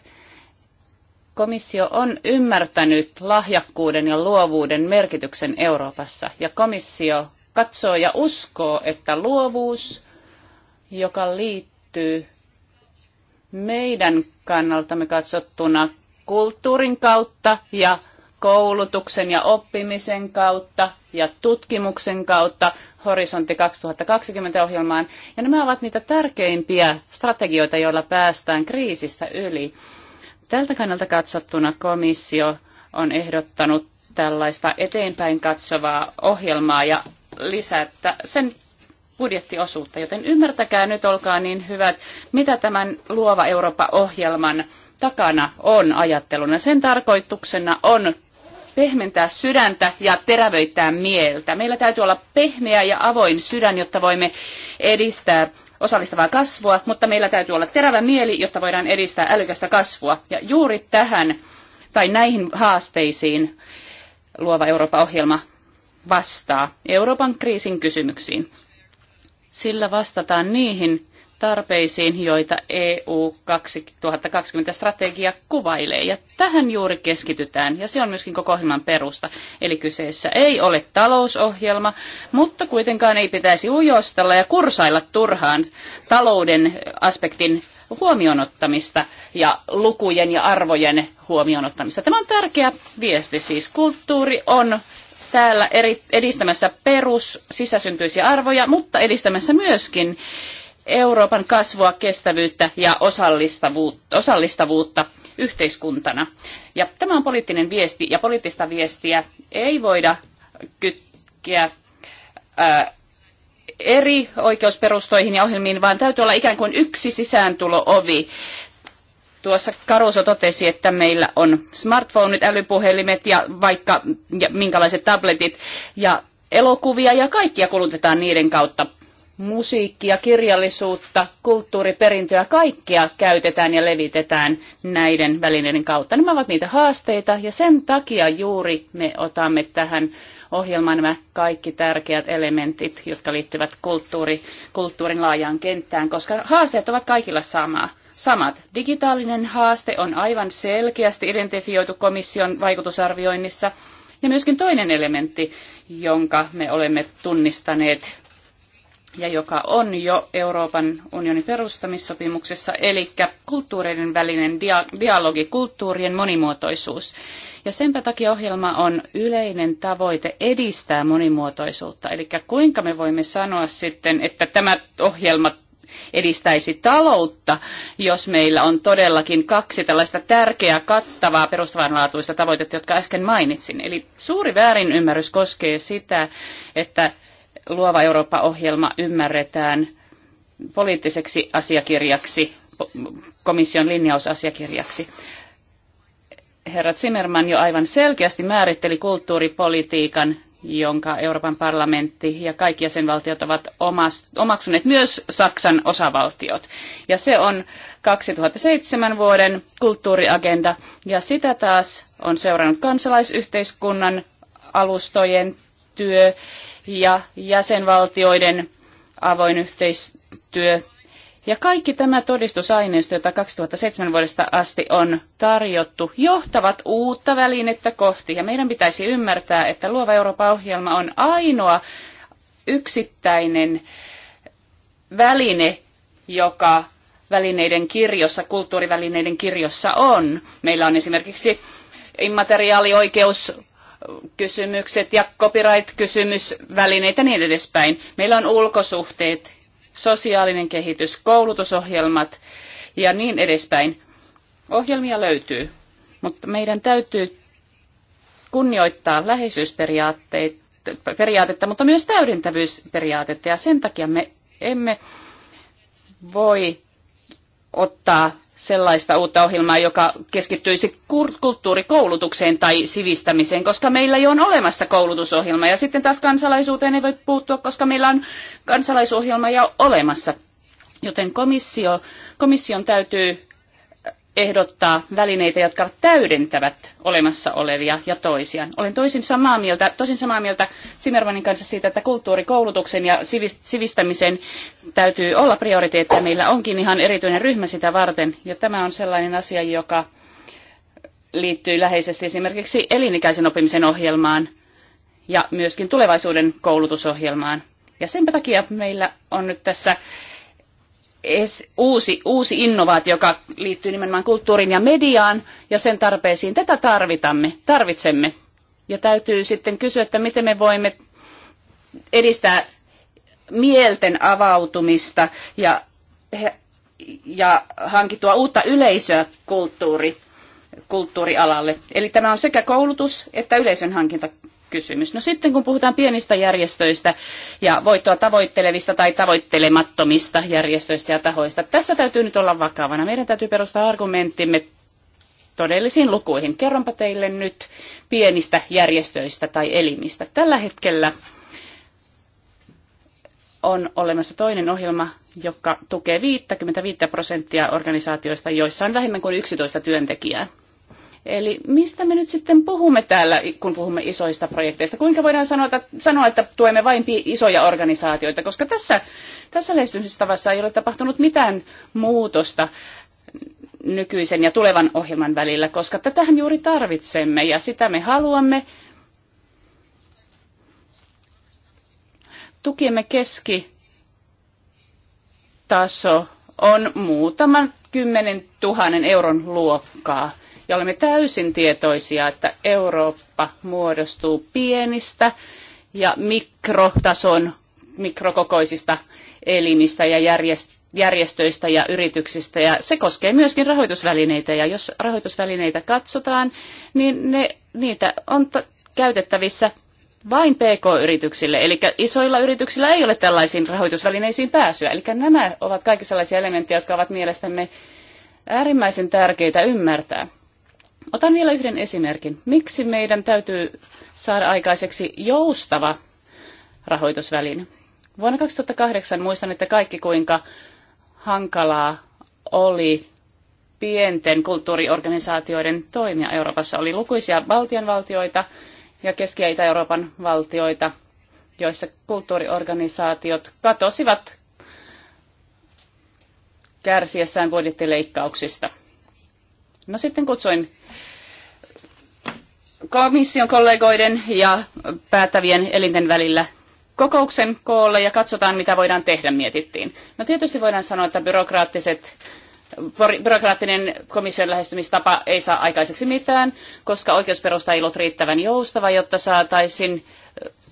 Speaker 3: Komissio on ymmärtänyt lahjakkuuden ja luovuuden merkityksen Euroopassa ja komissio katsoo ja uskoo, että luovuus, joka liittyy liittyy meidän kannaltamme katsottuna kulttuurin kautta ja koulutuksen ja oppimisen kautta ja tutkimuksen kautta Horisontti 2020-ohjelmaan. Ja nämä ovat niitä tärkeimpiä strategioita, joilla päästään kriisistä yli. Tältä kannalta katsottuna komissio on ehdottanut tällaista eteenpäin katsovaa ohjelmaa ja lisätä, sen budjettiosuutta. Joten ymmärtäkää nyt, olkaa niin hyvät, mitä tämän Luova Eurooppa-ohjelman takana on ajatteluna. Sen tarkoituksena on pehmentää sydäntä ja terävöittää mieltä. Meillä täytyy olla pehmeä ja avoin sydän, jotta voimme edistää osallistavaa kasvua, mutta meillä täytyy olla terävä mieli, jotta voidaan edistää älykästä kasvua. Ja juuri tähän tai näihin haasteisiin luova Eurooppa-ohjelma vastaa Euroopan kriisin kysymyksiin. Sillä vastataan niihin tarpeisiin, joita EU 2020-strategia kuvailee. Ja tähän juuri keskitytään, ja se on myöskin koko ohjelman perusta. Eli kyseessä ei ole talousohjelma, mutta kuitenkaan ei pitäisi ujostella ja kursailla turhaan talouden aspektin huomionottamista ja lukujen ja arvojen huomionottamista. Tämä on tärkeä viesti, siis kulttuuri on täällä eri, edistämässä perus sisäsyntyisiä arvoja, mutta edistämässä myöskin Euroopan kasvua, kestävyyttä ja osallistavuutta, osallistavuutta yhteiskuntana. Ja tämä on poliittinen viesti, ja poliittista viestiä ei voida kytkeä ää, eri oikeusperustoihin ja ohjelmiin, vaan täytyy olla ikään kuin yksi sisääntulo-ovi Tuossa Karuso totesi, että meillä on smartphoneit, älypuhelimet ja vaikka ja minkälaiset tabletit ja elokuvia ja kaikkia kulutetaan niiden kautta. Musiikkia, kirjallisuutta, kulttuuriperintöä, kaikkea käytetään ja levitetään näiden välineiden kautta. Nämä ovat niitä haasteita ja sen takia juuri me otamme tähän ohjelmaan nämä kaikki tärkeät elementit, jotka liittyvät kulttuuri, kulttuurin laajaan kenttään, koska haasteet ovat kaikilla samaa samat. Digitaalinen haaste on aivan selkeästi identifioitu komission vaikutusarvioinnissa. Ja myöskin toinen elementti, jonka me olemme tunnistaneet ja joka on jo Euroopan unionin perustamissopimuksessa, eli kulttuureiden välinen dialogi, kulttuurien monimuotoisuus. Ja senpä takia ohjelma on yleinen tavoite edistää monimuotoisuutta. Eli kuinka me voimme sanoa sitten, että tämä ohjelma edistäisi taloutta, jos meillä on todellakin kaksi tällaista tärkeää, kattavaa, perustavanlaatuista tavoitetta, jotka äsken mainitsin. Eli suuri väärinymmärrys koskee sitä, että Luova Eurooppa-ohjelma ymmärretään poliittiseksi asiakirjaksi, komission linjausasiakirjaksi. Herra Zimmerman jo aivan selkeästi määritteli kulttuuripolitiikan jonka Euroopan parlamentti ja kaikki jäsenvaltiot ovat omas, omaksuneet, myös Saksan osavaltiot. Ja se on 2007 vuoden kulttuuriagenda, ja sitä taas on seurannut kansalaisyhteiskunnan alustojen työ ja jäsenvaltioiden avoin yhteistyö ja kaikki tämä todistusaineisto, jota 2007 vuodesta asti on tarjottu, johtavat uutta välinettä kohti. Ja meidän pitäisi ymmärtää, että Luova Euroopan ohjelma on ainoa yksittäinen väline, joka välineiden kirjossa, kulttuurivälineiden kirjossa on. Meillä on esimerkiksi immateriaalioikeus kysymykset ja copyright-kysymysvälineitä niin edespäin. Meillä on ulkosuhteet sosiaalinen kehitys, koulutusohjelmat ja niin edespäin. Ohjelmia löytyy, mutta meidän täytyy kunnioittaa läheisyysperiaatetta, mutta myös täydentävyysperiaatetta ja sen takia me emme voi ottaa sellaista uutta ohjelmaa, joka keskittyisi kulttuurikoulutukseen tai sivistämiseen, koska meillä jo on olemassa koulutusohjelma. Ja sitten taas kansalaisuuteen ei voi puuttua, koska meillä on kansalaisuohjelma jo olemassa. Joten komissio, komission täytyy ehdottaa välineitä, jotka täydentävät olemassa olevia ja toisiaan. Olen toisin samaa mieltä, tosin samaa mieltä Simermanin kanssa siitä, että kulttuurikoulutuksen ja sivistämisen täytyy olla prioriteetti. Meillä onkin ihan erityinen ryhmä sitä varten, ja tämä on sellainen asia, joka liittyy läheisesti esimerkiksi elinikäisen oppimisen ohjelmaan ja myöskin tulevaisuuden koulutusohjelmaan. Ja sen takia meillä on nyt tässä uusi, uusi innovaatio, joka liittyy nimenomaan kulttuuriin ja mediaan ja sen tarpeisiin. Tätä tarvitamme, tarvitsemme. Ja täytyy sitten kysyä, että miten me voimme edistää mielten avautumista ja, ja hankitua uutta yleisöä kulttuuri, kulttuurialalle. Eli tämä on sekä koulutus että yleisön hankinta kysymys. No sitten kun puhutaan pienistä järjestöistä ja voittoa tavoittelevista tai tavoittelemattomista järjestöistä ja tahoista, tässä täytyy nyt olla vakavana. Meidän täytyy perustaa argumenttimme todellisiin lukuihin. Kerronpa teille nyt pienistä järjestöistä tai elimistä. Tällä hetkellä on olemassa toinen ohjelma, joka tukee 55 prosenttia organisaatioista, joissa on vähemmän kuin 11 työntekijää. Eli mistä me nyt sitten puhumme täällä, kun puhumme isoista projekteista? Kuinka voidaan sanoa, että, sanoa, että tuemme vain isoja organisaatioita, koska tässä, tässä lähestymistavassa ei ole tapahtunut mitään muutosta nykyisen ja tulevan ohjelman välillä, koska tätähän juuri tarvitsemme ja sitä me haluamme. Tukiemme keskitaso on muutaman kymmenen tuhannen euron luokkaa. Ja olemme täysin tietoisia, että Eurooppa muodostuu pienistä ja mikrotason, mikrokokoisista elimistä ja järjestöistä ja yrityksistä. Ja se koskee myöskin rahoitusvälineitä. Ja jos rahoitusvälineitä katsotaan, niin ne, niitä on käytettävissä vain PK-yrityksille, eli isoilla yrityksillä ei ole tällaisiin rahoitusvälineisiin pääsyä. Eli nämä ovat kaikki sellaisia elementtejä, jotka ovat mielestämme äärimmäisen tärkeitä ymmärtää. Otan vielä yhden esimerkin. Miksi meidän täytyy saada aikaiseksi joustava rahoitusväline? Vuonna 2008 muistan, että kaikki kuinka hankalaa oli pienten kulttuuriorganisaatioiden toimia Euroopassa. Oli lukuisia Baltian valtioita ja Keski- ja Itä-Euroopan valtioita, joissa kulttuuriorganisaatiot katosivat kärsiessään budjettileikkauksista. No sitten kutsuin komission kollegoiden ja päättävien elinten välillä kokouksen koolle ja katsotaan, mitä voidaan tehdä, mietittiin. No tietysti voidaan sanoa, että byrokraattiset byrokraattinen komission lähestymistapa ei saa aikaiseksi mitään, koska oikeusperusta ei ollut riittävän joustava, jotta saataisiin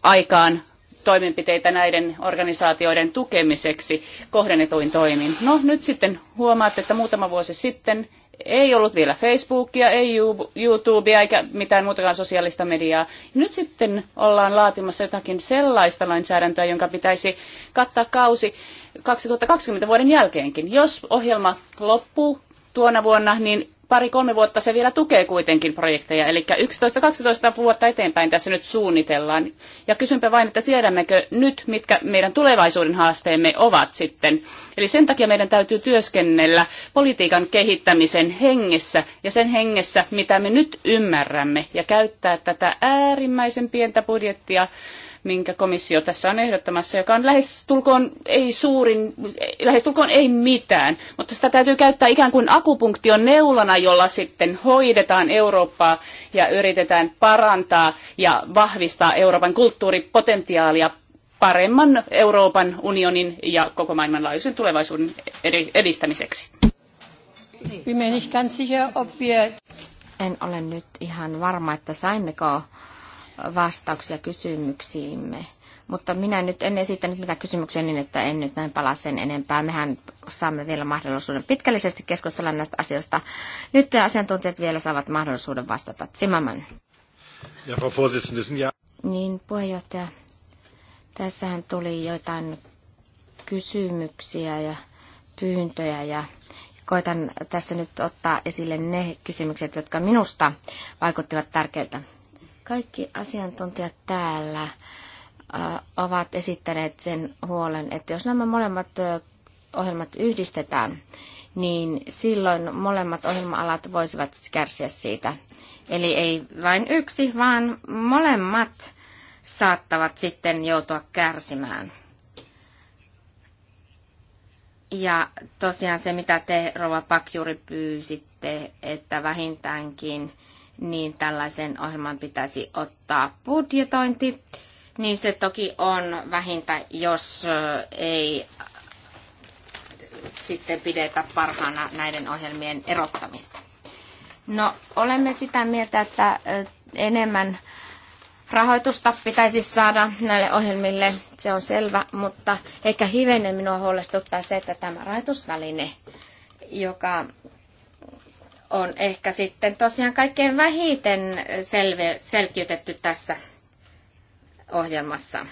Speaker 3: aikaan toimenpiteitä näiden organisaatioiden tukemiseksi kohdennetuin toimin. No nyt sitten huomaatte, että muutama vuosi sitten ei ollut vielä Facebookia, ei YouTubea eikä mitään muutakaan sosiaalista mediaa. Nyt sitten ollaan laatimassa jotakin sellaista lainsäädäntöä, jonka pitäisi kattaa kausi 2020 vuoden jälkeenkin. Jos ohjelma loppuu tuona vuonna, niin pari-kolme vuotta se vielä tukee kuitenkin projekteja, eli 11-12 vuotta eteenpäin tässä nyt suunnitellaan. Ja kysynpä vain, että tiedämmekö nyt, mitkä meidän tulevaisuuden haasteemme ovat sitten. Eli sen takia meidän täytyy työskennellä politiikan kehittämisen hengessä ja sen hengessä, mitä me nyt ymmärrämme, ja käyttää tätä äärimmäisen pientä budjettia minkä komissio tässä on ehdottamassa, joka on lähestulkoon ei suurin, lähestulkoon ei mitään, mutta sitä täytyy käyttää ikään kuin akupunktion neulana, jolla sitten hoidetaan Eurooppaa ja yritetään parantaa ja vahvistaa Euroopan kulttuuripotentiaalia paremman Euroopan unionin ja koko maailmanlaajuisen tulevaisuuden edistämiseksi.
Speaker 2: En ole nyt ihan varma, että saimmeko vastauksia kysymyksiimme. Mutta minä nyt en esittänyt mitään kysymyksiä niin, että en nyt näin palaa sen enempää. Mehän saamme vielä mahdollisuuden pitkällisesti keskustella näistä asioista. Nyt asiantuntijat vielä saavat mahdollisuuden vastata. Simaman.
Speaker 1: Ja, ja.
Speaker 2: Niin, puheenjohtaja. Tässähän tuli joitain kysymyksiä ja pyyntöjä ja koitan tässä nyt ottaa esille ne kysymykset, jotka minusta vaikuttivat tärkeiltä. Kaikki asiantuntijat täällä äh, ovat esittäneet sen huolen, että jos nämä molemmat äh, ohjelmat yhdistetään, niin silloin molemmat ohjelma-alat voisivat kärsiä siitä. Eli ei vain yksi, vaan molemmat saattavat sitten joutua kärsimään. Ja tosiaan se, mitä te, Rova Pak, juuri pyysitte, että vähintäänkin niin tällaisen ohjelman pitäisi ottaa budjetointi. Niin se toki on vähintä, jos ei sitten pidetä parhaana näiden ohjelmien erottamista. No, olemme sitä mieltä, että enemmän rahoitusta pitäisi saada näille ohjelmille, se on selvä, mutta ehkä hivenen minua huolestuttaa se, että tämä rahoitusväline, joka on ehkä sitten tosiaan kaikkein vähiten selve, selkiytetty tässä ohjelmassa.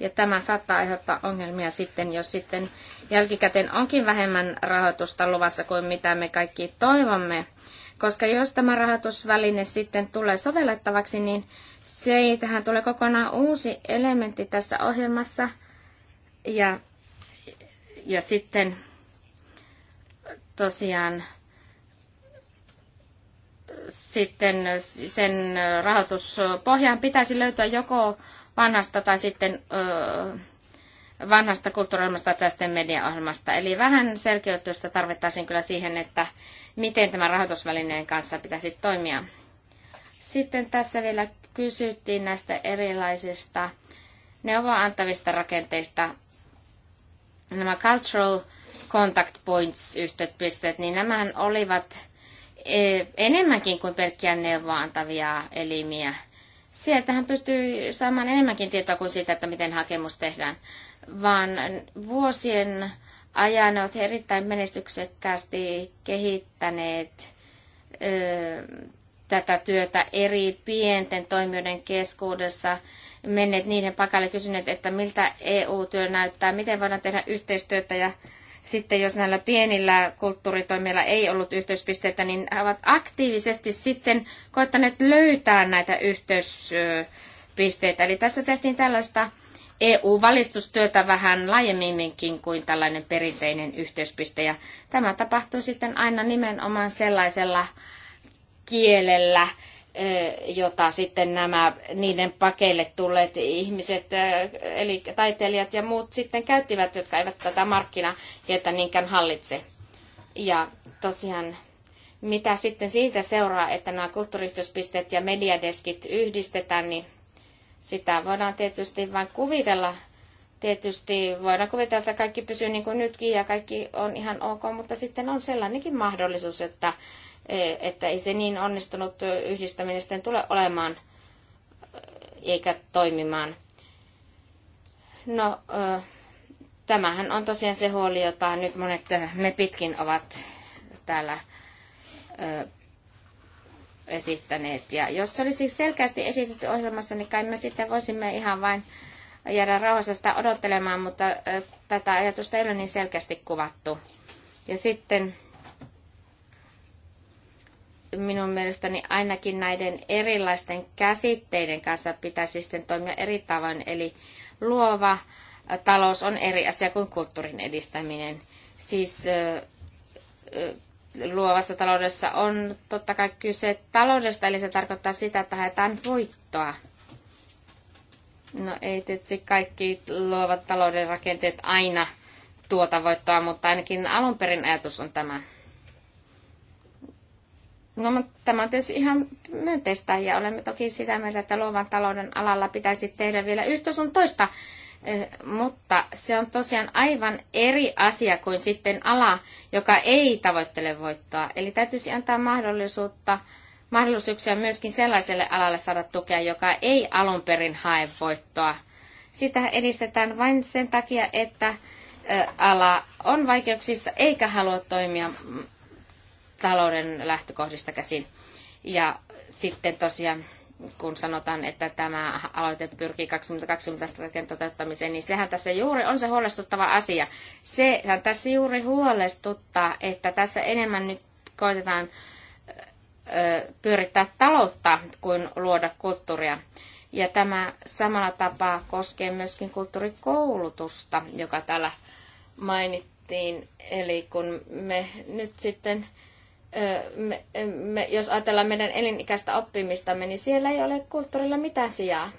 Speaker 2: Ja tämä saattaa aiheuttaa ongelmia sitten, jos sitten jälkikäteen onkin vähemmän rahoitusta luvassa kuin mitä me kaikki toivomme. Koska jos tämä rahoitusväline sitten tulee sovellettavaksi, niin se ei tähän tulee kokonaan uusi elementti tässä ohjelmassa. Ja, ja sitten tosiaan sitten sen rahoituspohjaan pitäisi löytyä joko vanhasta tai sitten vanhasta kulttuuriohjelmasta tai sitten mediaohjelmasta. Eli vähän selkeytystä tarvittaisiin kyllä siihen, että miten tämän rahoitusvälineen kanssa pitäisi toimia. Sitten tässä vielä kysyttiin näistä erilaisista neuvoa antavista rakenteista. Nämä cultural contact points, yhteyspisteet, niin nämähän olivat e, enemmänkin kuin pelkkiä neuvoantavia elimiä. Sieltähän pystyy saamaan enemmänkin tietoa kuin siitä, että miten hakemus tehdään, vaan vuosien ajan ne ovat erittäin menestyksekkäästi kehittäneet ö, e, tätä työtä eri pienten toimijoiden keskuudessa, menneet niiden pakalle kysyneet, että miltä EU-työ näyttää, miten voidaan tehdä yhteistyötä ja sitten jos näillä pienillä kulttuuritoimilla ei ollut yhteyspisteitä, niin he ovat aktiivisesti sitten koettaneet löytää näitä yhteyspisteitä. Eli tässä tehtiin tällaista EU-valistustyötä vähän laajemminkin kuin tällainen perinteinen yhteyspiste. Ja tämä tapahtuu sitten aina nimenomaan sellaisella kielellä, jota sitten nämä niiden pakeille tulleet ihmiset, eli taiteilijat ja muut sitten käyttivät, jotka eivät tätä markkinakieltä niinkään hallitse. Ja tosiaan, mitä sitten siitä seuraa, että nämä kulttuuriyhteyspisteet ja mediadeskit yhdistetään, niin sitä voidaan tietysti vain kuvitella. Tietysti voidaan kuvitella, että kaikki pysyy niin kuin nytkin ja kaikki on ihan ok, mutta sitten on sellainenkin mahdollisuus, että että ei se niin onnistunut yhdistäminen sitten tule olemaan eikä toimimaan. No, tämähän on tosiaan se huoli, jota nyt monet me pitkin ovat täällä esittäneet. Ja jos se olisi selkeästi esitetty ohjelmassa, niin kai me sitten voisimme ihan vain jäädä rauhassa sitä odottelemaan, mutta tätä ajatusta ei ole niin selkeästi kuvattu. Ja sitten minun mielestäni ainakin näiden erilaisten käsitteiden kanssa pitäisi sitten toimia eri tavoin. Eli luova talous on eri asia kuin kulttuurin edistäminen. Siis luovassa taloudessa on totta kai kyse taloudesta, eli se tarkoittaa sitä, että haetaan voittoa. No ei tietysti kaikki luovat talouden rakenteet aina tuota voittoa, mutta ainakin alun perin ajatus on tämä. No, mutta tämä on tietysti ihan myönteistä ja olemme toki sitä mieltä, että luovan talouden alalla pitäisi tehdä vielä yhtä sun toista, eh, mutta se on tosiaan aivan eri asia kuin sitten ala, joka ei tavoittele voittoa. Eli täytyisi antaa mahdollisuutta, mahdollisuuksia myöskin sellaiselle alalle saada tukea, joka ei alun perin hae voittoa. Sitä edistetään vain sen takia, että eh, ala on vaikeuksissa eikä halua toimia talouden lähtökohdista käsin. Ja sitten tosiaan, kun sanotaan, että tämä aloite pyrkii 2020 strategian toteuttamiseen, niin sehän tässä juuri on se huolestuttava asia. Sehän tässä juuri huolestuttaa, että tässä enemmän nyt koitetaan pyörittää taloutta kuin luoda kulttuuria. Ja tämä samalla tapaa koskee myöskin kulttuurikoulutusta, joka täällä mainittiin. Eli kun me nyt sitten me, me, jos ajatellaan meidän elinikäistä oppimistamme, niin siellä ei ole kulttuurilla mitään sijaa.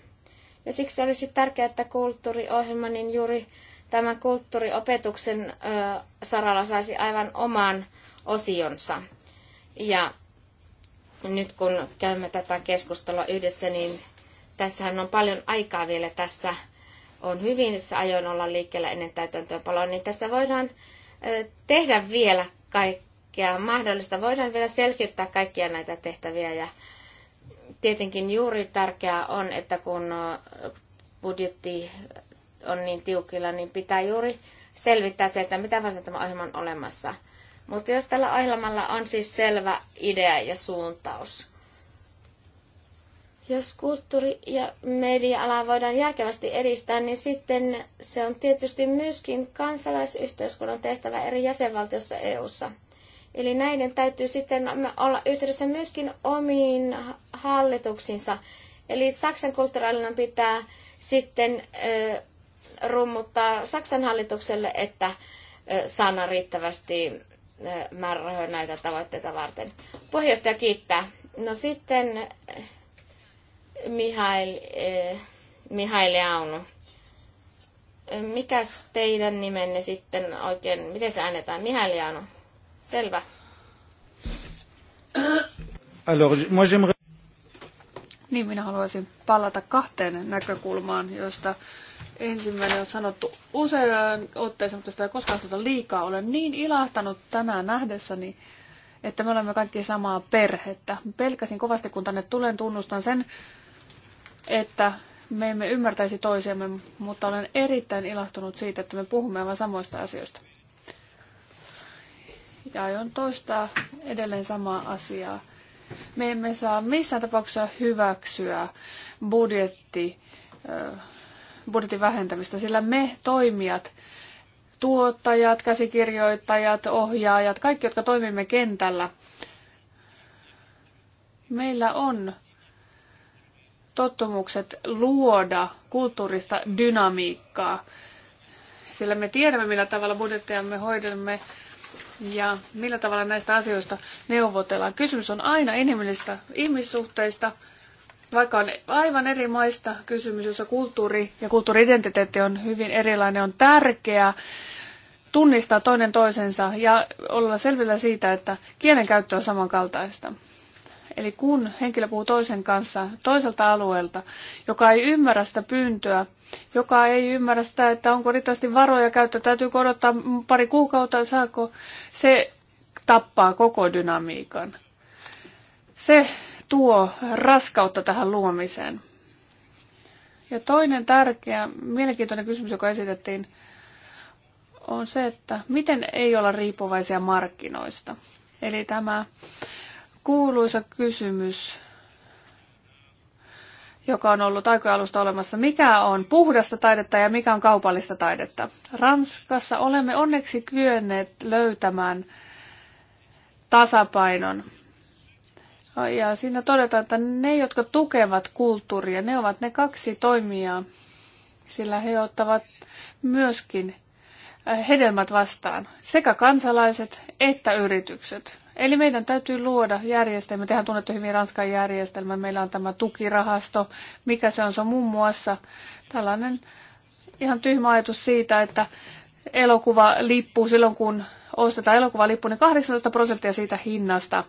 Speaker 2: Ja siksi olisi tärkeää, että kulttuuriohjelma niin juuri tämän kulttuuriopetuksen ö, saralla saisi aivan oman osionsa. Ja nyt kun käymme tätä keskustelua yhdessä, niin tässähän on paljon aikaa vielä tässä. On hyvin ajoin olla liikkeellä ennen täytäntöönpaloa, niin tässä voidaan tehdä vielä kaikki kaikkea mahdollista. Voidaan vielä selkiyttää kaikkia näitä tehtäviä ja tietenkin juuri tärkeää on, että kun budjetti on niin tiukilla, niin pitää juuri selvittää se, että mitä varten tämä ohjelma on olemassa. Mutta jos tällä ohjelmalla on siis selvä idea ja suuntaus, jos kulttuuri- ja media-alaa voidaan järkevästi edistää, niin sitten se on tietysti myöskin kansalaisyhteiskunnan tehtävä eri jäsenvaltiossa EU:ssa. ssa Eli näiden täytyy sitten olla yhteydessä myöskin omiin hallituksinsa. Eli Saksan kulttuurallinen pitää sitten rummuttaa Saksan hallitukselle, että saadaan riittävästi määrärahoja näitä tavoitteita varten. Puheenjohtaja kiittää. No sitten Mihail, Mihail Jaunu. Mikäs teidän nimenne sitten oikein, miten se annetaan? Mihail Jaunu. Selvä. Alors, moi j'aimerais...
Speaker 1: Niin, minä haluaisin palata kahteen näkökulmaan, joista ensimmäinen on sanottu usein otteeseen, mutta sitä ei koskaan sanota liikaa. Olen niin ilahtanut tänään nähdessäni, että me olemme kaikki samaa perhettä. Pelkäsin kovasti, kun tänne tulen, tunnustan sen, että me emme ymmärtäisi toisiamme, mutta olen erittäin ilahtunut siitä, että me puhumme aivan samoista asioista ja aion toistaa edelleen samaa asiaa. Me emme saa missään tapauksessa hyväksyä budjetti, budjetin vähentämistä, sillä me toimijat, tuottajat, käsikirjoittajat, ohjaajat, kaikki, jotka toimimme kentällä, meillä on tottumukset luoda kulttuurista dynamiikkaa. Sillä me tiedämme, millä tavalla budjettejamme hoidamme, ja millä tavalla näistä asioista neuvotellaan. Kysymys on aina inhimillisistä ihmissuhteista, vaikka on aivan eri maista kysymys, jossa kulttuuri ja kulttuuriidentiteetti on hyvin erilainen, on tärkeää tunnistaa toinen toisensa ja olla selvillä siitä, että kielenkäyttö käyttö on samankaltaista. Eli kun henkilö puhuu toisen kanssa toiselta alueelta, joka ei ymmärrä sitä pyyntöä, joka ei ymmärrä sitä, että onko riittävästi varoja käyttää, täytyy odottaa pari kuukautta, saako, se tappaa koko dynamiikan. Se tuo raskautta tähän luomiseen. Ja toinen tärkeä, mielenkiintoinen kysymys, joka esitettiin, on se, että miten ei olla riippuvaisia markkinoista. Eli tämä kuuluisa kysymys, joka on ollut aikojen alusta olemassa. Mikä on puhdasta taidetta ja mikä on kaupallista taidetta? Ranskassa olemme onneksi kyenneet löytämään tasapainon. Ja siinä todetaan, että ne, jotka tukevat kulttuuria, ne ovat ne kaksi toimijaa, sillä he ottavat myöskin hedelmät vastaan, sekä kansalaiset että yritykset. Eli meidän täytyy luoda järjestelmä. Tehän tunnette hyvin Ranskan järjestelmä. Meillä on tämä tukirahasto. Mikä se on? Se on muun muassa tällainen ihan tyhmä ajatus siitä, että elokuvalippu, silloin kun ostetaan elokuvalippu, niin 18 prosenttia siitä hinnasta.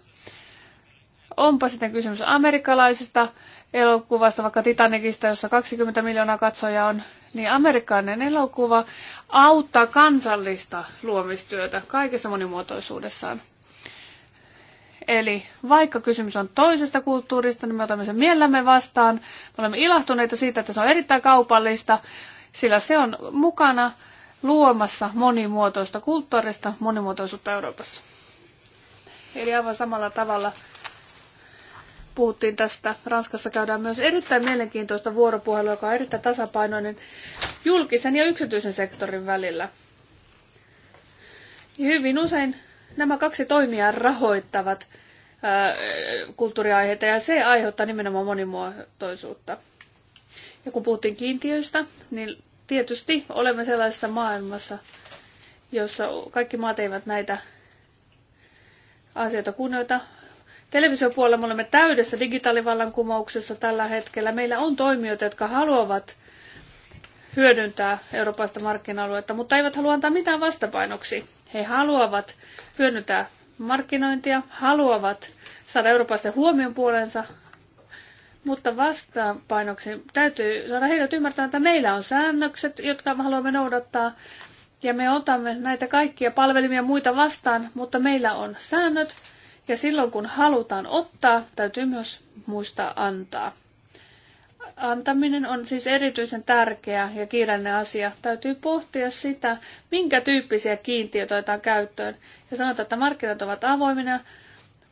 Speaker 1: Onpa sitten kysymys amerikkalaisesta elokuvasta, vaikka Titanicista, jossa 20 miljoonaa katsojaa on, niin amerikkalainen elokuva auttaa kansallista luomistyötä kaikessa monimuotoisuudessaan. Eli vaikka kysymys on toisesta kulttuurista, niin me otamme sen mielämme vastaan. Me olemme ilahtuneita siitä, että se on erittäin kaupallista, sillä se on mukana luomassa monimuotoista kulttuurista monimuotoisuutta Euroopassa. Eli aivan samalla tavalla puhuttiin tästä. Ranskassa käydään myös erittäin mielenkiintoista vuoropuhelua, joka on erittäin tasapainoinen julkisen ja yksityisen sektorin välillä. Ja hyvin usein nämä kaksi toimia rahoittavat kulttuuriaiheita ja se aiheuttaa nimenomaan monimuotoisuutta. Ja kun puhuttiin kiintiöistä, niin tietysti olemme sellaisessa maailmassa, jossa kaikki maat eivät näitä asioita kunnioita. Televisiopuolella me olemme täydessä digitaalivallankumouksessa tällä hetkellä. Meillä on toimijoita, jotka haluavat hyödyntää eurooppaista markkina-aluetta, mutta eivät halua antaa mitään vastapainoksi. He haluavat hyödyntää markkinointia, haluavat saada eurooppalaisten huomion puolensa, mutta vastapainoksi täytyy saada heidät ymmärtää, että meillä on säännökset, jotka me haluamme noudattaa, ja me otamme näitä kaikkia palvelimia muita vastaan, mutta meillä on säännöt, ja silloin kun halutaan ottaa, täytyy myös muistaa antaa antaminen on siis erityisen tärkeä ja kiireellinen asia. Täytyy pohtia sitä, minkä tyyppisiä kiintiöitä otetaan käyttöön. Ja sanotaan, että markkinat ovat avoimina,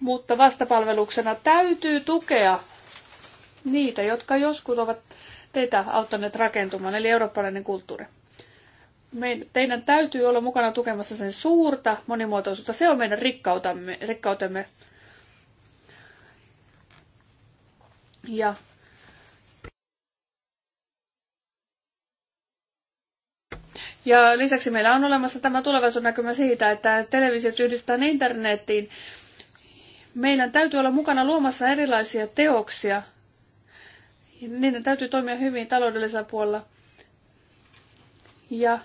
Speaker 1: mutta vastapalveluksena täytyy tukea niitä, jotka joskus ovat teitä auttaneet rakentumaan, eli eurooppalainen kulttuuri. Meidän, teidän täytyy olla mukana tukemassa sen suurta monimuotoisuutta. Se on meidän rikkautemme. rikkautemme. Ja Ja lisäksi meillä on olemassa tämä tulevaisuuden näkymä siitä, että televisiot yhdistetään internettiin. Meidän täytyy olla mukana luomassa erilaisia teoksia. Niiden täytyy toimia hyvin taloudellisella puolella. Ja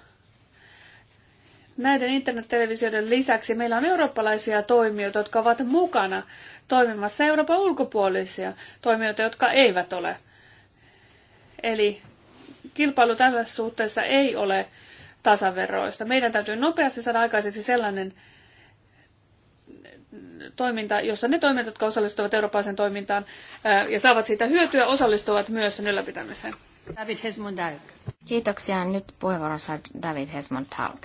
Speaker 1: näiden internettelevisioiden lisäksi meillä on eurooppalaisia toimijoita, jotka ovat mukana toimimassa Euroopan ulkopuolisia toimijoita, jotka eivät ole. Eli kilpailu tällä suhteessa ei ole tasaveroista. Meidän täytyy nopeasti saada aikaiseksi sellainen toiminta, jossa ne toimijat, jotka osallistuvat eurooppalaiseen toimintaan ja saavat siitä hyötyä, osallistuvat myös sen ylläpitämiseen.
Speaker 2: David Hesmond Kiitoksia. Nyt puheenvuoron saa David Hesmond Talk.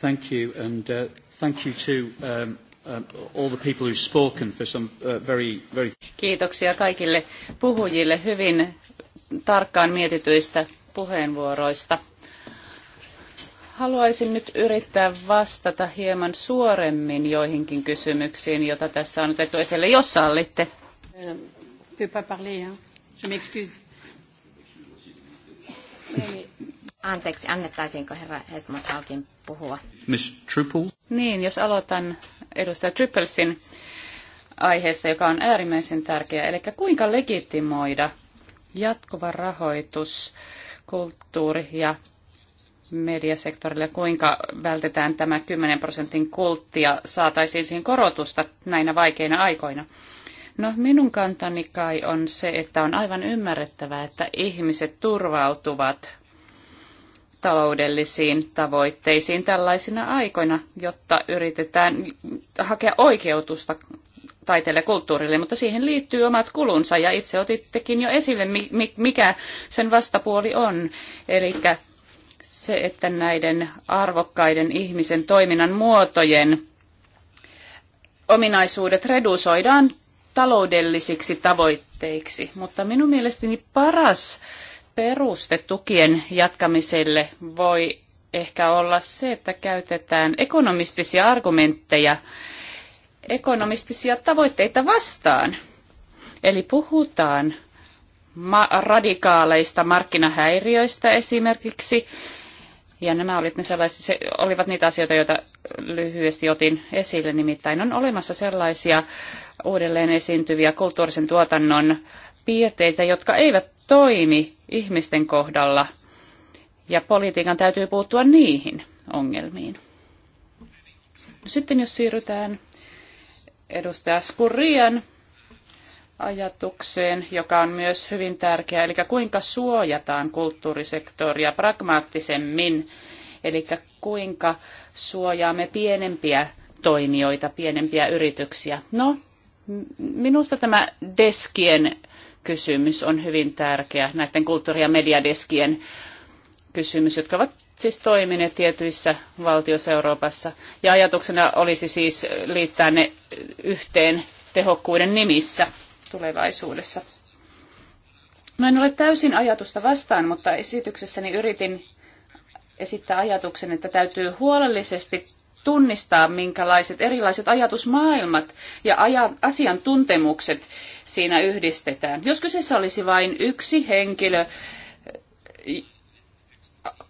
Speaker 3: Thank you and uh, thank you to um, uh, all the people who've spoken for some uh, very, very... Kiitoksia kaikille puhujille hyvin tarkkaan mietityistä puheenvuoroista haluaisin nyt yrittää vastata hieman suoremmin joihinkin kysymyksiin, joita tässä on otettu esille, jos sallitte.
Speaker 2: Euh, Anteeksi, annettaisiinko herra Hesmut Halkin
Speaker 3: puhua? Miss Triple? Niin, jos aloitan edustaja Triplesin aiheesta, joka on äärimmäisen tärkeä, eli kuinka legitimoida jatkuva rahoitus kulttuuri- ja mediasektorille, kuinka vältetään tämä 10 prosentin kultti ja saataisiin siihen korotusta näinä vaikeina aikoina. No minun kantani kai on se, että on aivan ymmärrettävää, että ihmiset turvautuvat taloudellisiin tavoitteisiin tällaisina aikoina, jotta yritetään hakea oikeutusta taiteelle ja kulttuurille, mutta siihen liittyy omat kulunsa ja itse otittekin jo esille, mikä sen vastapuoli on. Eli se, että näiden arvokkaiden ihmisen toiminnan muotojen ominaisuudet redusoidaan taloudellisiksi tavoitteiksi. Mutta minun mielestäni paras peruste tukien jatkamiselle voi ehkä olla se, että käytetään ekonomistisia argumentteja ekonomistisia tavoitteita vastaan. Eli puhutaan ma- radikaaleista markkinahäiriöistä esimerkiksi ja nämä olivat, ne sellaisia, se, olivat niitä asioita, joita lyhyesti otin esille. Nimittäin on olemassa sellaisia uudelleen esiintyviä kulttuurisen tuotannon piirteitä, jotka eivät toimi ihmisten kohdalla. Ja politiikan täytyy puuttua niihin ongelmiin. Sitten jos siirrytään edustaja Skurian ajatukseen, joka on myös hyvin tärkeä, eli kuinka suojataan kulttuurisektoria pragmaattisemmin, eli kuinka suojaamme pienempiä toimijoita, pienempiä yrityksiä. No, minusta tämä deskien kysymys on hyvin tärkeä, näiden kulttuuri- ja mediadeskien kysymys, jotka ovat siis toimineet tietyissä valtioissa Euroopassa. Ja ajatuksena olisi siis liittää ne yhteen tehokkuuden nimissä tulevaisuudessa. No en ole täysin ajatusta vastaan, mutta esityksessäni yritin esittää ajatuksen, että täytyy huolellisesti tunnistaa, minkälaiset erilaiset ajatusmaailmat ja aja, asiantuntemukset siinä yhdistetään. Jos kyseessä olisi vain yksi henkilö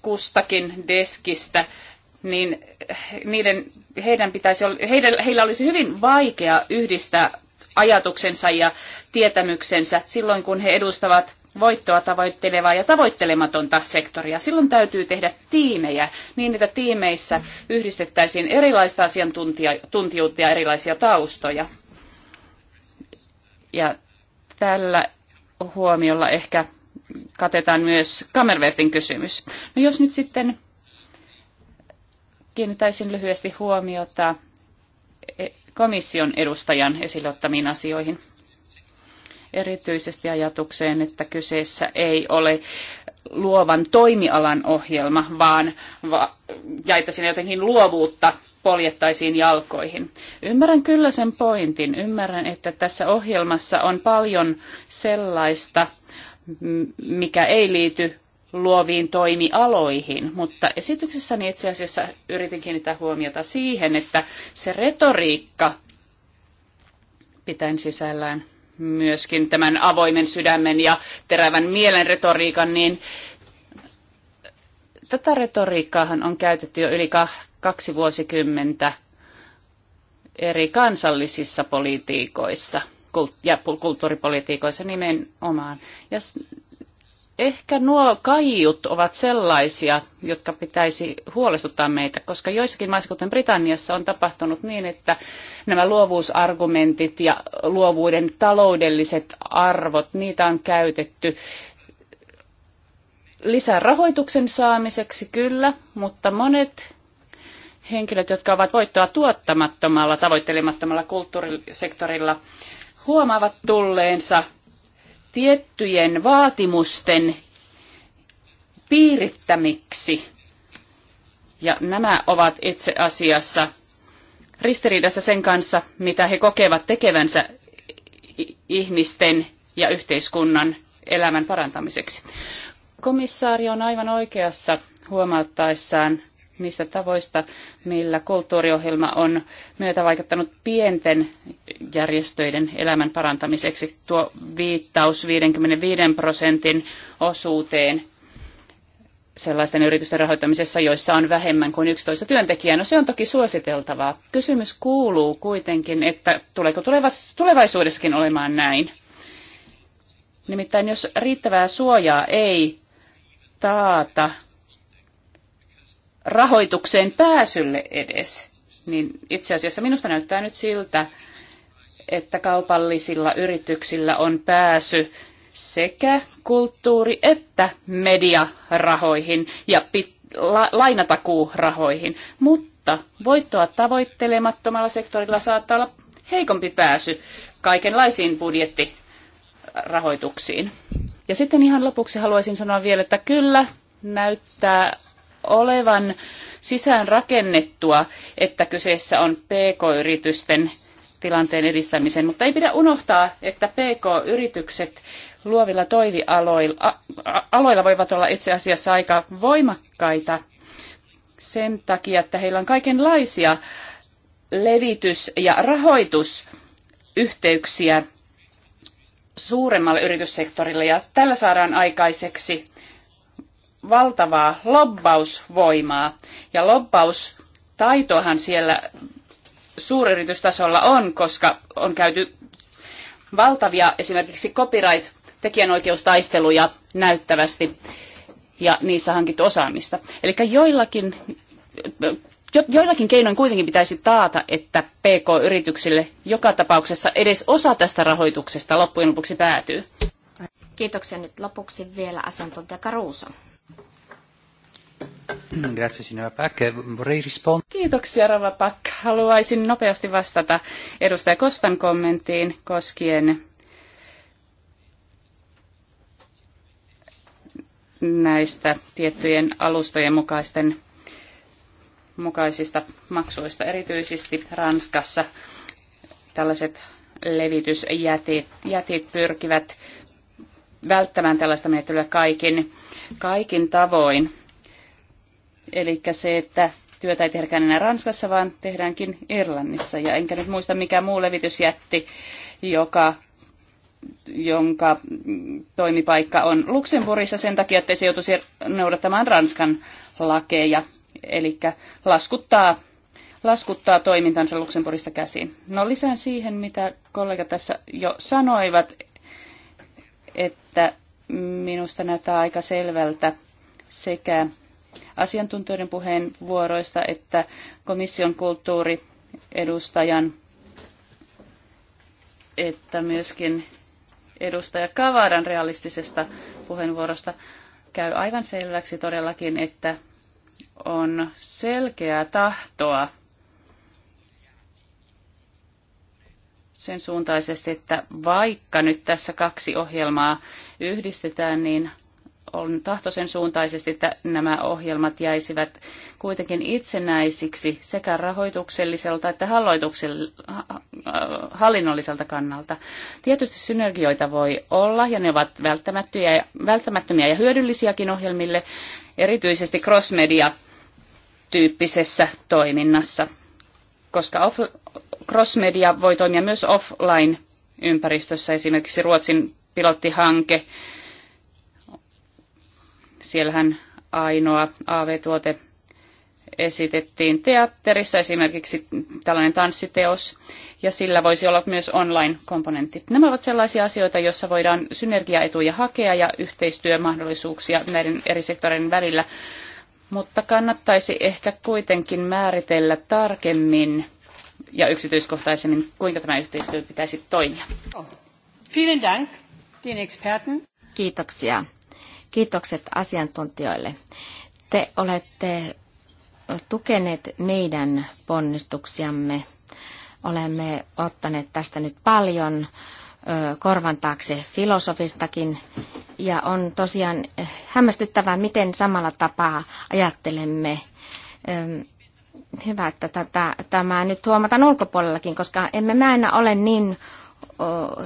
Speaker 3: kustakin deskistä, niin niiden, heidän pitäisi, heidän, heillä olisi hyvin vaikea yhdistää ajatuksensa ja tietämyksensä silloin, kun he edustavat voittoa tavoittelevaa ja tavoittelematonta sektoria. Silloin täytyy tehdä tiimejä niin, että tiimeissä yhdistettäisiin erilaista asiantuntijuutta ja erilaisia taustoja. Ja tällä huomiolla ehkä katetaan myös Kammervertin kysymys. No jos nyt sitten kiinnittäisin lyhyesti huomiota komission edustajan esille ottamiin asioihin. Erityisesti ajatukseen, että kyseessä ei ole luovan toimialan ohjelma, vaan va- ja että siinä jotenkin luovuutta poljettaisiin jalkoihin. Ymmärrän kyllä sen pointin. Ymmärrän, että tässä ohjelmassa on paljon sellaista, mikä ei liity luoviin toimialoihin, mutta esityksessäni itse asiassa yritin kiinnittää huomiota siihen, että se retoriikka pitäen sisällään myöskin tämän avoimen sydämen ja terävän mielen retoriikan, niin tätä retoriikkaahan on käytetty jo yli kaksi vuosikymmentä eri kansallisissa politiikoissa ja kulttuuripolitiikoissa nimenomaan. Ja Ehkä nuo kaiut ovat sellaisia, jotka pitäisi huolestuttaa meitä, koska joissakin maissa, kuten Britanniassa, on tapahtunut niin, että nämä luovuusargumentit ja luovuuden taloudelliset arvot, niitä on käytetty lisärahoituksen saamiseksi kyllä, mutta monet henkilöt, jotka ovat voittoa tuottamattomalla, tavoittelemattomalla kulttuurisektorilla, huomaavat tulleensa tiettyjen vaatimusten piirittämiksi. Ja nämä ovat itse asiassa ristiriidassa sen kanssa, mitä he kokevat tekevänsä ihmisten ja yhteiskunnan elämän parantamiseksi. Komissaari on aivan oikeassa huomauttaessaan niistä tavoista, millä kulttuuriohjelma on vaikuttanut pienten järjestöiden elämän parantamiseksi. Tuo viittaus 55 prosentin osuuteen sellaisten yritysten rahoittamisessa, joissa on vähemmän kuin 11 työntekijää. No se on toki suositeltavaa. Kysymys kuuluu kuitenkin, että tuleeko tulevaisuudessakin olemaan näin? Nimittäin jos riittävää suojaa ei taata rahoitukseen pääsylle edes, niin itse asiassa minusta näyttää nyt siltä, että kaupallisilla yrityksillä on pääsy sekä kulttuuri- että mediarahoihin ja pit- la- lainatakuurahoihin, mutta voittoa tavoittelemattomalla sektorilla saattaa olla heikompi pääsy kaikenlaisiin budjettirahoituksiin. Ja sitten ihan lopuksi haluaisin sanoa vielä, että kyllä näyttää olevan sisään rakennettua, että kyseessä on PK-yritysten tilanteen edistämisen, mutta ei pidä unohtaa, että PK-yritykset luovilla toivialoilla aloilla voivat olla itse asiassa aika voimakkaita sen takia, että heillä on kaikenlaisia levitys- ja rahoitusyhteyksiä suuremmalle yrityssektorille ja tällä saadaan aikaiseksi valtavaa lobbausvoimaa. Ja lobbaustaitohan siellä suuryritystasolla on, koska on käyty valtavia esimerkiksi copyright-tekijänoikeustaisteluja näyttävästi ja niissä hankittu osaamista. Eli joillakin, jo, joillakin keinoin kuitenkin pitäisi taata, että PK-yrityksille joka tapauksessa edes osa tästä rahoituksesta loppujen lopuksi päätyy.
Speaker 2: Kiitoksia nyt lopuksi vielä asiantuntija Karuuso.
Speaker 3: Mm, grazie, signora Pack. Vorrei Kiitoksia, rava Pack. Haluaisin nopeasti vastata edustaja Kostan kommenttiin koskien näistä tiettyjen alustojen mukaisten, mukaisista maksuista, erityisesti Ranskassa. Tällaiset levitysjätit jätit pyrkivät välttämään tällaista menettelyä kaikin, kaikin tavoin Eli se, että työtä ei tehdäkään enää Ranskassa, vaan tehdäänkin Irlannissa. Ja enkä nyt muista, mikä muu levitysjätti, joka, jonka toimipaikka on Luxemburgissa sen takia, että se joutuisi noudattamaan Ranskan lakeja. Eli laskuttaa, laskuttaa toimintansa Luxemburgista käsiin. No lisään siihen, mitä kollegat tässä jo sanoivat, että minusta näyttää aika selvältä sekä asiantuntijoiden puheenvuoroista että komission kulttuuriedustajan, että myöskin edustaja Kavaran realistisesta puheenvuorosta käy aivan selväksi todellakin, että on selkeää tahtoa sen suuntaisesti, että vaikka nyt tässä kaksi ohjelmaa yhdistetään, niin on tahto sen suuntaisesti, että nämä ohjelmat jäisivät kuitenkin itsenäisiksi sekä rahoitukselliselta että äh, hallinnolliselta kannalta. Tietysti synergioita voi olla ja ne ovat välttämättömiä ja hyödyllisiäkin ohjelmille, erityisesti crossmedia-tyyppisessä toiminnassa, koska off- crossmedia voi toimia myös offline-ympäristössä, esimerkiksi Ruotsin pilottihanke, Siellähän ainoa AV-tuote esitettiin teatterissa, esimerkiksi tällainen tanssiteos, ja sillä voisi olla myös online-komponentti. Nämä ovat sellaisia asioita, joissa voidaan synergiaetuja hakea ja yhteistyömahdollisuuksia näiden eri sektoreiden välillä, mutta kannattaisi ehkä kuitenkin määritellä tarkemmin ja yksityiskohtaisemmin, kuinka tämä yhteistyö pitäisi toimia. Oh, vielen Dank, den Experten.
Speaker 2: Kiitoksia Kiitokset asiantuntijoille. Te olette tukeneet meidän ponnistuksiamme. Olemme ottaneet tästä nyt paljon korvan taakse filosofistakin. Ja on tosiaan hämmästyttävää, miten samalla tapaa ajattelemme. Hyvä, että tätä, tämä nyt huomataan ulkopuolellakin, koska emme mä enää ole niin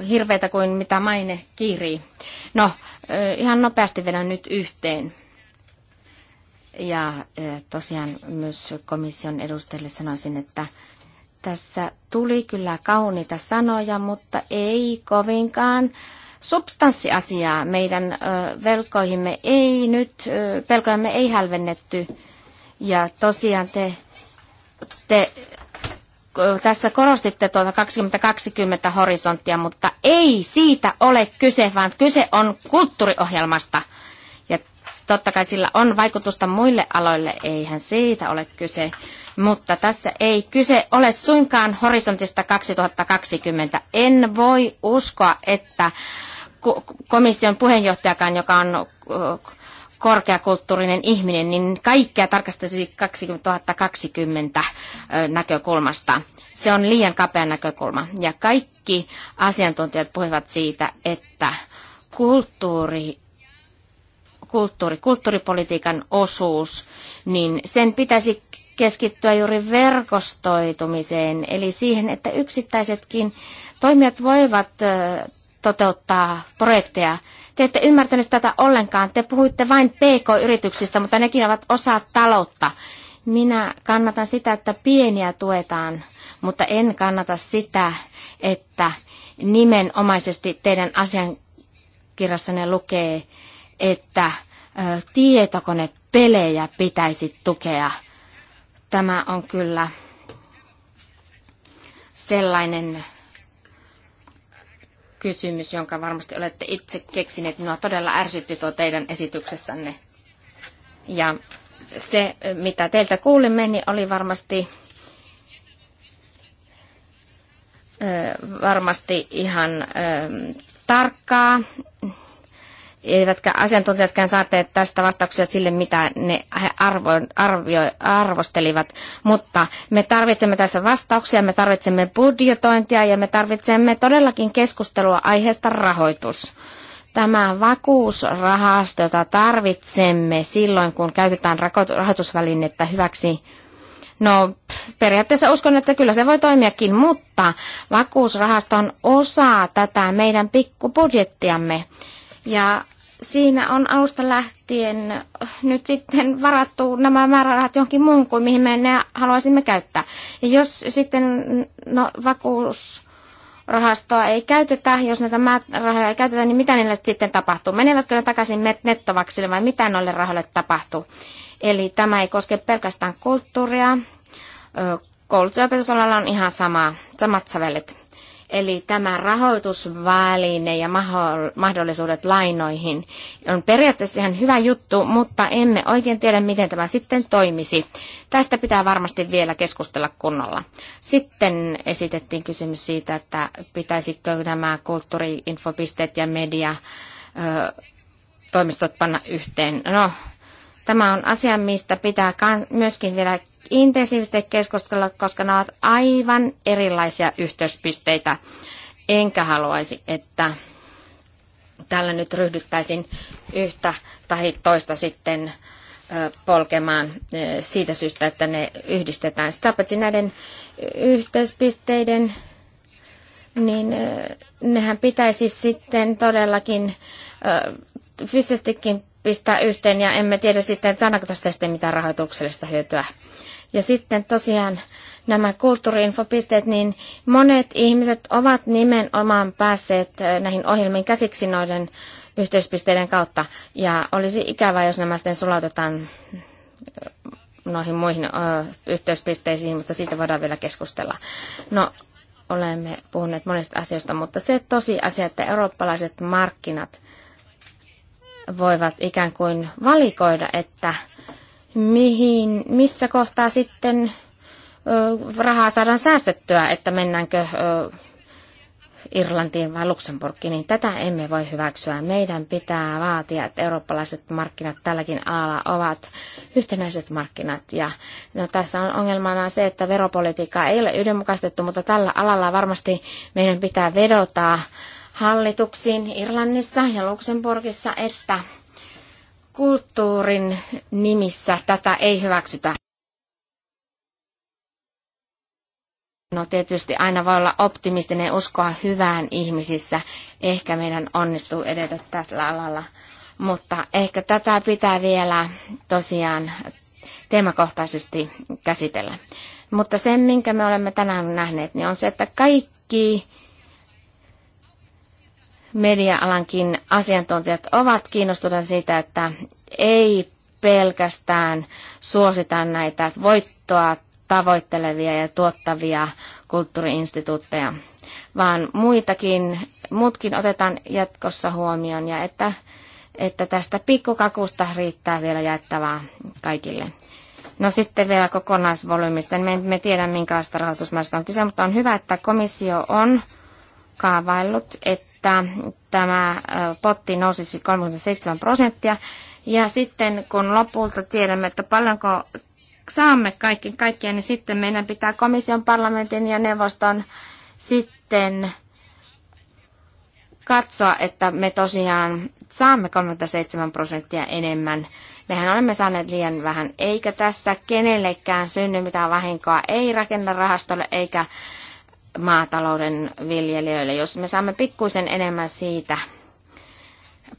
Speaker 2: hirveitä kuin mitä maine kirii. No, ihan nopeasti vedän nyt yhteen. Ja tosiaan myös komission edustajille sanoisin, että tässä tuli kyllä kauniita sanoja, mutta ei kovinkaan substanssiasiaa. Meidän velkoihimme ei nyt, pelkojamme ei hälvennetty. Ja tosiaan te, te tässä korostitte tuota 2020 horisonttia, mutta ei siitä ole kyse, vaan kyse on kulttuuriohjelmasta. Ja totta kai sillä on vaikutusta muille aloille, eihän siitä ole kyse. Mutta tässä ei kyse ole suinkaan horisontista 2020. En voi uskoa, että komission puheenjohtajakaan, joka on korkeakulttuurinen ihminen, niin kaikkea tarkastaisi 2020 näkökulmasta. Se on liian kapea näkökulma. Ja kaikki asiantuntijat puhuvat siitä, että kulttuuri kulttuuri, kulttuuripolitiikan osuus, niin sen pitäisi keskittyä juuri verkostoitumiseen, eli siihen, että yksittäisetkin toimijat voivat toteuttaa projekteja te ette ymmärtänyt tätä ollenkaan. Te puhuitte vain PK-yrityksistä, mutta nekin ovat osa taloutta. Minä kannatan sitä, että pieniä tuetaan, mutta en kannata sitä, että nimenomaisesti teidän asiankirjassanne lukee, että tietokonepelejä pitäisi tukea. Tämä on kyllä sellainen kysymys, jonka varmasti olette itse keksineet. Minua todella ärsytti tuo teidän esityksessänne. Ja se, mitä teiltä kuulimme, niin oli varmasti, varmasti ihan tarkkaa eivätkä asiantuntijatkään saaneet tästä vastauksia sille, mitä ne arvo, arvio, arvostelivat. Mutta me tarvitsemme tässä vastauksia, me tarvitsemme budjetointia ja me tarvitsemme todellakin keskustelua aiheesta rahoitus. Tämä vakuusrahasto, jota tarvitsemme silloin, kun käytetään rahoitusvälinettä hyväksi, No periaatteessa uskon, että kyllä se voi toimiakin, mutta vakuusrahaston on osa tätä meidän pikkubudjettiamme. budjettiamme ja siinä on alusta lähtien nyt sitten varattu nämä määrärahat johonkin muun kuin mihin me ne haluaisimme käyttää. Ja jos sitten no, vakuus rahastoa ei käytetä, jos näitä rahoja ei käytetä, niin mitä niille sitten tapahtuu? Menevätkö ne takaisin nettovaksille vai mitä noille rahoille tapahtuu? Eli tämä ei koske pelkästään kulttuuria. Koulutus- ja on ihan sama, samat sävelet. Eli tämä rahoitusväline ja mahdollisuudet lainoihin on periaatteessa ihan hyvä juttu, mutta emme oikein tiedä, miten tämä sitten toimisi. Tästä pitää varmasti vielä keskustella kunnolla. Sitten esitettiin kysymys siitä, että pitäisikö nämä kulttuuriinfopisteet ja media toimistot panna yhteen. No, tämä on asia, mistä pitää myöskin vielä intensiivisesti keskustella, koska ne ovat aivan erilaisia yhteyspisteitä. Enkä haluaisi, että tällä nyt ryhdyttäisiin yhtä tai toista sitten polkemaan siitä syystä, että ne yhdistetään. Sitä paitsi näiden yhteyspisteiden, niin nehän pitäisi sitten todellakin fyysisestikin pistää yhteen ja emme tiedä sitten, että saadaanko tästä sitten mitään rahoituksellista hyötyä. Ja sitten tosiaan nämä kulttuuriinfopisteet, niin monet ihmiset ovat nimenomaan päässeet näihin ohjelmiin käsiksi noiden yhteyspisteiden kautta. Ja olisi ikävää, jos nämä sitten sulautetaan noihin muihin ö, yhteyspisteisiin, mutta siitä voidaan vielä keskustella. No, olemme puhuneet monista asioista, mutta se tosi asia, että eurooppalaiset markkinat voivat ikään kuin valikoida, että mihin, missä kohtaa sitten rahaa saadaan säästettyä, että mennäänkö Irlantiin vai Luxemburgiin, niin tätä emme voi hyväksyä. Meidän pitää vaatia, että eurooppalaiset markkinat tälläkin alalla ovat yhtenäiset markkinat. Ja no, tässä on ongelmana se, että veropolitiikka ei ole yhdenmukaistettu, mutta tällä alalla varmasti meidän pitää vedota hallituksiin Irlannissa ja Luxemburgissa, että kulttuurin nimissä tätä ei hyväksytä. No tietysti aina voi olla optimistinen uskoa hyvään ihmisissä. Ehkä meidän onnistuu edetä tällä alalla. Mutta ehkä tätä pitää vielä tosiaan teemakohtaisesti käsitellä. Mutta se, minkä me olemme tänään nähneet, niin on se, että kaikki media-alankin asiantuntijat ovat kiinnostuneita siitä, että ei pelkästään suosita näitä voittoa tavoittelevia ja tuottavia kulttuuriinstituutteja, vaan muitakin, muutkin otetaan jatkossa huomioon ja että, että tästä pikkukakusta riittää vielä jaettavaa kaikille. No sitten vielä kokonaisvolyymista. Me emme tiedä, minkälaista rahoitusmaista on kyse, mutta on hyvä, että komissio on kaavaillut, että että tämä potti nousisi 37 prosenttia. Ja sitten kun lopulta tiedämme, että paljonko saamme kaiken kaikkia, niin sitten meidän pitää komission, parlamentin ja neuvoston sitten katsoa, että me tosiaan saamme 37 prosenttia enemmän. Mehän olemme saaneet liian vähän, eikä tässä kenellekään synny mitään vahinkoa, ei rakenna rahastolle eikä maatalouden viljelijöille, jos me saamme pikkuisen enemmän siitä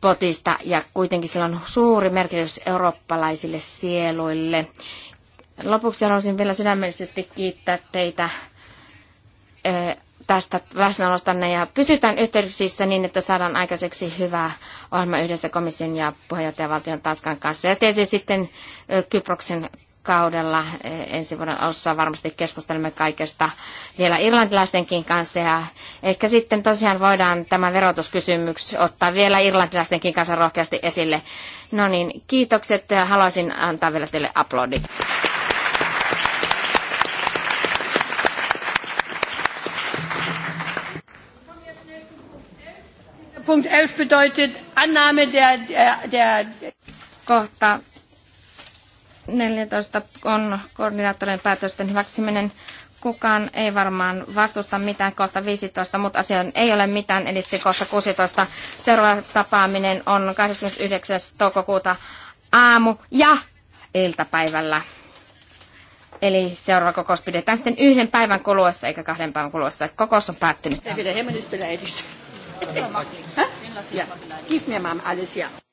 Speaker 2: potista ja kuitenkin sillä on suuri merkitys eurooppalaisille sieluille. Lopuksi haluaisin vielä sydämellisesti kiittää teitä tästä läsnäolostanne ja pysytään yhteyksissä niin, että saadaan aikaiseksi hyvä ohjelma yhdessä komission ja puheenjohtajavaltion Tanskan kanssa. Ja tietysti sitten Kyproksen kaudella e, ensi vuoden alussa varmasti keskustelemme kaikesta vielä irlantilaistenkin kanssa ja ehkä sitten tosiaan voidaan tämä verotuskysymys ottaa vielä irlantilaistenkin kanssa rohkeasti esille. No niin, kiitokset ja haluaisin antaa vielä teille aplodit. Punkt 11 bedeutet Annahme der, der, der Kohta 14 on koordinaattorin päätösten hyväksyminen. Kukaan ei varmaan vastusta mitään kohta 15, mutta asioon ei ole mitään, edisti kohta 16. Seuraava tapaaminen on 29. toukokuuta aamu ja iltapäivällä. Eli seuraava kokous pidetään sitten yhden päivän kuluessa eikä kahden päivän kuluessa. Kokous on päättynyt.
Speaker 1: Giv mir mal alles, ja.